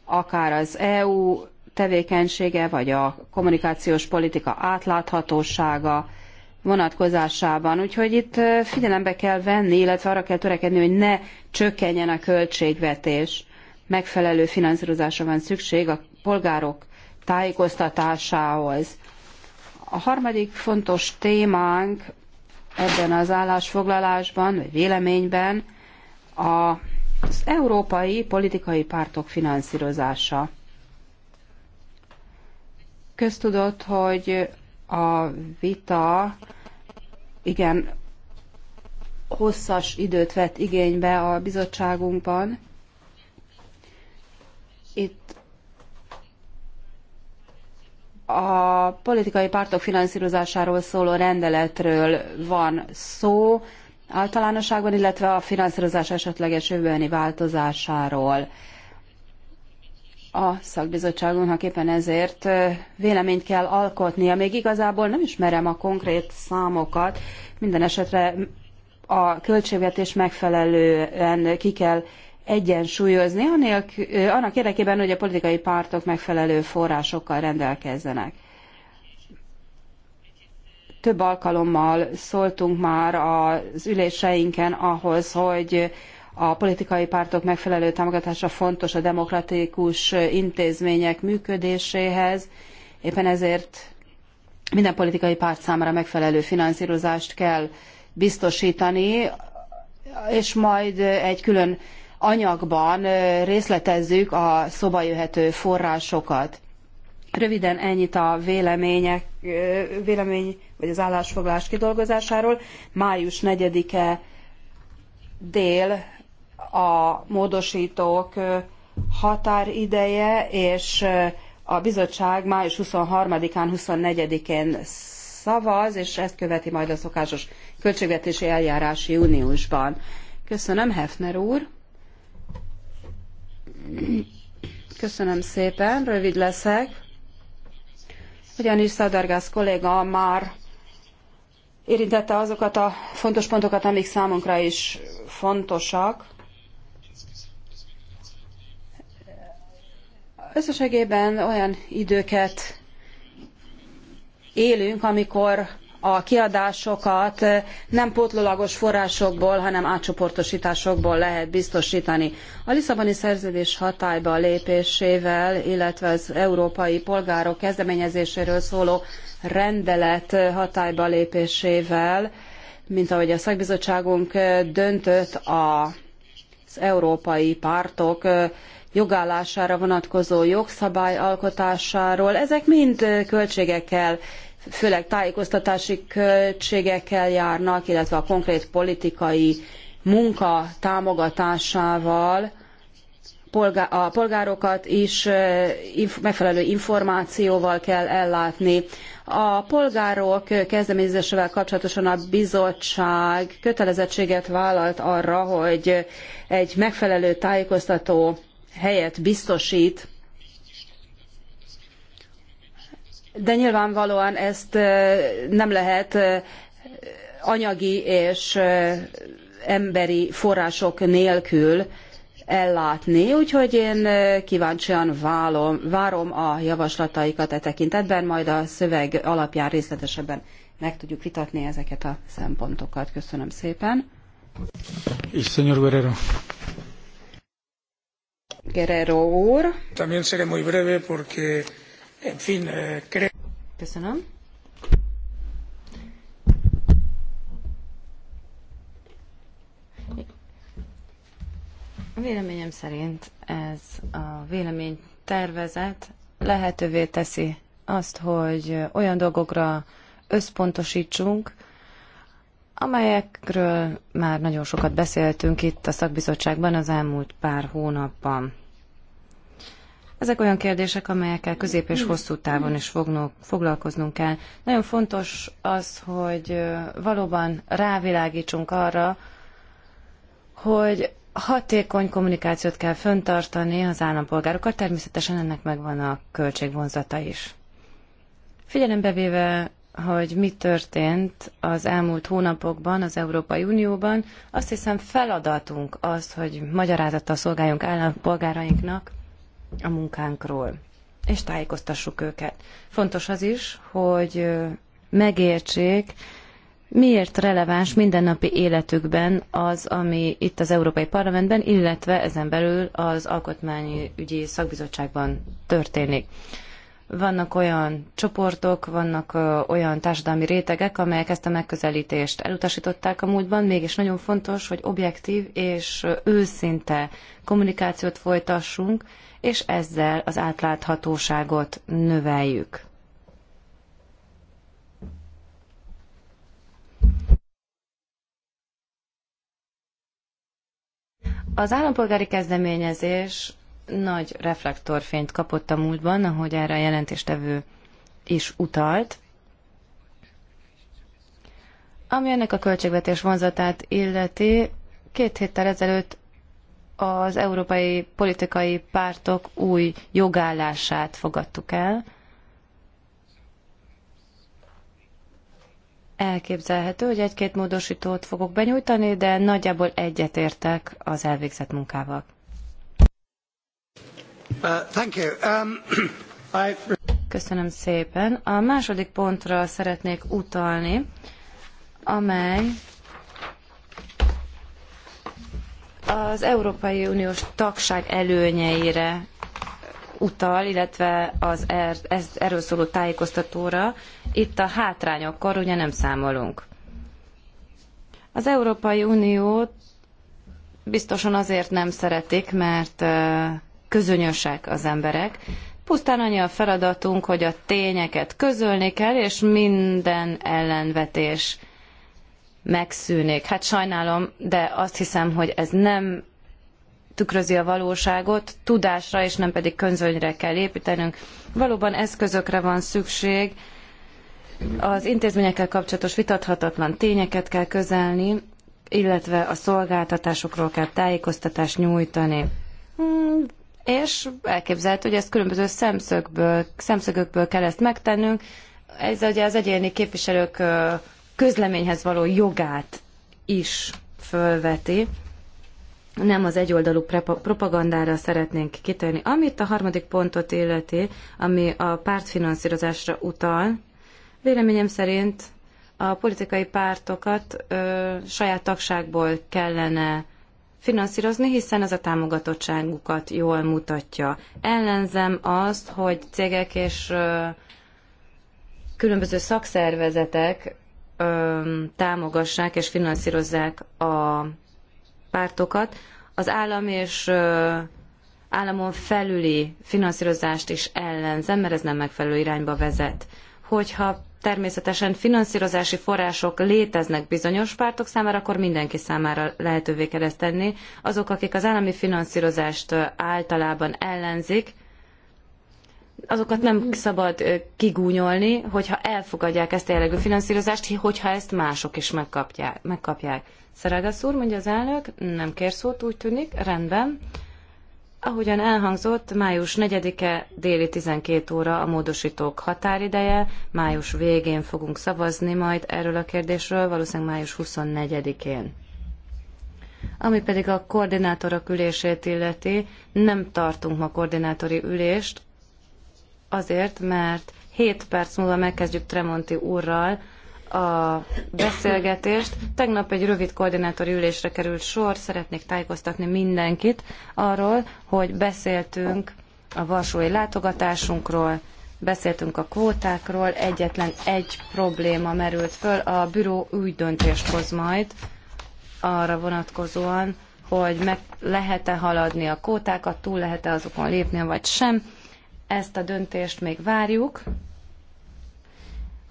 akár az EU tevékenysége, vagy a kommunikációs politika átláthatósága vonatkozásában. Úgyhogy itt figyelembe kell venni, illetve arra kell törekedni, hogy ne csökkenjen a költségvetés. Megfelelő finanszírozásra van szükség a polgárok tájékoztatásához, a harmadik fontos témánk ebben az állásfoglalásban, vagy véleményben az európai politikai pártok finanszírozása. Köztudott, hogy a vita igen hosszas időt vett igénybe a bizottságunkban. Itt a politikai pártok finanszírozásáról szóló rendeletről van szó általánosságban, illetve a finanszírozás esetleges jövőbeni változásáról. A szakbizottságunknak éppen ezért véleményt kell alkotnia. Még igazából nem ismerem a konkrét számokat, minden esetre a költségvetés megfelelően ki kell egyensúlyozni, anélkül, annak érdekében, hogy a politikai pártok megfelelő forrásokkal rendelkezzenek. Több alkalommal szóltunk már az üléseinken ahhoz, hogy a politikai pártok megfelelő támogatása fontos a demokratikus intézmények működéséhez. Éppen ezért minden politikai párt számára megfelelő finanszírozást kell biztosítani, és majd egy külön anyagban részletezzük a szoba jöhető forrásokat. Röviden ennyit a vélemények, vélemény vagy az állásfoglalás kidolgozásáról. Május 4-e dél a módosítók határideje, és a bizottság május 23-án, 24-én szavaz, és ezt követi majd a szokásos költségvetési eljárás júniusban. Köszönöm, Hefner úr! Köszönöm szépen, rövid leszek. Ugyanis Szadargász kolléga már érintette azokat a fontos pontokat, amik számunkra is fontosak. Összességében olyan időket élünk, amikor a kiadásokat nem pótlólagos forrásokból, hanem átcsoportosításokból lehet biztosítani. A Lisszaboni szerződés hatályba lépésével, illetve az európai polgárok kezdeményezéséről szóló rendelet hatályba lépésével, mint ahogy a szakbizottságunk döntött az európai pártok jogállására vonatkozó jogszabály alkotásáról. Ezek mind költségekkel főleg tájékoztatási költségekkel járnak, illetve a konkrét politikai munka támogatásával a polgárokat is megfelelő információval kell ellátni. A polgárok kezdeményezésével kapcsolatosan a bizottság kötelezettséget vállalt arra, hogy egy megfelelő tájékoztató helyet biztosít de nyilvánvalóan ezt nem lehet anyagi és emberi források nélkül ellátni, úgyhogy én kíváncsian válom, várom a javaslataikat e tekintetben, majd a szöveg alapján részletesebben meg tudjuk vitatni ezeket a szempontokat. Köszönöm szépen. És Guerrero. Guerrero úr. También seré muy breve porque En fin, eh, creo... Köszönöm. Véleményem szerint ez a véleménytervezet lehetővé teszi azt, hogy olyan dolgokra összpontosítsunk, amelyekről már nagyon sokat beszéltünk itt a szakbizottságban az elmúlt pár hónapban. Ezek olyan kérdések, amelyekkel közép és hosszú távon is fognunk, foglalkoznunk kell. Nagyon fontos az, hogy valóban rávilágítsunk arra, hogy hatékony kommunikációt kell föntartani az állampolgárokkal, természetesen ennek megvan a költségvonzata is. Figyelembe véve, hogy mi történt az elmúlt hónapokban az Európai Unióban, azt hiszem feladatunk az, hogy magyarázattal szolgáljunk állampolgárainknak a munkánkról, és tájékoztassuk őket. Fontos az is, hogy megértsék, miért releváns mindennapi életükben az, ami itt az Európai Parlamentben, illetve ezen belül az ügyi Szakbizottságban történik. Vannak olyan csoportok, vannak olyan társadalmi rétegek, amelyek ezt a megközelítést elutasították a múltban, mégis nagyon fontos, hogy objektív és őszinte kommunikációt folytassunk, és ezzel az átláthatóságot növeljük. Az állampolgári kezdeményezés nagy reflektorfényt kapott a múltban, ahogy erre a jelentéstevő is utalt. Ami ennek a költségvetés vonzatát illeti, két héttel ezelőtt az európai politikai pártok új jogállását fogadtuk el. Elképzelhető, hogy egy-két módosítót fogok benyújtani, de nagyjából egyetértek az elvégzett munkával. Uh, um, Köszönöm szépen. A második pontra szeretnék utalni, amely az Európai Uniós tagság előnyeire utal, illetve az er, ez, erről szóló tájékoztatóra, itt a hátrányokkal ugye nem számolunk. Az Európai Uniót biztosan azért nem szeretik, mert közönösek az emberek. Pusztán annyi a feladatunk, hogy a tényeket közölni kell, és minden ellenvetés megszűnik. Hát sajnálom, de azt hiszem, hogy ez nem tükrözi a valóságot, tudásra és nem pedig közönyre kell építenünk. Valóban eszközökre van szükség, az intézményekkel kapcsolatos vitathatatlan tényeket kell közelni, illetve a szolgáltatásokról kell tájékoztatást nyújtani. Hmm, és elképzelhető, hogy ezt különböző szemszögből, szemszögökből kell ezt megtennünk. Ez ugye az egyéni képviselők közleményhez való jogát is fölveti. Nem az egyoldalú propagandára szeretnénk kitérni. Amit a harmadik pontot illeti, ami a pártfinanszírozásra utal, véleményem szerint a politikai pártokat ö, saját tagságból kellene finanszírozni, hiszen ez a támogatottságukat jól mutatja. Ellenzem azt, hogy cégek és ö, különböző szakszervezetek támogassák és finanszírozzák a pártokat. Az állam és államon felüli finanszírozást is ellenzem, mert ez nem megfelelő irányba vezet. Hogyha természetesen finanszírozási források léteznek bizonyos pártok számára, akkor mindenki számára lehetővé kell ezt tenni. Azok, akik az állami finanszírozást általában ellenzik, azokat nem szabad kigúnyolni, hogyha elfogadják ezt a jellegű finanszírozást, hogyha ezt mások is megkapják. megkapják. Szeregasz úr, mondja az elnök, nem kér szót, úgy tűnik, rendben. Ahogyan elhangzott, május 4-e déli 12 óra a módosítók határideje, május végén fogunk szavazni majd erről a kérdésről, valószínűleg május 24-én. Ami pedig a koordinátorok ülését illeti, nem tartunk ma koordinátori ülést, azért, mert 7 perc múlva megkezdjük Tremonti úrral a beszélgetést. Tegnap egy rövid koordinátori ülésre került sor, szeretnék tájékoztatni mindenkit arról, hogy beszéltünk a vasúi látogatásunkról, beszéltünk a kvótákról, egyetlen egy probléma merült föl, a büró úgy döntést hoz majd arra vonatkozóan, hogy meg lehet-e haladni a kótákat, túl lehet-e azokon lépni, vagy sem ezt a döntést még várjuk.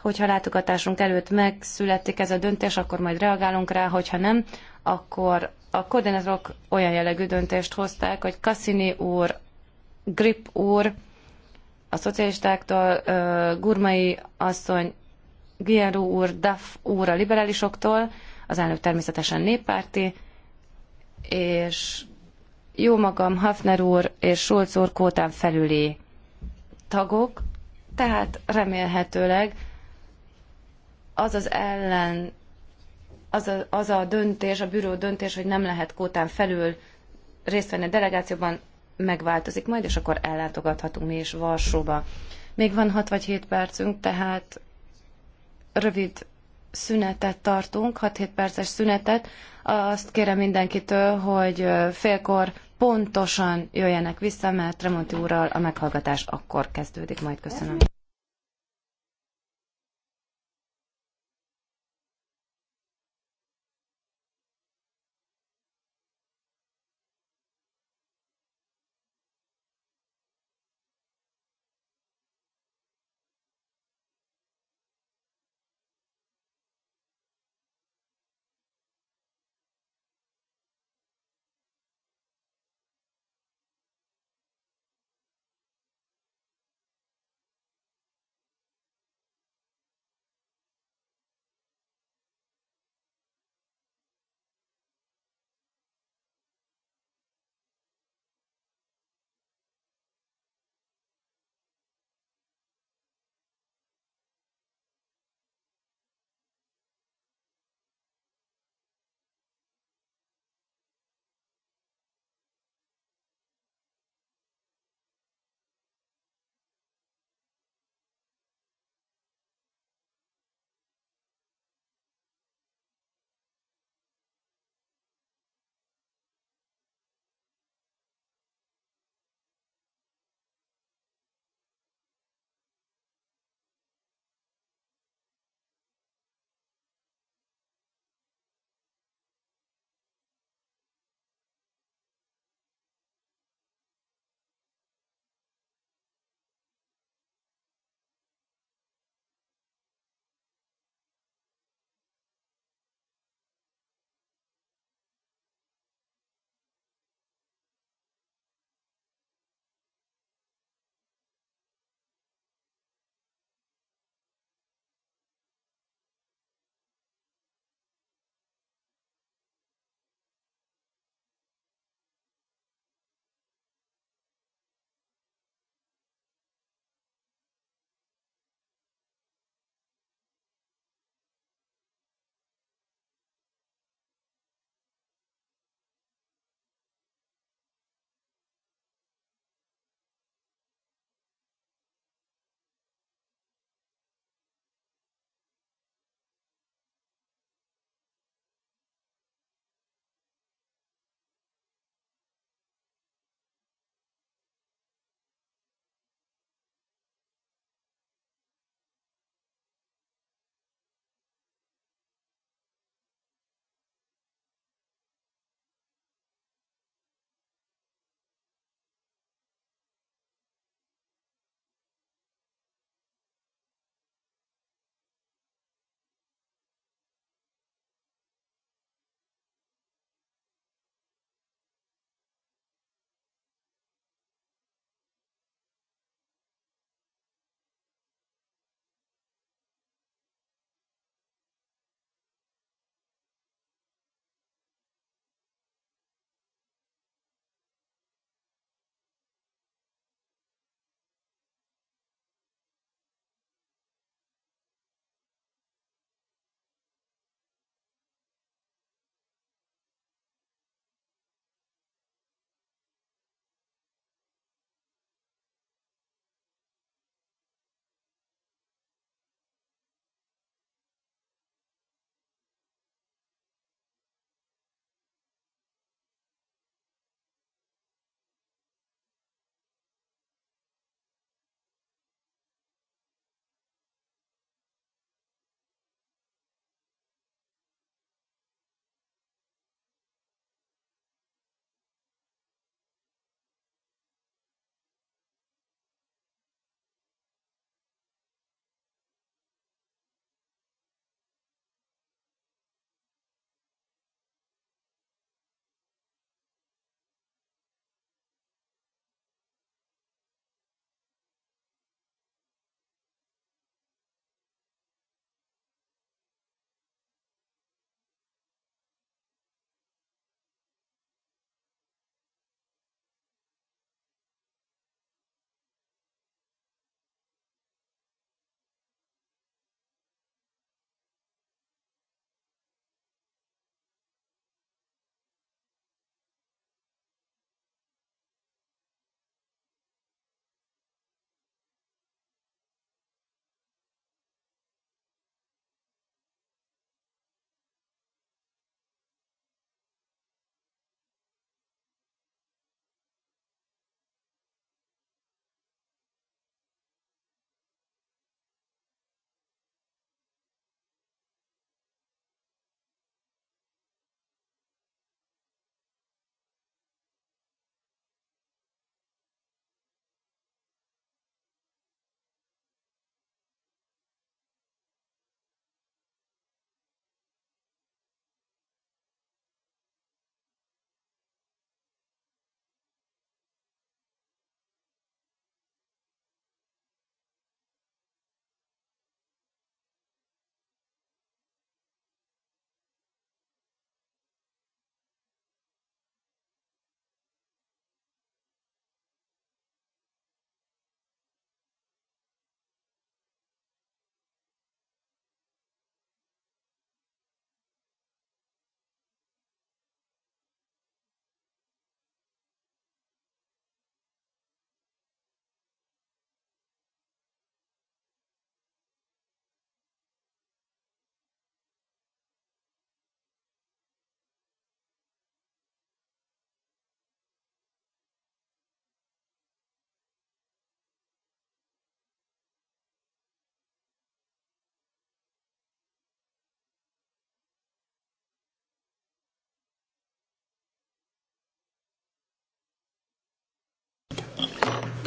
Hogyha látogatásunk előtt megszületik ez a döntés, akkor majd reagálunk rá, hogyha nem, akkor a koordinátorok olyan jellegű döntést hozták, hogy Cassini úr, Grip úr, a szocialistáktól, Gurmai asszony, Gieru úr, Duff úr a liberálisoktól, az elnök természetesen néppárti, és jó magam, Hafner úr és Schulz úr kótán felüli tagok, tehát remélhetőleg az az ellen, az a, az a döntés, a bűró döntés, hogy nem lehet kótán felül részt venni a delegációban, megváltozik majd, és akkor ellátogathatunk mi is Varsóba. Még van 6 vagy 7 percünk, tehát rövid szünetet tartunk, 6-7 perces szünetet. Azt kérem mindenkitől, hogy félkor pontosan jöjjenek vissza, mert Tremonti úrral a meghallgatás akkor kezdődik. Majd köszönöm.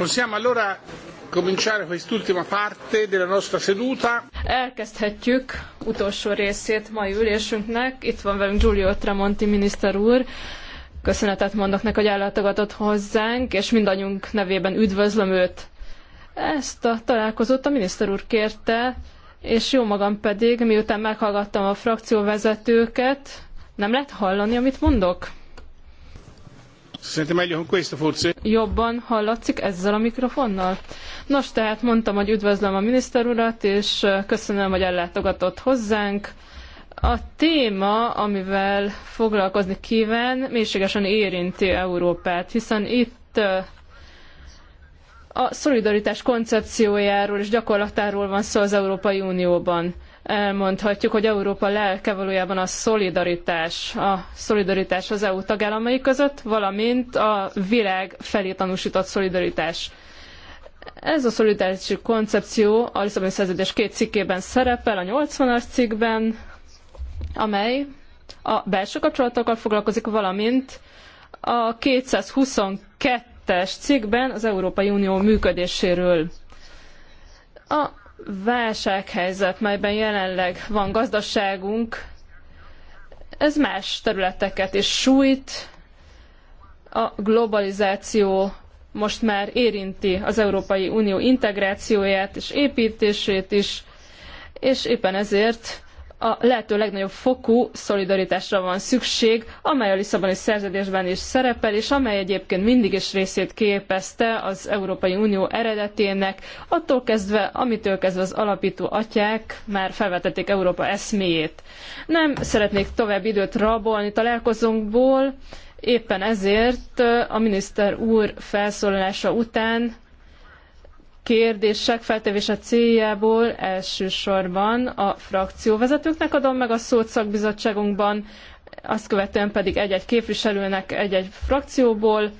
Possiamo allora cominciare quest'ultima parte della nostra seduta. Elkezdhetjük utolsó részét mai ülésünknek. Itt van velünk Giulio Tremonti miniszter úr. Köszönetet mondok neki, hogy ellátogatott hozzánk, és mindannyiunk nevében üdvözlöm őt. Ezt a találkozót a miniszter úr kérte, és jó magam pedig, miután meghallgattam a frakcióvezetőket, nem lehet hallani, amit mondok? Jobban hallatszik ezzel a mikrofonnal? Nos, tehát mondtam, hogy üdvözlöm a miniszter urat, és köszönöm, hogy ellátogatott hozzánk. A téma, amivel foglalkozni kíván, mélységesen érinti Európát, hiszen itt a szolidaritás koncepciójáról és gyakorlatáról van szó az Európai Unióban elmondhatjuk, hogy Európa lelke valójában a szolidaritás, a szolidaritás az EU tagállamai között, valamint a világ felé tanúsított szolidaritás. Ez a szolidaritási koncepció a Lisszaboni szerződés két cikkében szerepel, a 80-as cikkben, amely a belső kapcsolatokkal foglalkozik, valamint a 222-es cikkben az Európai Unió működéséről. A válsághelyzet, melyben jelenleg van gazdaságunk, ez más területeket is sújt. A globalizáció most már érinti az Európai Unió integrációját és építését is, és éppen ezért a lehető legnagyobb fokú szolidaritásra van szükség, amely a Lisszaboni szerződésben is szerepel, és amely egyébként mindig is részét képezte az Európai Unió eredetének, attól kezdve, amitől kezdve az alapító atyák már felvetették Európa eszméjét. Nem szeretnék tovább időt rabolni találkozónkból, éppen ezért a miniszter úr felszólalása után kérdések feltevése céljából elsősorban a frakcióvezetőknek adom meg a szót szakbizottságunkban, azt követően pedig egy-egy képviselőnek egy-egy frakcióból,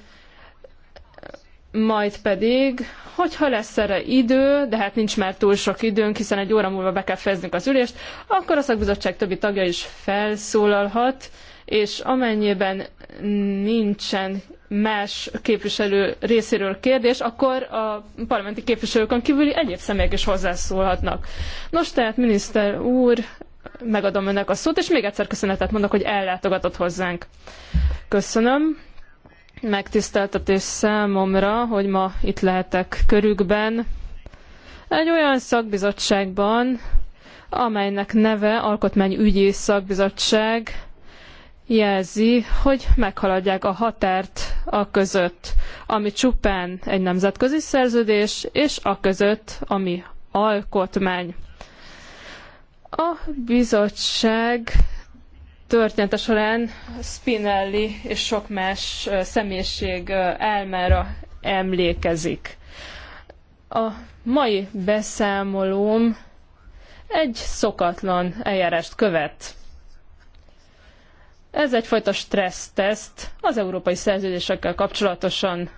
majd pedig, hogyha lesz erre idő, de hát nincs már túl sok időnk, hiszen egy óra múlva be kell fejeznünk az ülést, akkor a szakbizottság többi tagja is felszólalhat és amennyiben nincsen más képviselő részéről kérdés, akkor a parlamenti képviselőkön kívüli egyéb személyek is hozzászólhatnak. Nos, tehát miniszter úr, megadom önnek a szót, és még egyszer köszönetet mondok, hogy ellátogatott hozzánk. Köszönöm. Megtiszteltetés számomra, hogy ma itt lehetek körükben. Egy olyan szakbizottságban, amelynek neve Alkotmányügyi Szakbizottság, jelzi, hogy meghaladják a határt a között, ami csupán egy nemzetközi szerződés, és a között, ami alkotmány. A bizottság története során Spinelli és sok más személyiség elmára emlékezik. A mai beszámolóm egy szokatlan eljárást követ. Ez egyfajta stresszteszt az európai szerződésekkel kapcsolatosan.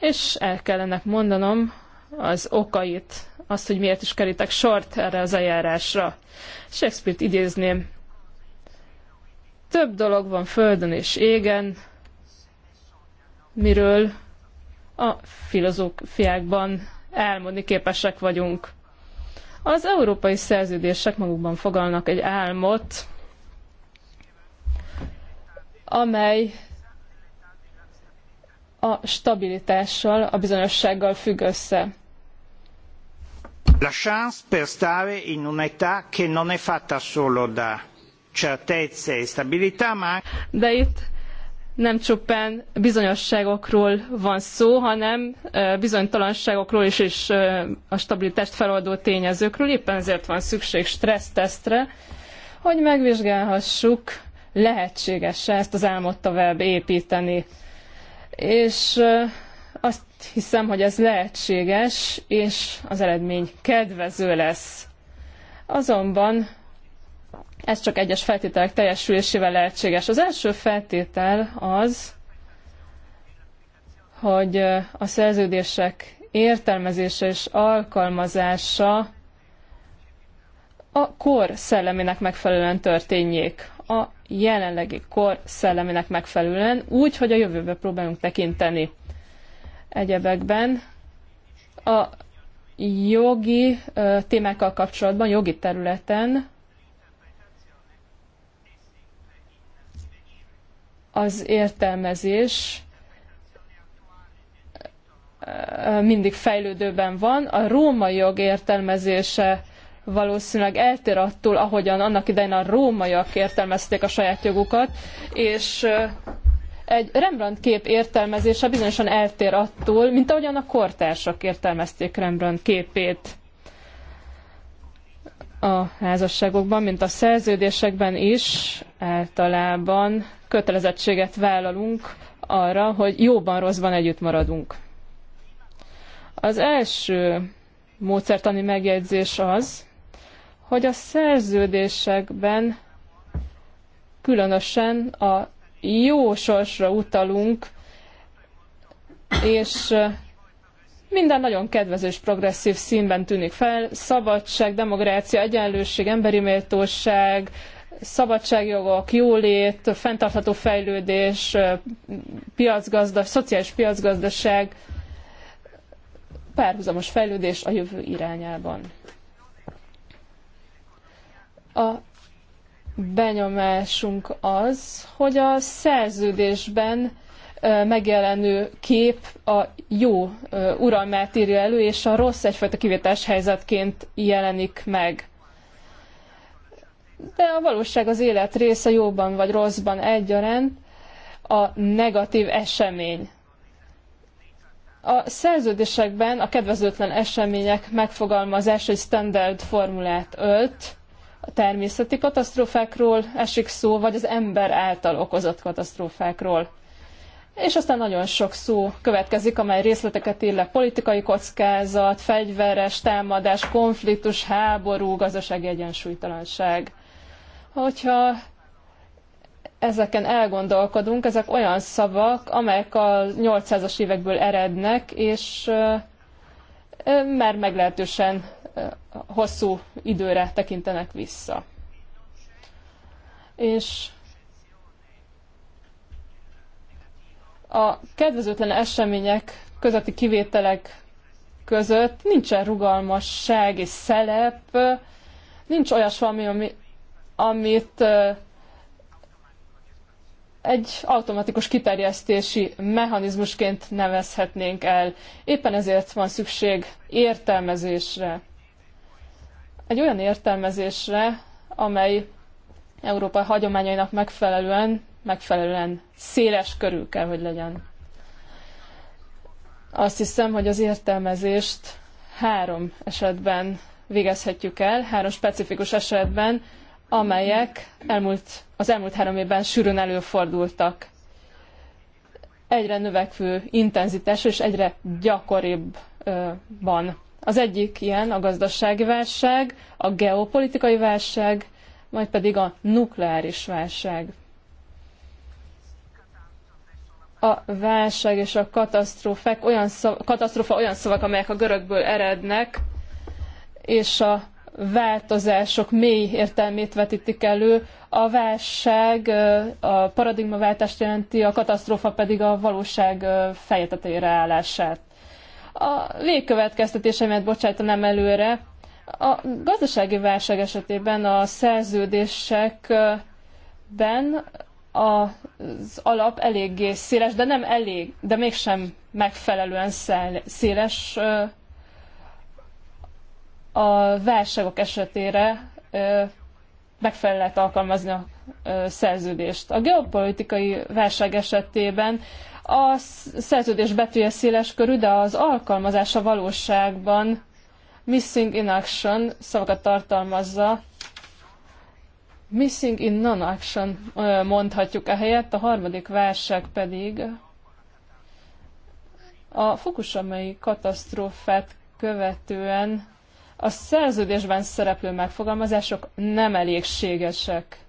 És el kellene mondanom az okait, azt, hogy miért is kerítek sort erre az eljárásra. Shakespeare-t idézném. Több dolog van földön és égen, miről a filozófiákban elmondni képesek vagyunk. Az európai szerződések magukban fogalnak egy álmot, amely a stabilitással, a bizonyossággal függ össze. La chance per stare in un'età che non è fatta solo da certezze e stabilità, ma... De itt nem csupán bizonyosságokról van szó, hanem bizonytalanságokról is, és a stabilitást feloldó tényezőkről. Éppen ezért van szükség stressztesztre, hogy megvizsgálhassuk lehetséges ezt az álmodta web építeni. És azt hiszem, hogy ez lehetséges, és az eredmény kedvező lesz. Azonban ez csak egyes feltételek teljesülésével lehetséges. Az első feltétel az, hogy a szerződések értelmezése és alkalmazása a kor szellemének megfelelően történjék. A jelenlegi kor szellemének megfelelően, úgy, hogy a jövőbe próbálunk tekinteni. Egyebekben a jogi témákkal kapcsolatban, jogi területen az értelmezés mindig fejlődőben van. A római jog értelmezése valószínűleg eltér attól, ahogyan annak idején a rómaiak értelmezték a saját jogukat, és egy Rembrandt kép értelmezése bizonyosan eltér attól, mint ahogyan a kortársak értelmezték Rembrandt képét a házasságokban, mint a szerződésekben is általában kötelezettséget vállalunk arra, hogy jóban rosszban együtt maradunk. Az első módszertani megjegyzés az, hogy a szerződésekben különösen a jó sorsra utalunk, és minden nagyon kedvező és progresszív színben tűnik fel. Szabadság, demokrácia, egyenlőség, emberi méltóság, szabadságjogok, jólét, fenntartható fejlődés, piacgazdaság, szociális piacgazdaság, párhuzamos fejlődés a jövő irányában. A benyomásunk az, hogy a szerződésben megjelenő kép a jó uralmát írja elő, és a rossz egyfajta kivétás helyzetként jelenik meg. De a valóság az élet része jóban vagy rosszban egyaránt a negatív esemény. A szerződésekben a kedvezőtlen események megfogalmazása egy standard formulát ölt, természeti katasztrófákról esik szó, vagy az ember által okozott katasztrófákról. És aztán nagyon sok szó következik, amely részleteket ír le politikai kockázat, fegyveres támadás, konfliktus, háború, gazdasági egyensúlytalanság. Hogyha ezeken elgondolkodunk, ezek olyan szavak, amelyek a 800-as évekből erednek, és már meglehetősen hosszú időre tekintenek vissza. És a kedvezőtlen események közötti kivételek között nincsen rugalmasság és szelep, nincs olyasmi, ami, amit egy automatikus kiterjesztési mechanizmusként nevezhetnénk el. Éppen ezért van szükség értelmezésre egy olyan értelmezésre, amely Európa hagyományainak megfelelően, megfelelően széles körül kell, hogy legyen. Azt hiszem, hogy az értelmezést három esetben végezhetjük el, három specifikus esetben, amelyek elmúlt, az elmúlt három évben sűrűn előfordultak. Egyre növekvő intenzitás és egyre gyakoribban. Az egyik ilyen a gazdasági válság, a geopolitikai válság, majd pedig a nukleáris válság. A válság és a olyan szav, katasztrófa olyan szavak, amelyek a görögből erednek, és a változások mély értelmét vetítik elő. A válság a paradigmaváltást jelenti, a katasztrófa pedig a valóság fejeteteire állását. A végkövetkeztetésemet bocsájtanám előre. A gazdasági válság esetében a szerződésekben az alap eléggé széles, de nem elég, de mégsem megfelelően széles a válságok esetére megfelelően lehet alkalmazni a szerződést. A geopolitikai válság esetében a szerződés betűje széles körű, de az alkalmazása valóságban missing in action szavakat tartalmazza. Missing in non-action mondhatjuk ehelyett, a harmadik válság pedig a fukusamai katasztrófát követően a szerződésben szereplő megfogalmazások nem elégségesek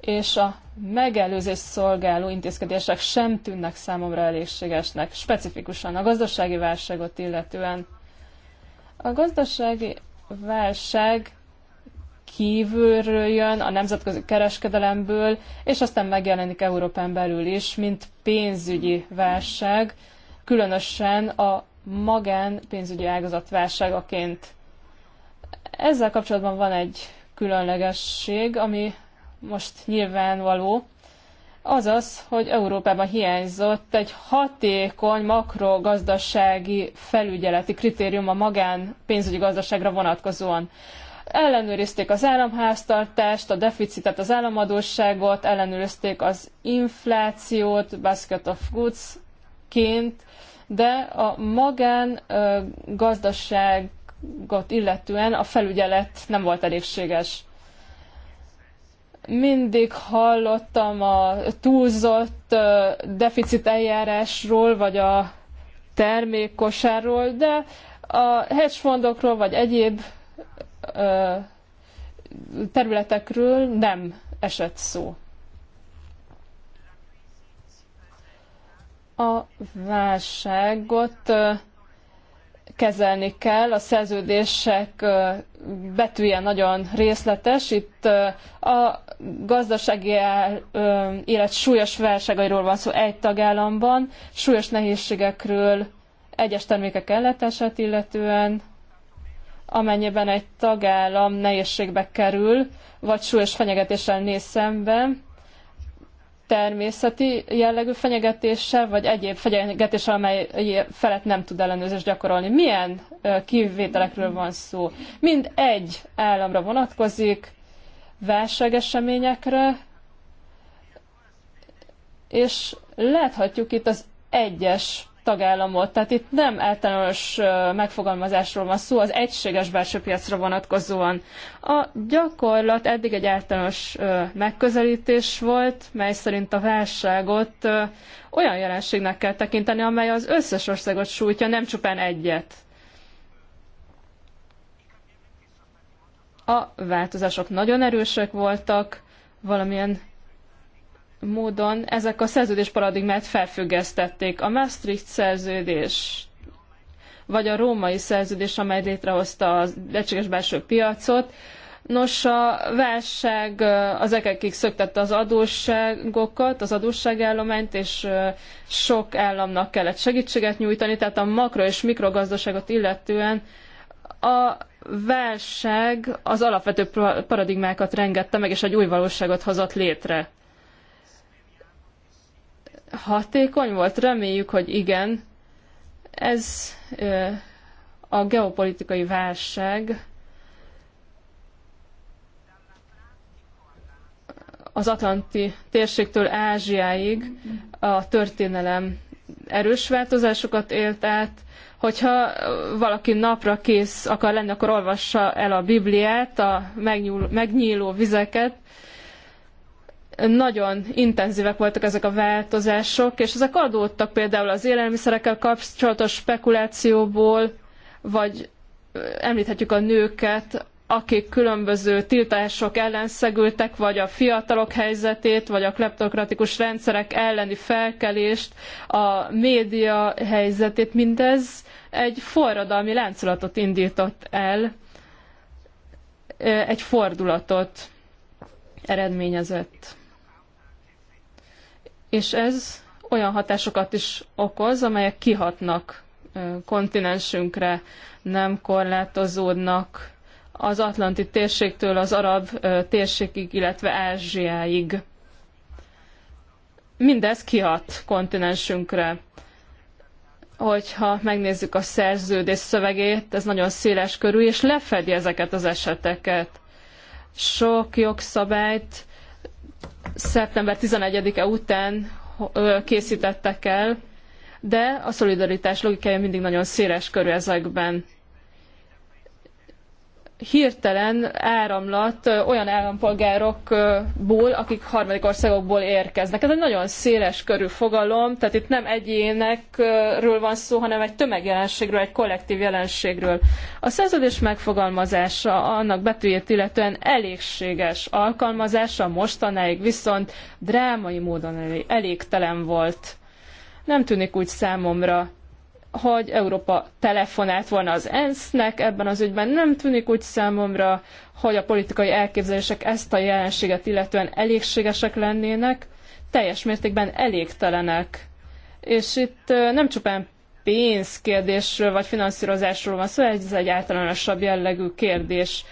és a megelőzés szolgáló intézkedések sem tűnnek számomra elégségesnek, specifikusan a gazdasági válságot illetően. A gazdasági válság kívülről jön, a nemzetközi kereskedelemből, és aztán megjelenik Európán belül is, mint pénzügyi válság, különösen a magán pénzügyi ágazat válságaként. Ezzel kapcsolatban van egy különlegesség, ami most nyilvánvaló, az az, hogy Európában hiányzott egy hatékony makrogazdasági felügyeleti kritérium a magán pénzügyi gazdaságra vonatkozóan. Ellenőrizték az államháztartást, a deficitet, az államadósságot, ellenőrizték az inflációt, basket of goods-ként, de a magán gazdaságot illetően a felügyelet nem volt elégséges mindig hallottam a túlzott deficit eljárásról, vagy a termékkosáról, de a hedgefondokról, vagy egyéb területekről nem esett szó. A válságot kezelni kell. A szerződések betűje nagyon részletes. Itt a gazdasági élet súlyos válságairól van szó egy tagállamban, súlyos nehézségekről egyes termékek ellátását illetően, amennyiben egy tagállam nehézségbe kerül, vagy súlyos fenyegetéssel néz szemben, természeti jellegű fenyegetéssel, vagy egyéb fenyegetéssel, amely felett nem tud ellenőrzést gyakorolni. Milyen kivételekről van szó? Mind egy államra vonatkozik, válságeseményekre, és láthatjuk itt az egyes tagállamot. Tehát itt nem általános megfogalmazásról van szó, az egységes belső piacra vonatkozóan. A gyakorlat eddig egy általános megközelítés volt, mely szerint a válságot olyan jelenségnek kell tekinteni, amely az összes országot sújtja, nem csupán egyet. A változások nagyon erősek voltak, valamilyen módon ezek a szerződés paradigmát felfüggesztették. A Maastricht szerződés vagy a római szerződés, amely létrehozta az egységes belső piacot. Nos, a válság az ekekig szöktette az adósságokat, az adósságállományt, és sok államnak kellett segítséget nyújtani, tehát a makro- és mikrogazdaságot illetően a válság az alapvető paradigmákat rengette meg, és egy új valóságot hozott létre hatékony volt? Reméljük, hogy igen. Ez a geopolitikai válság az Atlanti térségtől Ázsiáig a történelem erős változásokat élt át. Hogyha valaki napra kész akar lenni, akkor olvassa el a Bibliát, a megnyúl, megnyíló vizeket, nagyon intenzívek voltak ezek a változások, és ezek adódtak például az élelmiszerekkel kapcsolatos spekulációból, vagy említhetjük a nőket, akik különböző tiltások ellen szegültek, vagy a fiatalok helyzetét, vagy a kleptokratikus rendszerek elleni felkelést, a média helyzetét, mindez egy forradalmi láncolatot indított el, egy fordulatot eredményezett és ez olyan hatásokat is okoz, amelyek kihatnak kontinensünkre, nem korlátozódnak az Atlanti térségtől az arab térségig, illetve Ázsiáig. Mindez kihat kontinensünkre. Hogyha megnézzük a szerződés szövegét, ez nagyon széles körű, és lefedi ezeket az eseteket. Sok jogszabályt szeptember 11-e után készítettek el, de a szolidaritás logikája mindig nagyon széles körű ezekben hirtelen áramlat olyan állampolgárokból, akik harmadik országokból érkeznek. Ez egy nagyon széles körű fogalom, tehát itt nem egyénekről van szó, hanem egy tömegjelenségről, egy kollektív jelenségről. A szerződés megfogalmazása annak betűjét illetően elégséges alkalmazása mostanáig viszont drámai módon elégtelen volt. Nem tűnik úgy számomra, hogy Európa telefonált volna az ENSZ-nek, ebben az ügyben nem tűnik úgy számomra, hogy a politikai elképzelések ezt a jelenséget illetően elégségesek lennének, teljes mértékben elégtelenek. És itt nem csupán pénzkérdésről vagy finanszírozásról van szó, ez egy általánosabb jellegű kérdés,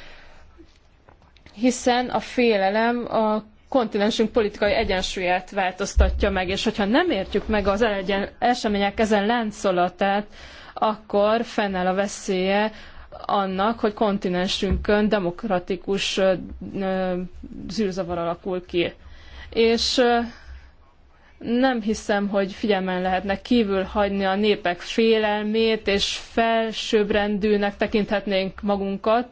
hiszen a félelem a kontinensünk politikai egyensúlyát változtatja meg, és hogyha nem értjük meg az események ezen láncolatát, akkor fennáll a veszélye annak, hogy kontinensünkön demokratikus zűrzavar alakul ki. És nem hiszem, hogy figyelmen lehetne kívül hagyni a népek félelmét, és felsőbbrendűnek tekinthetnénk magunkat,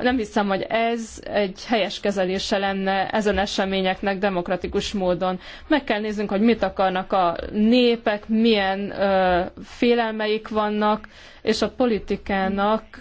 nem hiszem, hogy ez egy helyes kezelése lenne ezen eseményeknek demokratikus módon. Meg kell néznünk, hogy mit akarnak a népek, milyen ö, félelmeik vannak, és a politikának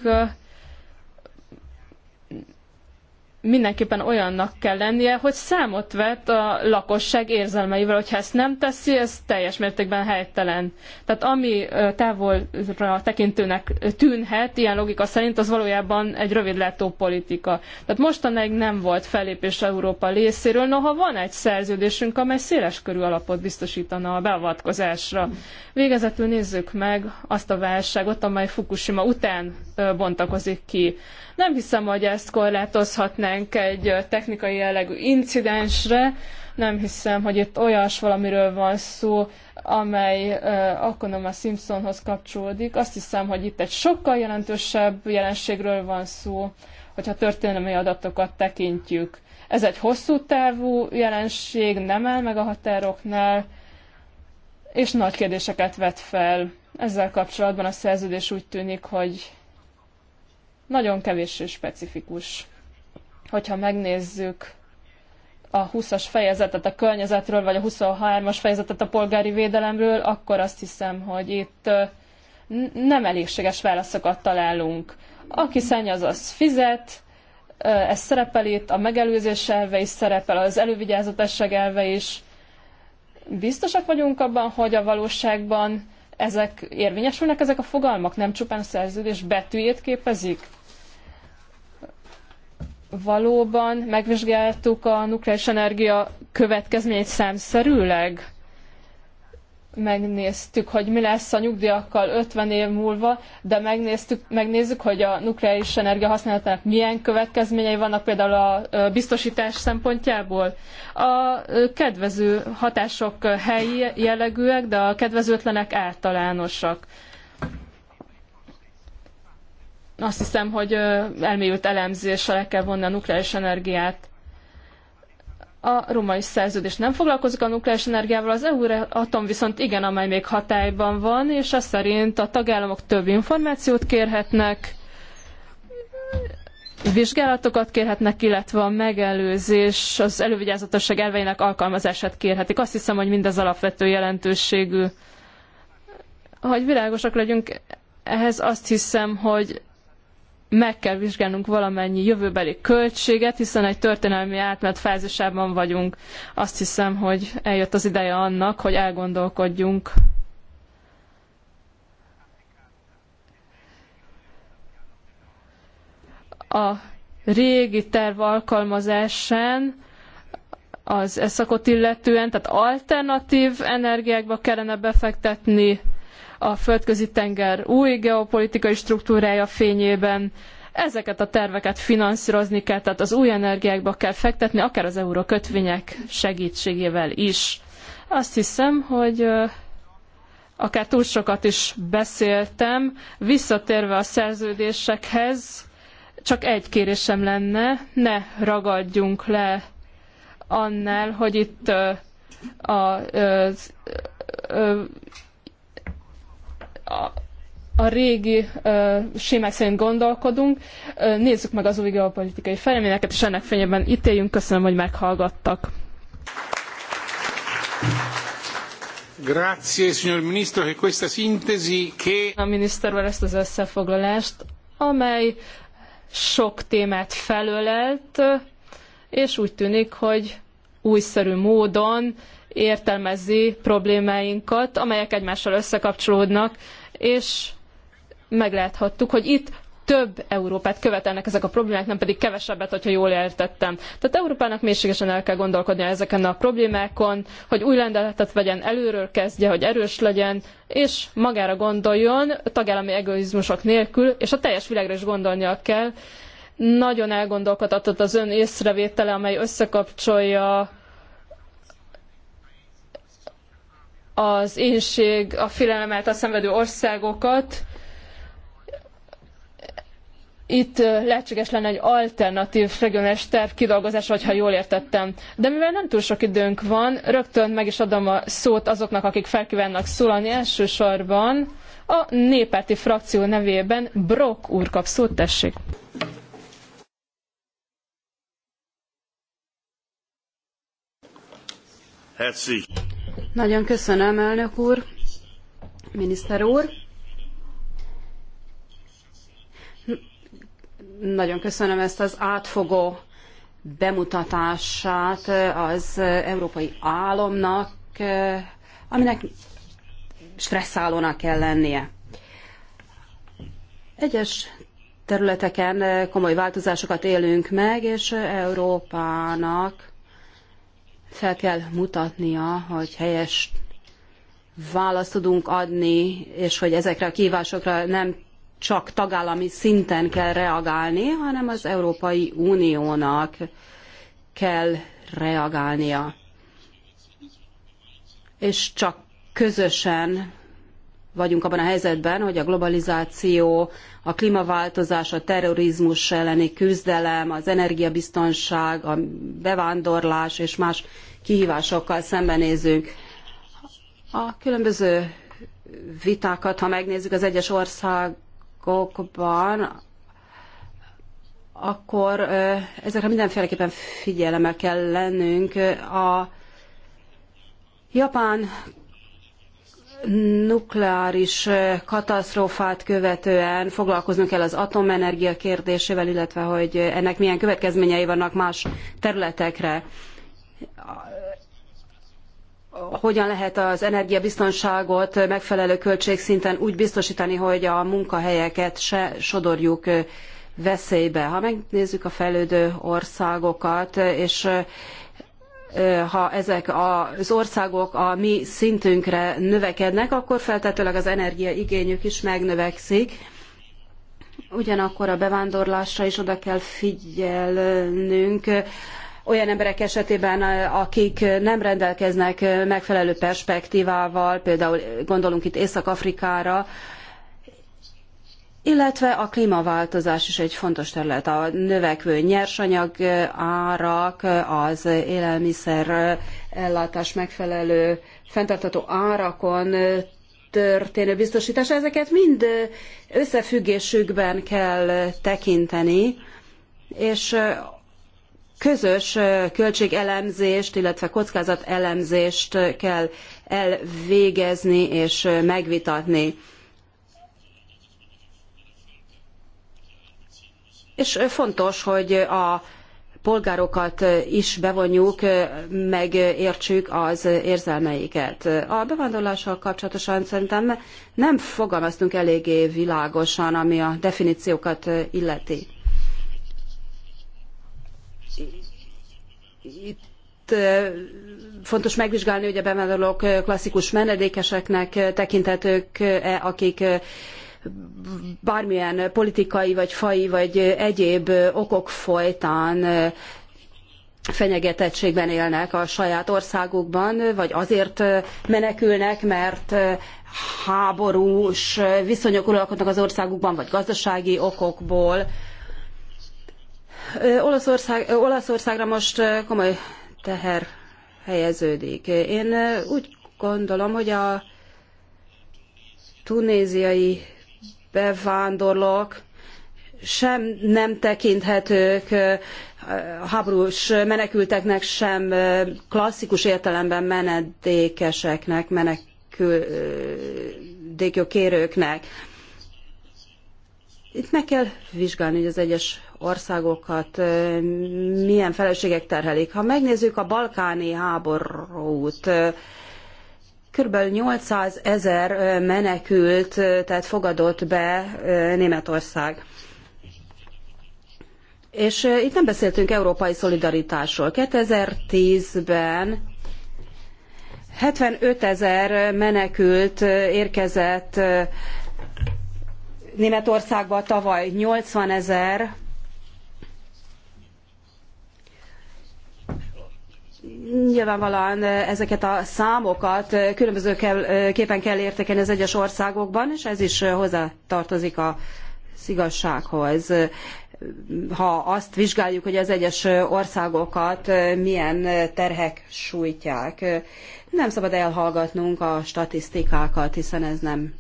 mindenképpen olyannak kell lennie, hogy számot vet a lakosság érzelmeivel, hogyha ezt nem teszi, ez teljes mértékben helytelen. Tehát ami távolra tekintőnek tűnhet, ilyen logika szerint, az valójában egy rövidlátó politika. Tehát mostanáig nem volt fellépés Európa részéről, noha van egy szerződésünk, amely széles körű alapot biztosítana a beavatkozásra. Végezetül nézzük meg azt a válságot, amely Fukushima után bontakozik ki. Nem hiszem, hogy ezt korlátozhatná rátérhetnénk egy technikai jellegű incidensre. Nem hiszem, hogy itt olyas valamiről van szó, amely uh, akkor a Simpsonhoz kapcsolódik. Azt hiszem, hogy itt egy sokkal jelentősebb jelenségről van szó, hogyha történelmi adatokat tekintjük. Ez egy hosszú távú jelenség, nem el meg a határoknál, és nagy kérdéseket vet fel. Ezzel kapcsolatban a szerződés úgy tűnik, hogy nagyon kevés specifikus hogyha megnézzük a 20-as fejezetet a környezetről, vagy a 23-as fejezetet a polgári védelemről, akkor azt hiszem, hogy itt nem elégséges válaszokat találunk. Aki szennyez, az fizet, ez szerepel itt, a megelőzés elve is szerepel, az elővigyázatosság elve is. Biztosak vagyunk abban, hogy a valóságban ezek érvényesülnek, ezek a fogalmak nem csupán szerződés betűjét képezik? valóban megvizsgáltuk a nukleáris energia következményeit számszerűleg? Megnéztük, hogy mi lesz a nyugdíjakkal 50 év múlva, de megnéztük, megnézzük, hogy a nukleáris energia használatának milyen következményei vannak például a biztosítás szempontjából. A kedvező hatások helyi jellegűek, de a kedvezőtlenek általánosak. Azt hiszem, hogy elmélyült elemzéssel le kell vonni a nukleáris energiát. A római szerződés nem foglalkozik a nukleáris energiával, az EU-atom viszont igen, amely még hatályban van, és ez szerint a tagállamok több információt kérhetnek, vizsgálatokat kérhetnek, illetve a megelőzés, az elővigyázatosság elveinek alkalmazását kérhetik. Azt hiszem, hogy mindez alapvető jelentőségű. Hogy világosak legyünk, ehhez azt hiszem, hogy meg kell vizsgálnunk valamennyi jövőbeli költséget, hiszen egy történelmi átmenet fázisában vagyunk. Azt hiszem, hogy eljött az ideje annak, hogy elgondolkodjunk a régi terv alkalmazásán az eszakot illetően, tehát alternatív energiákba kellene befektetni, a földközi tenger új geopolitikai struktúrája fényében. Ezeket a terveket finanszírozni kell, tehát az új energiákba kell fektetni, akár az eurókötvények segítségével is. Azt hiszem, hogy akár túl sokat is beszéltem, visszatérve a szerződésekhez, csak egy kérésem lenne, ne ragadjunk le annál, hogy itt a, a, a, a a, régi ö, sémák szerint gondolkodunk. nézzük meg az új geopolitikai fejleményeket, és ennek fényében ítéljünk. Köszönöm, hogy meghallgattak. Grazie, signor Ministro, che questa sintesi che... A minisztervel ezt az összefoglalást, amely sok témát felölelt, és úgy tűnik, hogy újszerű módon értelmezi problémáinkat, amelyek egymással összekapcsolódnak, és megláthattuk, hogy itt több Európát követelnek ezek a problémák, nem pedig kevesebbet, hogyha jól értettem. Tehát Európának mélységesen el kell gondolkodnia ezeken a problémákon, hogy új lendeletet vegyen, előről kezdje, hogy erős legyen, és magára gondoljon, tagállami egoizmusok nélkül, és a teljes világra is gondolnia kell. Nagyon elgondolkodhatott az ön észrevétele, amely összekapcsolja az énség, a félelem által szenvedő országokat. Itt lehetséges lenne egy alternatív regionális terv kidolgozása, ha jól értettem. De mivel nem túl sok időnk van, rögtön meg is adom a szót azoknak, akik felkívánnak szólalni elsősorban. A néppárti frakció nevében Brok úr kap szót, tessék. Herzlich. Nagyon köszönöm, elnök úr, miniszter úr. Nagyon köszönöm ezt az átfogó bemutatását az európai álomnak, aminek stresszállónak kell lennie. Egyes területeken komoly változásokat élünk meg, és Európának fel kell mutatnia, hogy helyes választ tudunk adni, és hogy ezekre a kívásokra nem csak tagállami szinten kell reagálni, hanem az Európai Uniónak kell reagálnia. És csak közösen vagyunk abban a helyzetben, hogy a globalizáció, a klímaváltozás, a terrorizmus elleni küzdelem, az energiabiztonság, a bevándorlás és más kihívásokkal szembenézünk. A különböző vitákat, ha megnézzük az egyes országokban, akkor ezekre mindenféleképpen figyelemmel kell lennünk. A Japán nukleáris katasztrófát követően foglalkoznunk kell az atomenergia kérdésével, illetve hogy ennek milyen következményei vannak más területekre. Hogyan lehet az energiabiztonságot megfelelő költségszinten úgy biztosítani, hogy a munkahelyeket se sodorjuk veszélybe. Ha megnézzük a fejlődő országokat, és ha ezek az országok a mi szintünkre növekednek, akkor feltetőleg az energiaigényük is megnövekszik. Ugyanakkor a bevándorlásra is oda kell figyelnünk olyan emberek esetében, akik nem rendelkeznek megfelelő perspektívával, például gondolunk itt Észak-Afrikára, illetve a klímaváltozás is egy fontos terület. A növekvő nyersanyag árak, az élelmiszer ellátás megfelelő fenntartható árakon történő biztosítása, ezeket mind összefüggésükben kell tekinteni, és közös költségelemzést, illetve kockázatelemzést kell elvégezni és megvitatni. és fontos, hogy a polgárokat is bevonjuk, megértsük az érzelmeiket. A bevándorlással kapcsolatosan szerintem nem fogalmaztunk eléggé világosan, ami a definíciókat illeti. Itt fontos megvizsgálni, hogy a bevándorlók klasszikus menedékeseknek tekinthetők-e, akik bármilyen politikai, vagy fai, vagy egyéb okok folytán fenyegetettségben élnek a saját országukban, vagy azért menekülnek, mert háborús viszonyok uralkodnak az országukban, vagy gazdasági okokból. Olaszország, Olaszországra most komoly teher helyeződik. Én úgy gondolom, hogy a tunéziai bevándorlók sem nem tekinthetők háborús menekülteknek, sem klasszikus értelemben menedékeseknek, meneküldékjogkérőknek. Itt meg kell vizsgálni, hogy az egyes országokat milyen felelősségek terhelik. Ha megnézzük a balkáni háborút, Kb. 800 ezer menekült, tehát fogadott be Németország. És itt nem beszéltünk európai szolidaritásról. 2010-ben 75 ezer menekült érkezett Németországba, tavaly 80 ezer, nyilvánvalóan ezeket a számokat különbözőképpen kell értékelni az egyes országokban, és ez is hozzátartozik a igazsághoz. Ha azt vizsgáljuk, hogy az egyes országokat milyen terhek sújtják, nem szabad elhallgatnunk a statisztikákat, hiszen ez nem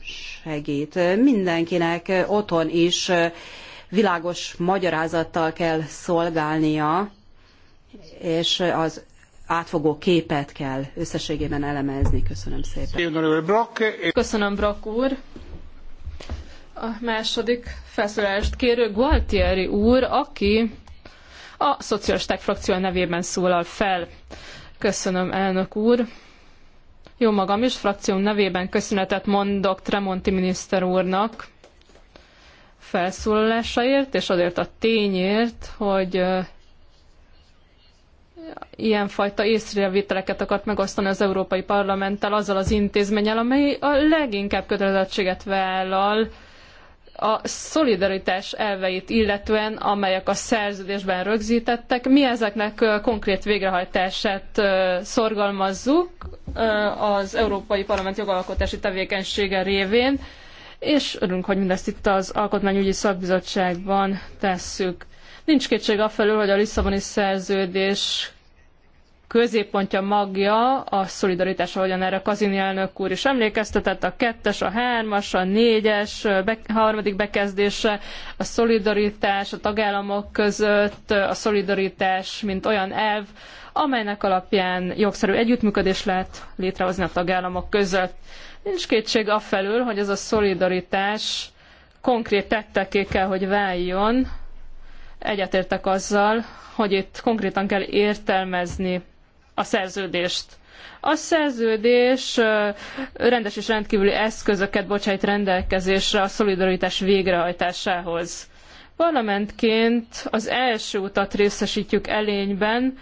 segít. Mindenkinek otthon is világos magyarázattal kell szolgálnia, és az átfogó képet kell összességében elemezni. Köszönöm szépen. Köszönöm, Brock úr. A második felszólalást kérő Gualtieri úr, aki a szocialisták frakció nevében szólal fel. Köszönöm, elnök úr. Jó magam is, frakcióm nevében köszönetet mondok Tremonti miniszter úrnak felszólalásaért, és azért a tényért, hogy ilyenfajta észrevételeket akart megosztani az Európai Parlamenttel azzal az intézménnyel, amely a leginkább kötelezettséget vállal a szolidaritás elveit illetően, amelyek a szerződésben rögzítettek. Mi ezeknek konkrét végrehajtását szorgalmazzuk az Európai Parlament jogalkotási tevékenysége révén, és örülünk, hogy mindezt itt az Alkotmányügyi Szakbizottságban tesszük. Nincs kétség afelől, hogy a Lisszaboni szerződés középpontja, magja a szolidaritás, ahogyan erre Kazini elnök úr is emlékeztetett, a kettes, a hármas, a négyes, be, harmadik bekezdése, a szolidaritás a tagállamok között, a szolidaritás, mint olyan elv, amelynek alapján jogszerű együttműködés lehet létrehozni a tagállamok között. Nincs kétség afelől, hogy ez a szolidaritás konkrét tetteké kell, hogy váljon. Egyetértek azzal, hogy itt konkrétan kell értelmezni a szerződést. A szerződés rendes és rendkívüli eszközöket bocsájt rendelkezésre a szolidaritás végrehajtásához. Parlamentként az első utat részesítjük elényben,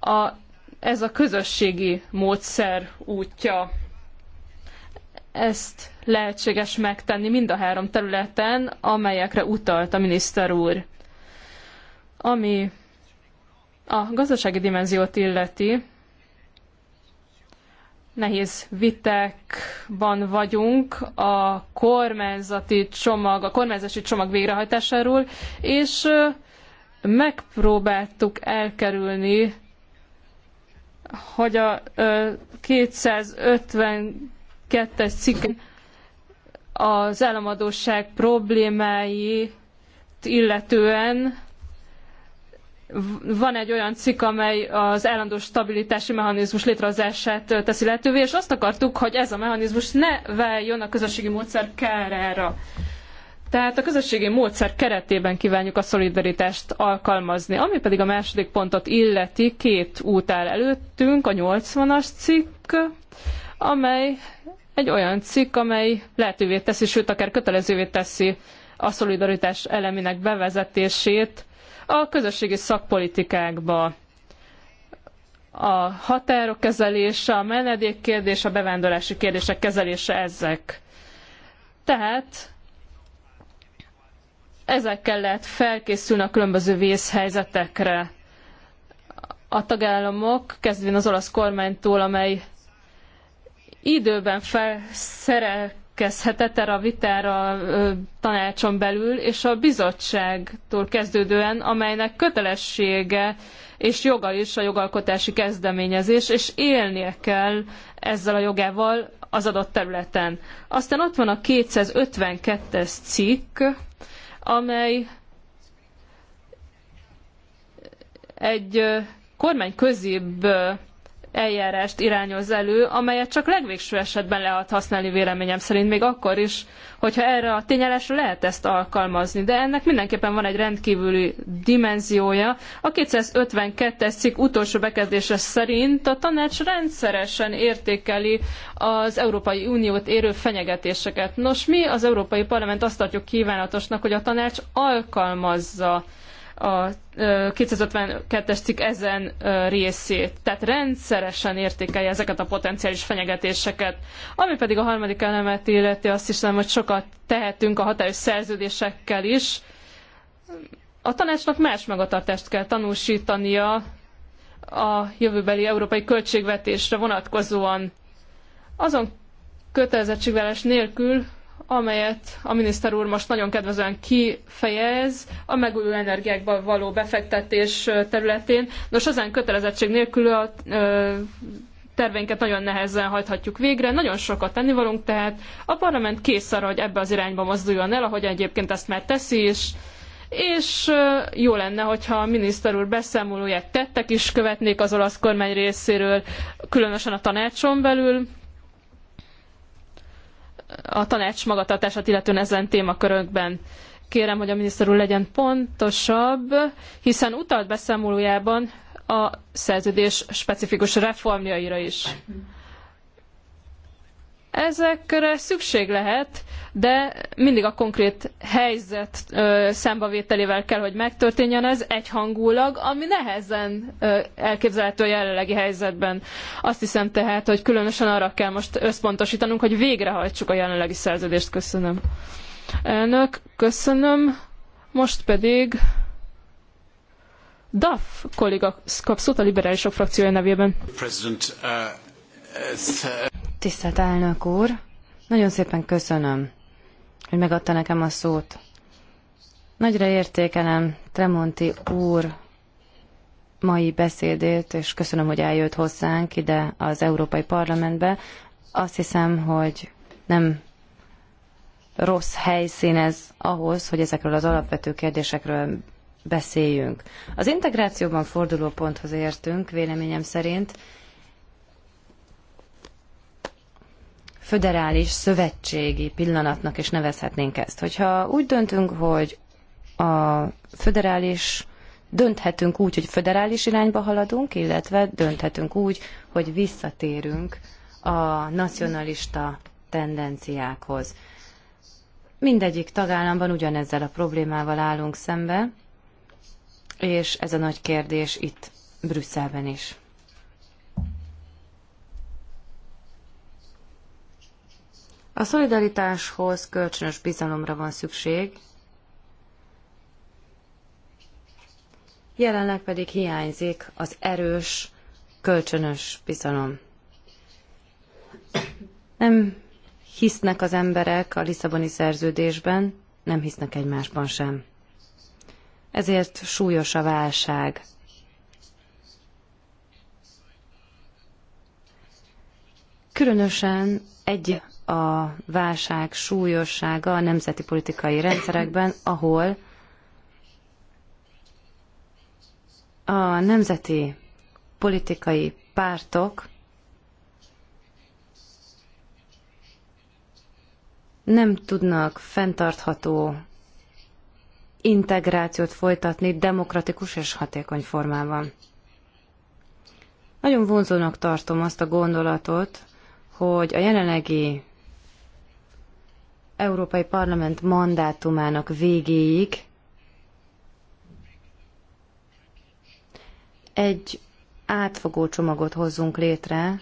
a, ez a közösségi módszer útja. Ezt lehetséges megtenni mind a három területen, amelyekre utalt a miniszter úr. Ami a gazdasági dimenziót illeti, nehéz vitákban vagyunk a kormányzati csomag, a kormányzási csomag végrehajtásáról, és megpróbáltuk elkerülni, hogy a 252-es cikk az államadóság problémáit illetően van egy olyan cikk, amely az állandó stabilitási mechanizmus létrehozását teszi lehetővé, és azt akartuk, hogy ez a mechanizmus ne váljon a közösségi módszer kárára. Tehát a közösségi módszer keretében kívánjuk a szolidaritást alkalmazni. Ami pedig a második pontot illeti, két út áll előttünk, a 80-as cikk, amely egy olyan cikk, amely lehetővé teszi, sőt akár kötelezővé teszi a szolidaritás elemének bevezetését a közösségi szakpolitikákba a határok kezelése, a menedék kérdés, a bevándorlási kérdések kezelése ezek. Tehát ezekkel lehet felkészülni a különböző vészhelyzetekre. A tagállamok, kezdvén az olasz kormánytól, amely időben felszerelt megérkezhetett erre a vitára a tanácson belül, és a bizottságtól kezdődően, amelynek kötelessége és joga is a jogalkotási kezdeményezés, és élnie kell ezzel a jogával az adott területen. Aztán ott van a 252-es cikk, amely egy kormányközibb eljárást irányoz elő, amelyet csak legvégső esetben lehet használni véleményem szerint, még akkor is, hogyha erre a tényelésre lehet ezt alkalmazni. De ennek mindenképpen van egy rendkívüli dimenziója. A 252-es cikk utolsó bekezdése szerint a tanács rendszeresen értékeli az Európai Uniót érő fenyegetéseket. Nos, mi az Európai Parlament azt tartjuk kívánatosnak, hogy a tanács alkalmazza a 252-es cikk ezen részét. Tehát rendszeresen értékelje ezeket a potenciális fenyegetéseket. Ami pedig a harmadik elemet illeti, azt hiszem, hogy sokat tehetünk a hatályos szerződésekkel is. A tanácsnak más magatartást kell tanúsítania a jövőbeli európai költségvetésre vonatkozóan. Azon kötelezettségvárás nélkül, amelyet a miniszter úr most nagyon kedvezően kifejez a megújuló energiákba való befektetés területén. Nos, ezen kötelezettség nélkül a terveinket nagyon nehezen hajthatjuk végre, nagyon sokat tennivalunk, tehát a parlament kész arra, hogy ebbe az irányba mozduljon el, ahogy egyébként ezt már teszi is, és jó lenne, hogyha a miniszter úr beszámolóját tettek is követnék az olasz kormány részéről, különösen a tanácson belül, a tanács magatartását illetően ezen témakörökben. Kérem, hogy a miniszter úr legyen pontosabb, hiszen utalt beszámolójában a szerződés specifikus reformjaira is. Ezekre szükség lehet, de mindig a konkrét helyzet ö, szembavételével kell, hogy megtörténjen ez egyhangulag, ami nehezen ö, elképzelhető a jelenlegi helyzetben. Azt hiszem tehát, hogy különösen arra kell most összpontosítanunk, hogy végrehajtsuk a jelenlegi szerződést. Köszönöm. Elnök, köszönöm. Most pedig Duff kolléga kap szót a liberálisok frakciója nevében. President, uh... Tisztelt elnök úr, nagyon szépen köszönöm, hogy megadta nekem a szót. Nagyra értékelem Tremonti úr mai beszédét, és köszönöm, hogy eljött hozzánk ide az Európai Parlamentbe. Azt hiszem, hogy nem rossz helyszín ez ahhoz, hogy ezekről az alapvető kérdésekről beszéljünk. Az integrációban fordulóponthoz értünk, véleményem szerint, föderális szövetségi pillanatnak is nevezhetnénk ezt. Hogyha úgy döntünk, hogy a föderális dönthetünk úgy, hogy föderális irányba haladunk, illetve dönthetünk úgy, hogy visszatérünk a nacionalista tendenciákhoz. Mindegyik tagállamban ugyanezzel a problémával állunk szembe, és ez a nagy kérdés itt Brüsszelben is. A szolidaritáshoz kölcsönös bizalomra van szükség, jelenleg pedig hiányzik az erős, kölcsönös bizalom. Nem hisznek az emberek a Lisszaboni szerződésben, nem hisznek egymásban sem. Ezért súlyos a válság. Különösen egy a válság súlyossága a nemzeti politikai rendszerekben, ahol a nemzeti politikai pártok nem tudnak fenntartható integrációt folytatni demokratikus és hatékony formában. Nagyon vonzónak tartom azt a gondolatot, hogy a jelenlegi Európai Parlament mandátumának végéig egy átfogó csomagot hozzunk létre,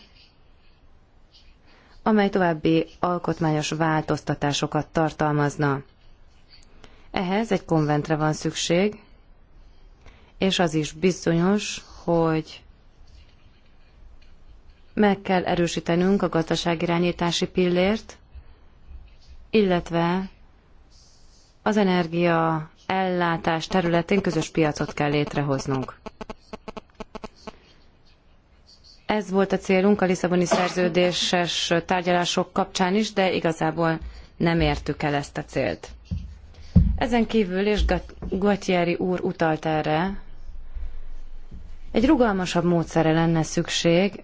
amely további alkotmányos változtatásokat tartalmazna. Ehhez egy konventre van szükség, és az is bizonyos, hogy meg kell erősítenünk a gazdaságirányítási pillért, illetve az energia ellátás területén közös piacot kell létrehoznunk. Ez volt a célunk a Lisszaboni szerződéses tárgyalások kapcsán is, de igazából nem értük el ezt a célt. Ezen kívül, és Gatieri úr utalt erre, egy rugalmasabb módszere lenne szükség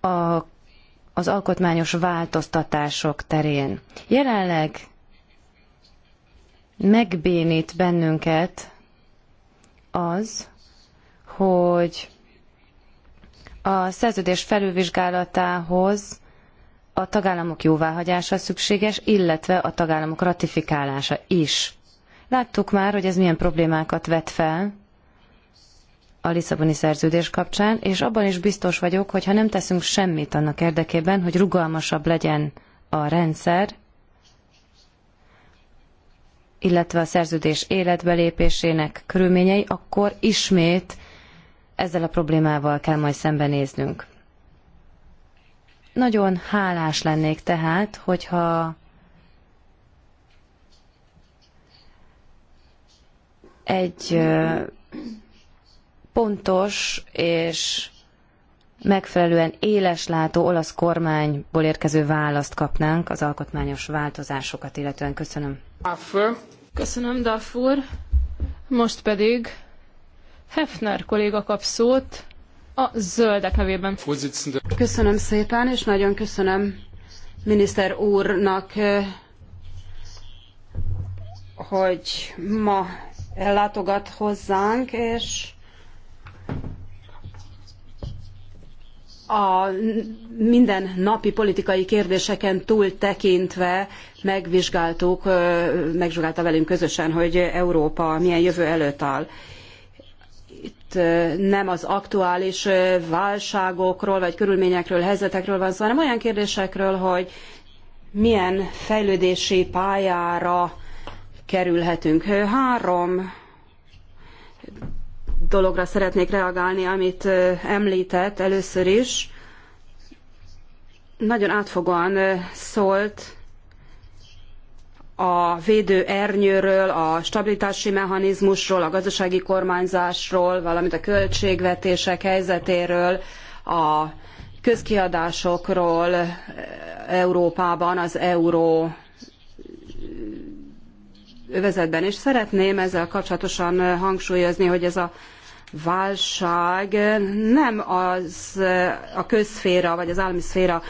a az alkotmányos változtatások terén. Jelenleg megbénít bennünket az, hogy a szerződés felülvizsgálatához a tagállamok jóváhagyása szükséges, illetve a tagállamok ratifikálása is. Láttuk már, hogy ez milyen problémákat vet fel, a Lisszaboni szerződés kapcsán, és abban is biztos vagyok, hogy ha nem teszünk semmit annak érdekében, hogy rugalmasabb legyen a rendszer, illetve a szerződés életbelépésének körülményei, akkor ismét ezzel a problémával kell majd szembenéznünk. Nagyon hálás lennék tehát, hogyha egy pontos és megfelelően éleslátó olasz kormányból érkező választ kapnánk az alkotmányos változásokat, illetően köszönöm. Köszönöm, Dafur. Most pedig Hefner kolléga kap szót a zöldek nevében. Köszönöm szépen, és nagyon köszönöm miniszter úrnak, eh, hogy ma ellátogat hozzánk, és a minden napi politikai kérdéseken túl tekintve megvizsgáltuk, megvizsgálta velünk közösen, hogy Európa milyen jövő előtt áll. Itt nem az aktuális válságokról, vagy körülményekről, helyzetekről van szó, hanem olyan kérdésekről, hogy milyen fejlődési pályára kerülhetünk. Három dologra szeretnék reagálni, amit említett először is. Nagyon átfogóan szólt a védő ernyőről, a stabilitási mechanizmusról, a gazdasági kormányzásról, valamint a költségvetések helyzetéről, a közkiadásokról Európában, az euró övezetben. És szeretném ezzel kapcsolatosan hangsúlyozni, hogy ez a válság nem az a közszféra vagy az állami szféra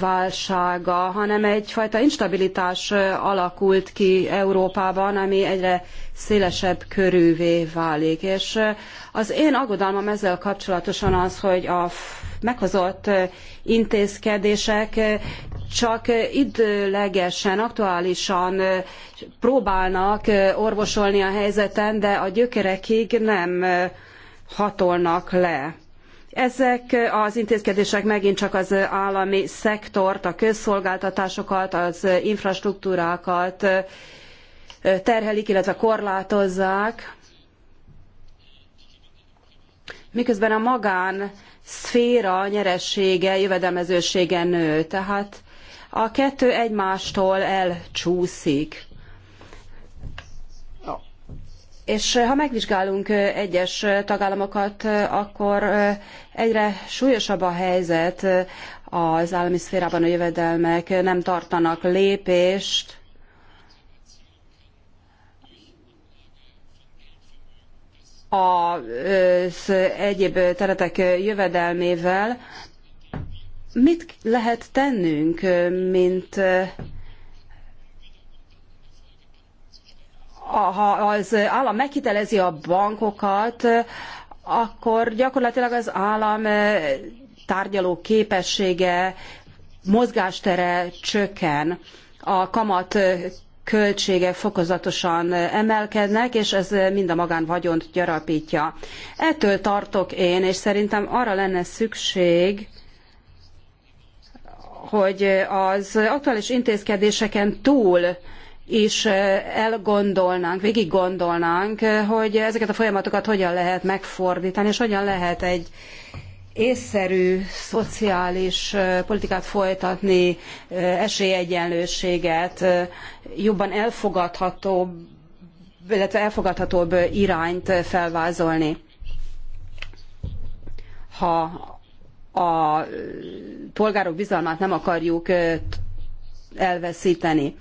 válsága, hanem egyfajta instabilitás alakult ki Európában, ami egyre szélesebb körűvé válik. És az én aggodalmam ezzel kapcsolatosan az, hogy a meghozott intézkedések csak időlegesen, aktuálisan próbálnak orvosolni a helyzeten, de a gyökerekig nem hatolnak le. Ezek az intézkedések megint csak az állami szektort, a közszolgáltatásokat, az infrastruktúrákat terhelik, illetve korlátozzák, miközben a magán szféra nyeressége, jövedelmezősége nő. Tehát a kettő egymástól elcsúszik. És ha megvizsgálunk egyes tagállamokat, akkor egyre súlyosabb a helyzet az állami szférában a jövedelmek nem tartanak lépést az egyéb területek jövedelmével. Mit lehet tennünk, mint ha az állam meghitelezi a bankokat, akkor gyakorlatilag az állam tárgyaló képessége, mozgástere csökken a kamat költsége fokozatosan emelkednek, és ez mind a magánvagyont gyarapítja. Ettől tartok én, és szerintem arra lenne szükség, hogy az aktuális intézkedéseken túl is elgondolnánk, végiggondolnánk, hogy ezeket a folyamatokat hogyan lehet megfordítani, és hogyan lehet egy észszerű szociális politikát folytatni, esélyegyenlőséget, jobban elfogadhatóbb, illetve elfogadhatóbb irányt felvázolni. Ha a polgárok bizalmát nem akarjuk elveszíteni.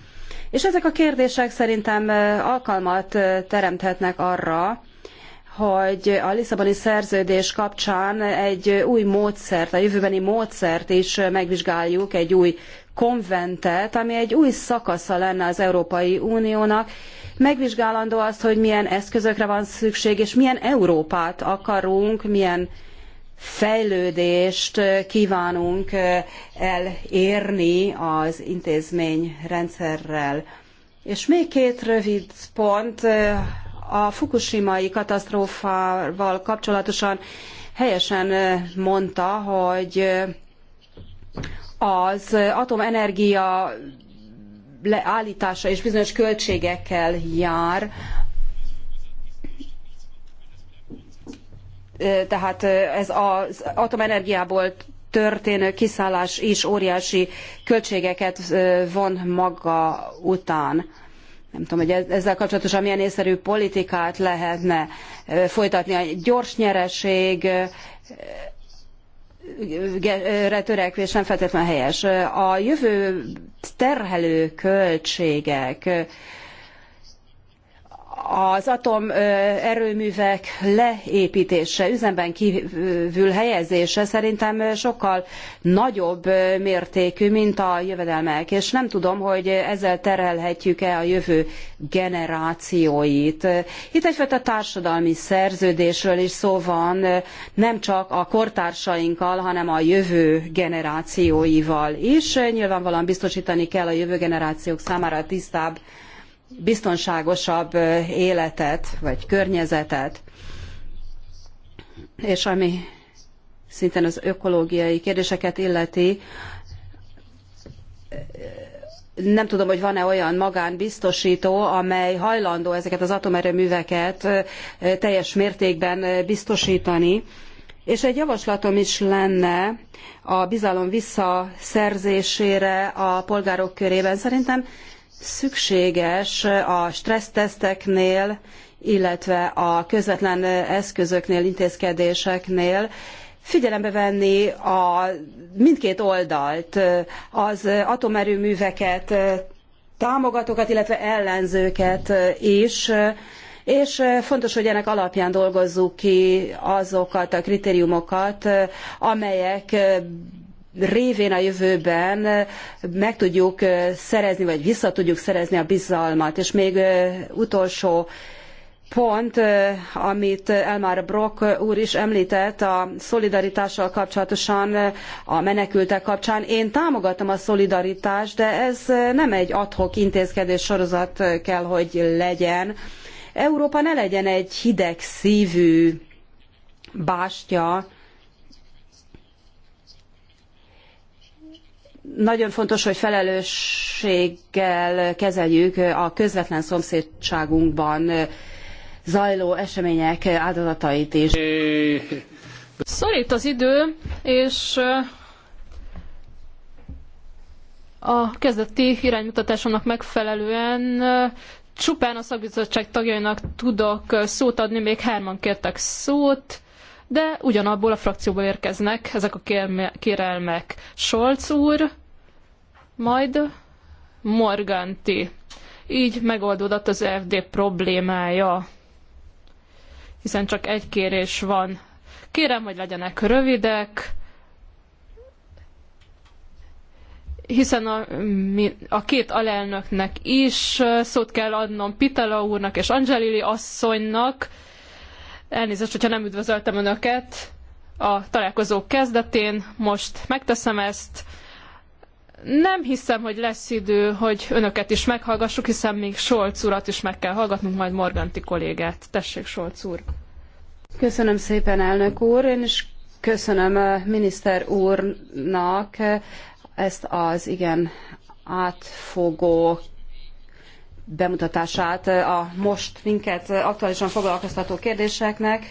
És ezek a kérdések szerintem alkalmat teremthetnek arra, hogy a Lisszaboni szerződés kapcsán egy új módszert, a jövőbeni módszert is megvizsgáljuk, egy új konventet, ami egy új szakasza lenne az Európai Uniónak. Megvizsgálandó az, hogy milyen eszközökre van szükség, és milyen Európát akarunk, milyen fejlődést kívánunk eh, elérni az intézményrendszerrel. És még két rövid pont, eh, a fukushimai katasztrófával kapcsolatosan helyesen mondta, hogy az atomenergia leállítása és bizonyos költségekkel jár, tehát ez az atomenergiából történő kiszállás is óriási költségeket von maga után nem tudom, hogy ezzel kapcsolatosan milyen észszerű politikát lehetne folytatni. A gyors nyereség törekvés nem feltétlenül helyes. A jövő terhelő költségek az atomerőművek leépítése, üzemben kívül helyezése szerintem sokkal nagyobb mértékű, mint a jövedelmek, és nem tudom, hogy ezzel terhelhetjük-e a jövő generációit. Itt egyfajta társadalmi szerződésről is szó van, nem csak a kortársainkkal, hanem a jövő generációival is. Nyilvánvalóan biztosítani kell a jövő generációk számára tisztább biztonságosabb életet vagy környezetet. És ami szintén az ökológiai kérdéseket illeti, nem tudom, hogy van-e olyan magánbiztosító, amely hajlandó ezeket az atomerőműveket teljes mértékben biztosítani. És egy javaslatom is lenne a bizalom visszaszerzésére a polgárok körében. Szerintem szükséges a stresszteszteknél, illetve a közvetlen eszközöknél, intézkedéseknél figyelembe venni a mindkét oldalt, az atomerőműveket, támogatókat, illetve ellenzőket is, és fontos, hogy ennek alapján dolgozzuk ki azokat a kritériumokat, amelyek révén a jövőben meg tudjuk szerezni, vagy vissza tudjuk szerezni a bizalmat. És még utolsó pont, amit Elmar Brok úr is említett a szolidaritással kapcsolatosan, a menekültek kapcsán. Én támogatom a szolidaritást, de ez nem egy adhok intézkedés sorozat kell, hogy legyen. Európa ne legyen egy hideg szívű bástya, nagyon fontos, hogy felelősséggel kezeljük a közvetlen szomszédságunkban zajló események áldozatait is. Szorít az idő, és eh, a kezdeti iránymutatásomnak megfelelően eh, csupán a szakbizottság tagjainak tudok eh, szót adni, még hárman kértek szót de ugyanabból a frakcióból érkeznek ezek a kérelmek. Scholz úr, majd Morganti. Így megoldódott az FD problémája, hiszen csak egy kérés van. Kérem, hogy legyenek rövidek, hiszen a, a két alelnöknek is szót kell adnom, Pitala úrnak és Angelili asszonynak, Elnézést, hogyha nem üdvözöltem Önöket a találkozó kezdetén, most megteszem ezt. Nem hiszem, hogy lesz idő, hogy Önöket is meghallgassuk, hiszen még Solc urat is meg kell hallgatnunk, majd Morganti kollégát. Tessék, Solc úr! Köszönöm szépen, elnök úr! Én is köszönöm a eh, miniszter úrnak eh, ezt az igen átfogó bemutatását eh, a most minket eh, aktuálisan foglalkoztató kérdéseknek.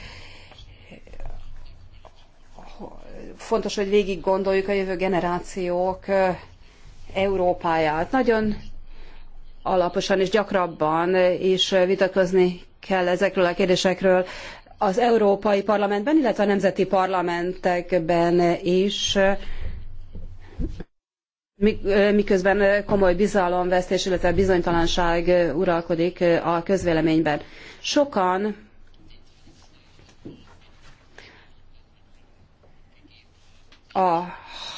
Fontos, hogy végig gondoljuk a jövő generációk eh, Európáját. Nagyon alaposan és gyakrabban is vitatkozni kell ezekről a kérdésekről az Európai Parlamentben, illetve a nemzeti parlamentekben is miközben komoly bizalomvesztés, illetve bizonytalanság uralkodik a közvéleményben. Sokan a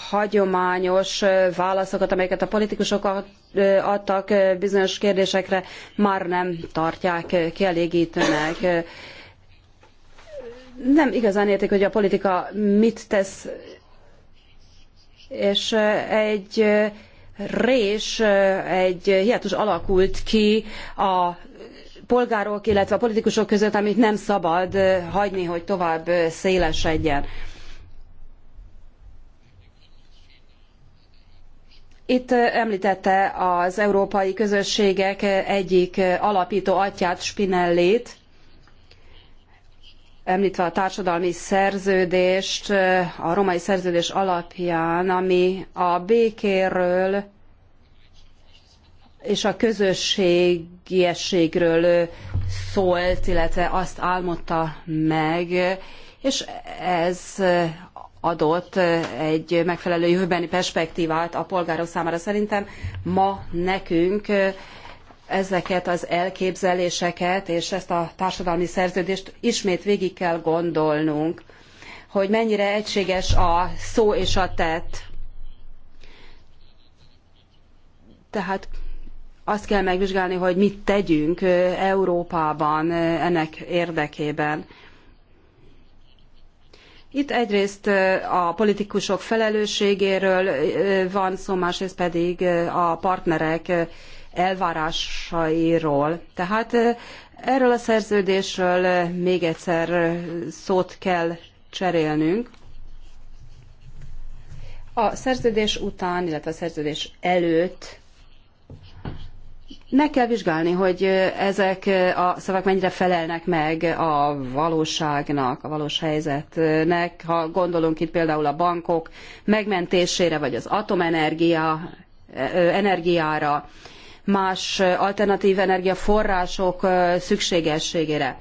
hagyományos válaszokat, amelyeket a politikusok adtak bizonyos kérdésekre, már nem tartják kielégítőnek. Nem igazán értik, hogy a politika mit tesz és egy rés, egy hiatus alakult ki a polgárok, illetve a politikusok között, amit nem szabad hagyni, hogy tovább szélesedjen. Itt említette az európai közösségek egyik alapító atyát, Spinellét, említve a társadalmi szerződést, a romai szerződés alapján, ami a békéről és a közösségiességről szólt, illetve azt álmodta meg, és ez adott egy megfelelő jövőbeni perspektívát a polgárok számára. Szerintem ma nekünk ezeket az elképzeléseket és ezt a társadalmi szerződést ismét végig kell gondolnunk, hogy mennyire egységes a szó és a tett. Tehát azt kell megvizsgálni, hogy mit tegyünk Európában ennek érdekében. Itt egyrészt a politikusok felelősségéről van szó, másrészt pedig a partnerek elvárásairól. Tehát erről a szerződésről még egyszer szót kell cserélnünk. A szerződés után, illetve a szerződés előtt meg kell vizsgálni, hogy ezek a szavak mennyire felelnek meg a valóságnak, a valós helyzetnek. Ha gondolunk itt például a bankok megmentésére, vagy az atomenergia energiára, más alternatív energiaforrások szükségességére.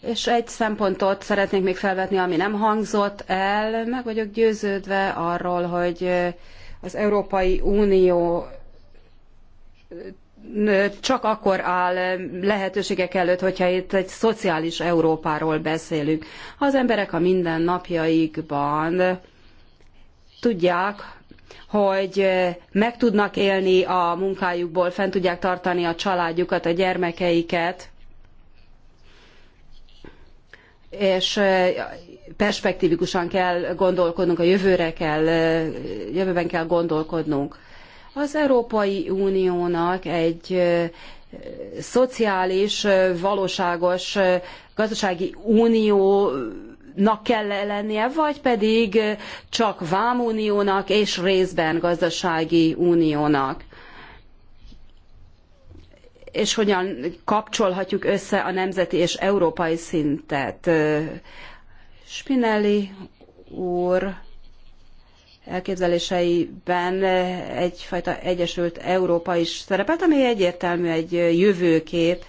És egy szempontot szeretnék még felvetni, ami nem hangzott el. Meg vagyok győződve arról, hogy az Európai Unió csak akkor áll lehetőségek előtt, hogyha itt egy szociális Európáról beszélünk. Ha az emberek a mindennapjaikban tudják, hogy meg tudnak élni a munkájukból, fent tudják tartani a családjukat, a gyermekeiket, és perspektívikusan kell gondolkodnunk, a jövőre kell, jövőben kell gondolkodnunk. Az Európai Uniónak egy szociális, valóságos gazdasági unió nak kell lennie, vagy pedig csak vámuniónak és részben gazdasági uniónak. És hogyan kapcsolhatjuk össze a nemzeti és európai szintet? Spinelli úr elképzeléseiben egyfajta Egyesült Európa is szerepelt, ami egyértelmű egy jövőkép,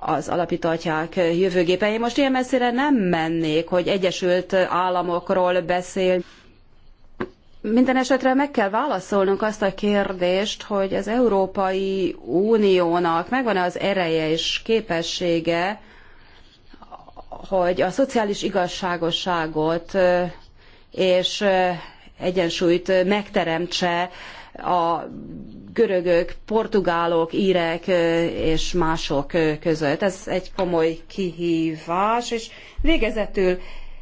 az alapítatják jövőgépe. Én most ilyen messzire nem mennék, hogy Egyesült Államokról beszél. Minden esetre meg kell válaszolnunk azt a kérdést, hogy az Európai Uniónak megvan-e az ereje és képessége, hogy a szociális igazságosságot és egyensúlyt megteremtse a görögök, portugálok, írek és mások között. Ez egy komoly kihívás, és végezetül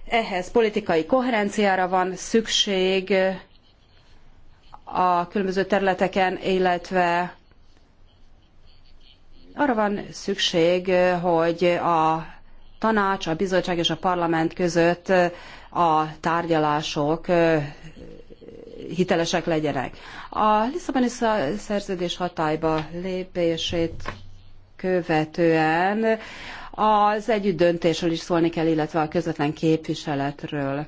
ehhez politikai koherenciára van szükség a különböző területeken, illetve arra van szükség, hogy a tanács, a bizottság és a parlament között a tárgyalások hitelesek legyenek. A Lisszaboni szerződés hatályba lépését követően az együtt döntésről is szólni kell, illetve a közvetlen képviseletről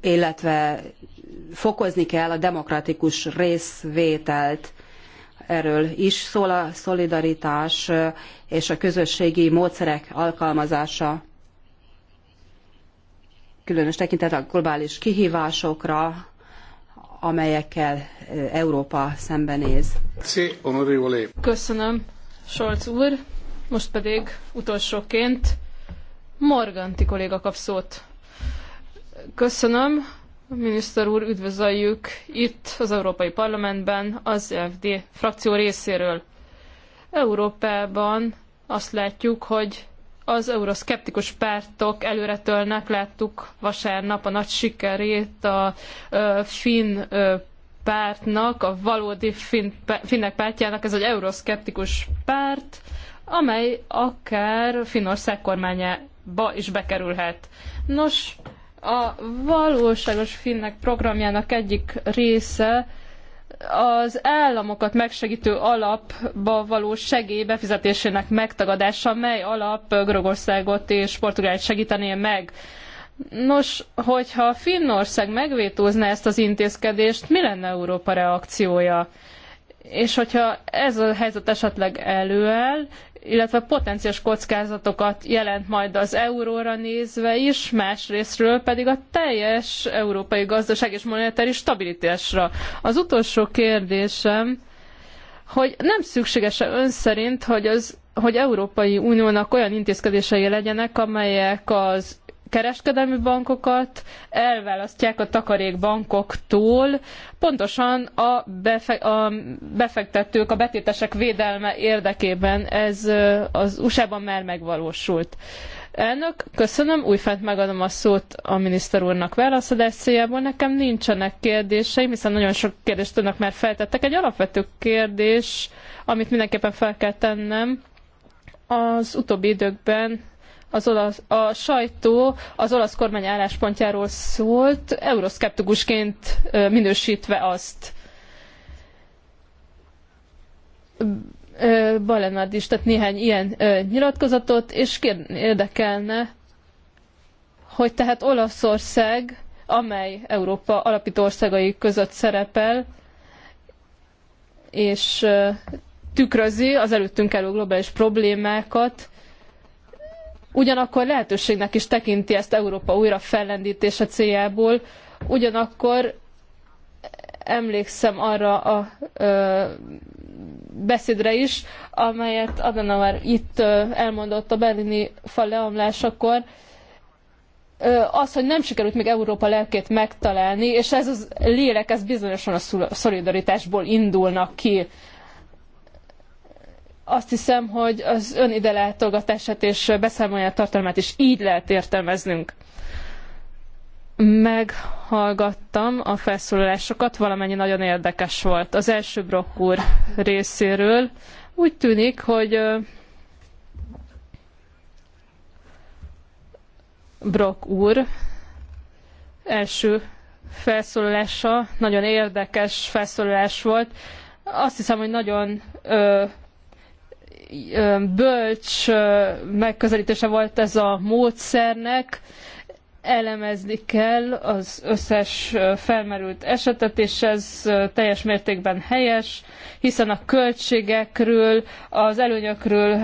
illetve fokozni kell a demokratikus részvételt. Erről is szól a szolidaritás és a közösségi módszerek alkalmazása különös tekintet a globális kihívásokra, amelyekkel Európa szembenéz. Köszönöm, Scholz úr. Most pedig utolsóként Morganti kolléga kap szót. Köszönöm, miniszter úr, üdvözöljük itt az Európai Parlamentben az FD frakció részéről. Európában azt látjuk, hogy az euroszkeptikus pártok előretölnek, láttuk vasárnap a nagy sikerét a finn pártnak, a valódi finn, finnek pártjának, ez egy euroszkeptikus párt, amely akár Finnország kormányába is bekerülhet. Nos, a valóságos finnek programjának egyik része az államokat megsegítő alapba való segély befizetésének megtagadása, mely alap Görögországot és Portugált segítené meg. Nos, hogyha Finnország megvétózna ezt az intézkedést, mi lenne Európa reakciója? És hogyha ez a helyzet esetleg előáll, illetve potenciális kockázatokat jelent majd az euróra nézve is, másrésztről pedig a teljes európai gazdaság és monetáris stabilitásra. Az utolsó kérdésem, hogy nem szükséges-e ön szerint, hogy az hogy Európai Uniónak olyan intézkedései legyenek, amelyek az kereskedelmi bankokat elválasztják a takarékbankoktól, pontosan a, befe- a befektetők, a betétesek védelme érdekében ez az USA-ban már megvalósult. Elnök, köszönöm, újfent megadom a szót a miniszter úrnak válaszadás céljából. Nekem nincsenek kérdéseim, hiszen nagyon sok kérdést önök már feltettek. Egy alapvető kérdés, amit mindenképpen fel kell tennem, az utóbbi időkben az olasz, a sajtó az olasz kormány álláspontjáról szólt, euroszkeptikusként minősítve azt. Balenard is tett néhány ilyen nyilatkozatot, és érdekelne, hogy tehát Olaszország, amely Európa alapító országai között szerepel, és tükrözi az előttünk álló globális problémákat, ugyanakkor lehetőségnek is tekinti ezt Európa újra fellendítése céljából, ugyanakkor emlékszem arra a ö, beszédre is, amelyet Adenauer itt ö, elmondott a berlini fal leomlásakor, ö, az, hogy nem sikerült még Európa lelkét megtalálni, és ez a lélek, ez bizonyosan a szolidaritásból indulnak ki azt hiszem, hogy az ön ide látogatását és beszámolóját tartalmát is így lehet értelmeznünk. Meghallgattam a felszólalásokat, valamennyi nagyon érdekes volt. Az első Brock úr részéről úgy tűnik, hogy Brock úr első felszólalása nagyon érdekes felszólalás volt. Azt hiszem, hogy nagyon ö, bölcs megközelítése volt ez a módszernek, elemezni kell az összes felmerült esetet, és ez teljes mértékben helyes, hiszen a költségekről, az előnyökről,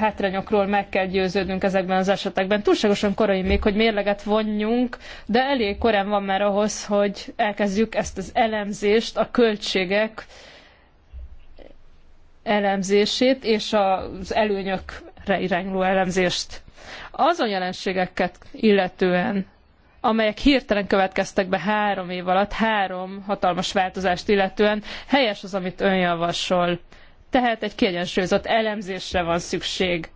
hátrányokról meg kell győződnünk ezekben az esetekben. Túlságosan korai még, hogy mérleget vonjunk, de elég korán van már ahhoz, hogy elkezdjük ezt az elemzést a költségek elemzését és az előnyökre irányuló elemzést. Azon jelenségeket illetően, amelyek hirtelen következtek be három év alatt, három hatalmas változást illetően, helyes az, amit ön javasol. Tehát egy kiegyensúlyozott elemzésre van szükség.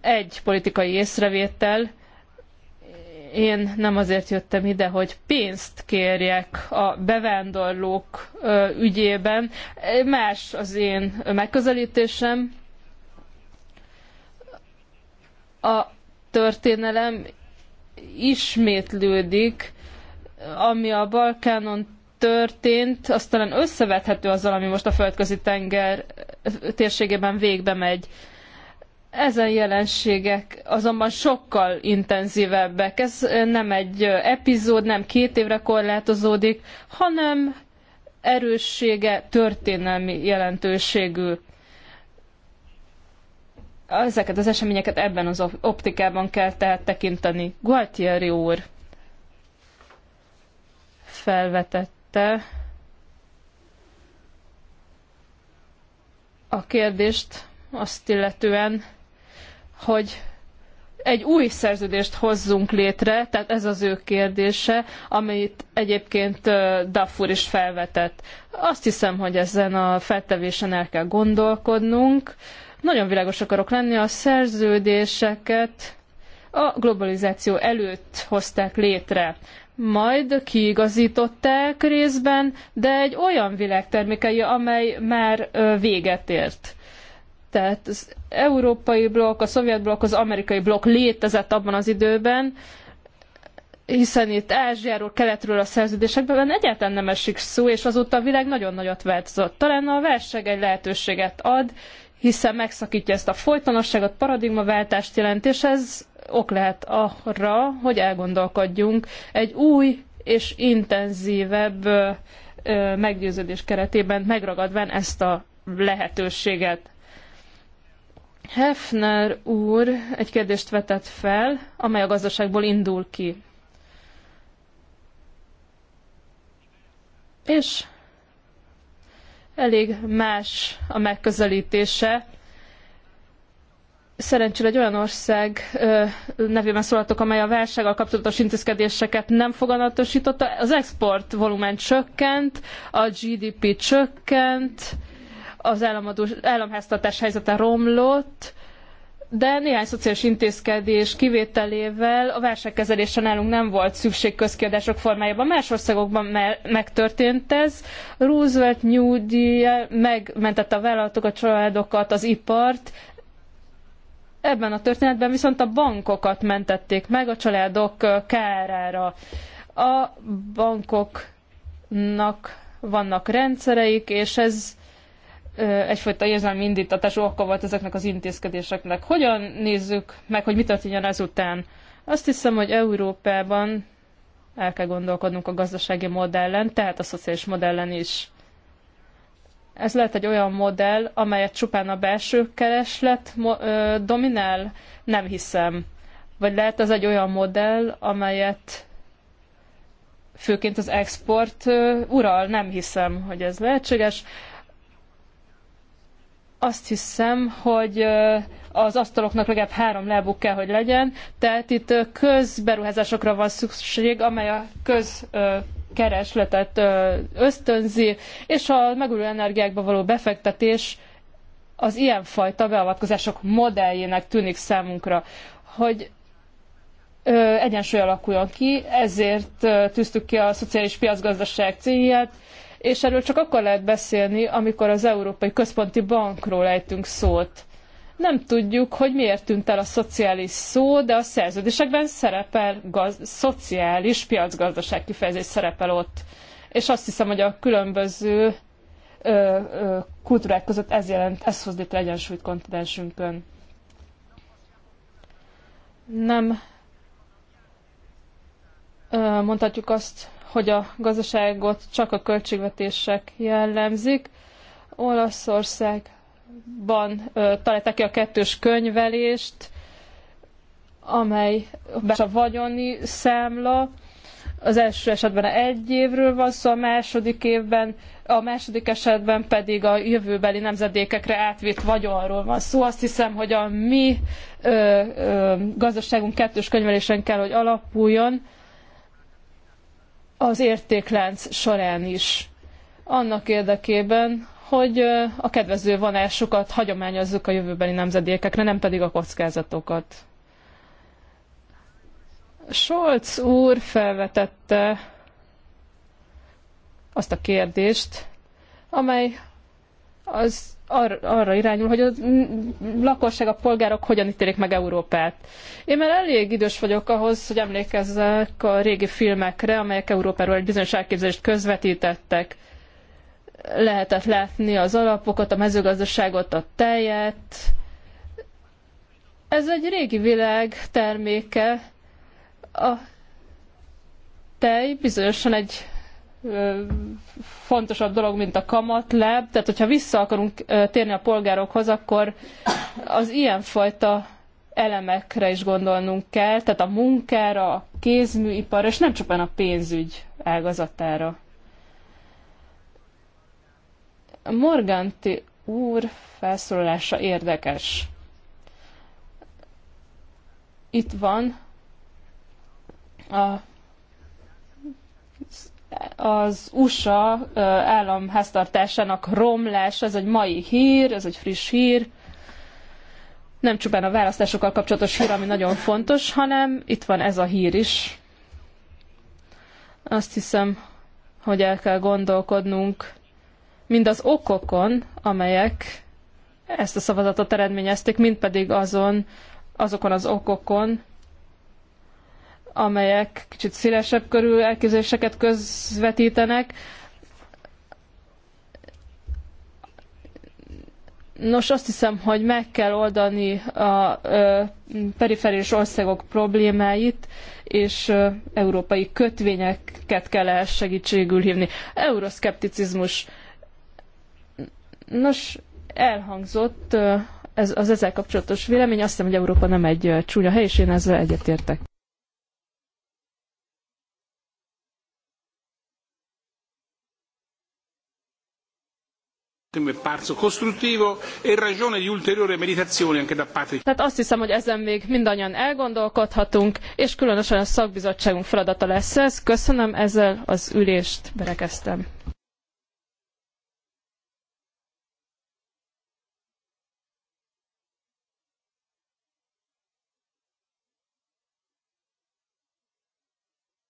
Egy politikai észrevétel, én nem azért jöttem ide, hogy pénzt kérjek a bevándorlók ügyében. Más az én megközelítésem. A történelem ismétlődik, ami a Balkánon történt, az talán összevethető azzal, ami most a földközi tenger térségében végbe megy. Ezen jelenségek azonban sokkal intenzívebbek. Ez nem egy epizód, nem két évre korlátozódik, hanem erőssége történelmi jelentőségű. Ezeket az eseményeket ebben az optikában kell tehát tekinteni. Gualtieri úr felvetette a kérdést azt illetően, hogy egy új szerződést hozzunk létre, tehát ez az ő kérdése, amit egyébként Duffur is felvetett. Azt hiszem, hogy ezen a feltevésen el kell gondolkodnunk. Nagyon világos akarok lenni, a szerződéseket a globalizáció előtt hozták létre. Majd kiigazították részben, de egy olyan világ termékei, amely már véget ért. Tehát az európai blokk, a szovjet blokk, az amerikai blokk létezett abban az időben, hiszen itt Ázsiáról, keletről a szerződésekben egyáltalán nem esik szó, és azóta a világ nagyon nagyot változott. Talán a verseg egy lehetőséget ad, hiszen megszakítja ezt a folytonosságot, paradigmaváltást jelent, és ez ok lehet arra, hogy elgondolkodjunk egy új és intenzívebb meggyőződés keretében megragadván ezt a lehetőséget. Hefner úr egy kérdést vetett fel, amely a gazdaságból indul ki. És elég más a megközelítése. Szerencsére egy olyan ország ö, nevében szólaltok, amely a válsággal kapcsolatos intézkedéseket nem foganatosította. Az export volumen csökkent, a GDP csökkent, az államháztartás helyzete romlott, de néhány szociális intézkedés kivételével a válságkezelésre nálunk nem volt szükség közkiadások formájában. Más országokban me megtörtént ez. Roosevelt, New Deal megmentette a vállalatokat, a családokat, az ipart, Ebben a történetben viszont a bankokat mentették meg a családok kárára. A bankoknak vannak rendszereik, és ez egyfajta érzelmi indítatású oka volt ezeknek az intézkedéseknek. Hogyan nézzük meg, hogy mi történjen ezután? Azt hiszem, hogy Európában el kell gondolkodnunk a gazdasági modellen, tehát a szociális modellen is. Ez lehet egy olyan modell, amelyet csupán a belső kereslet dominál? Nem hiszem. Vagy lehet ez egy olyan modell, amelyet főként az export ural? Nem hiszem, hogy ez lehetséges azt hiszem, hogy az asztaloknak legalább három lábuk kell, hogy legyen, tehát itt közberuházásokra van szükség, amely a közkeresletet ösztönzi, és a megújuló energiákba való befektetés az ilyenfajta beavatkozások modelljének tűnik számunkra, hogy egyensúly alakuljon ki, ezért tűztük ki a szociális piacgazdaság célját, és erről csak akkor lehet beszélni, amikor az Európai Központi Bankról ejtünk szót. Nem tudjuk, hogy miért tűnt el a szociális szó, de a szerződésekben szerepel gaz- szociális piacgazdaság kifejezés szerepel ott. És azt hiszem, hogy a különböző ö, ö, kultúrák között ez jelent, ez hoz létre egyensúlyt kontinensünkön. Nem ö, mondhatjuk azt, hogy a gazdaságot csak a költségvetések jellemzik. Olaszországban találták ki a kettős könyvelést, amely a vagyoni számla, az első esetben egy évről van szó, a második évben, a második esetben pedig a jövőbeli nemzedékekre átvitt vagyonról van szó. Azt hiszem, hogy a mi ö, ö, gazdaságunk kettős könyvelésen kell, hogy alapuljon, az értéklánc során is. Annak érdekében, hogy a kedvező vonásokat hagyományozzuk a jövőbeni nemzedékekre, nem pedig a kockázatokat. Scholz úr felvetette azt a kérdést, amely az ar- arra irányul, hogy a lakosság, a polgárok hogyan ítélik meg Európát. Én már elég idős vagyok ahhoz, hogy emlékezzek a régi filmekre, amelyek Európáról egy bizonyos elképzelést közvetítettek. Lehetett látni az alapokat, a mezőgazdaságot, a tejet. Ez egy régi világ terméke. A tej bizonyosan egy fontosabb dolog, mint a kamatláb. Tehát, hogyha vissza akarunk térni a polgárokhoz, akkor az ilyenfajta elemekre is gondolnunk kell, tehát a munkára, a kézműipar és nem csupán a pénzügy ágazatára. Morganti úr felszólalása érdekes. Itt van a az USA államháztartásának romlás, ez egy mai hír, ez egy friss hír, nem csupán a választásokkal kapcsolatos hír, ami nagyon fontos, hanem itt van ez a hír is. Azt hiszem, hogy el kell gondolkodnunk mind az okokon, amelyek ezt a szavazatot eredményezték, mind pedig azon, azokon az okokon, amelyek kicsit szélesebb körű elképzeléseket közvetítenek. Nos, azt hiszem, hogy meg kell oldani a ö, periferés országok problémáit, és ö, európai kötvényeket kell ehhez segítségül hívni. Euroszkepticizmus. Nos, elhangzott ö, ez, az ezzel kapcsolatos vélemény. Azt hiszem, hogy Európa nem egy csúnya hely, és én ezzel egyetértek. mi parso costruttivo e ragione di ulteriore meditazione anche da parte di... Tehát azt hiszem, hogy ezen még mindannyian elgondolkodhatunk, és különösen a szakbizottságunk feladata lesz ez. Köszönöm ezzel az ülést, berekeztem.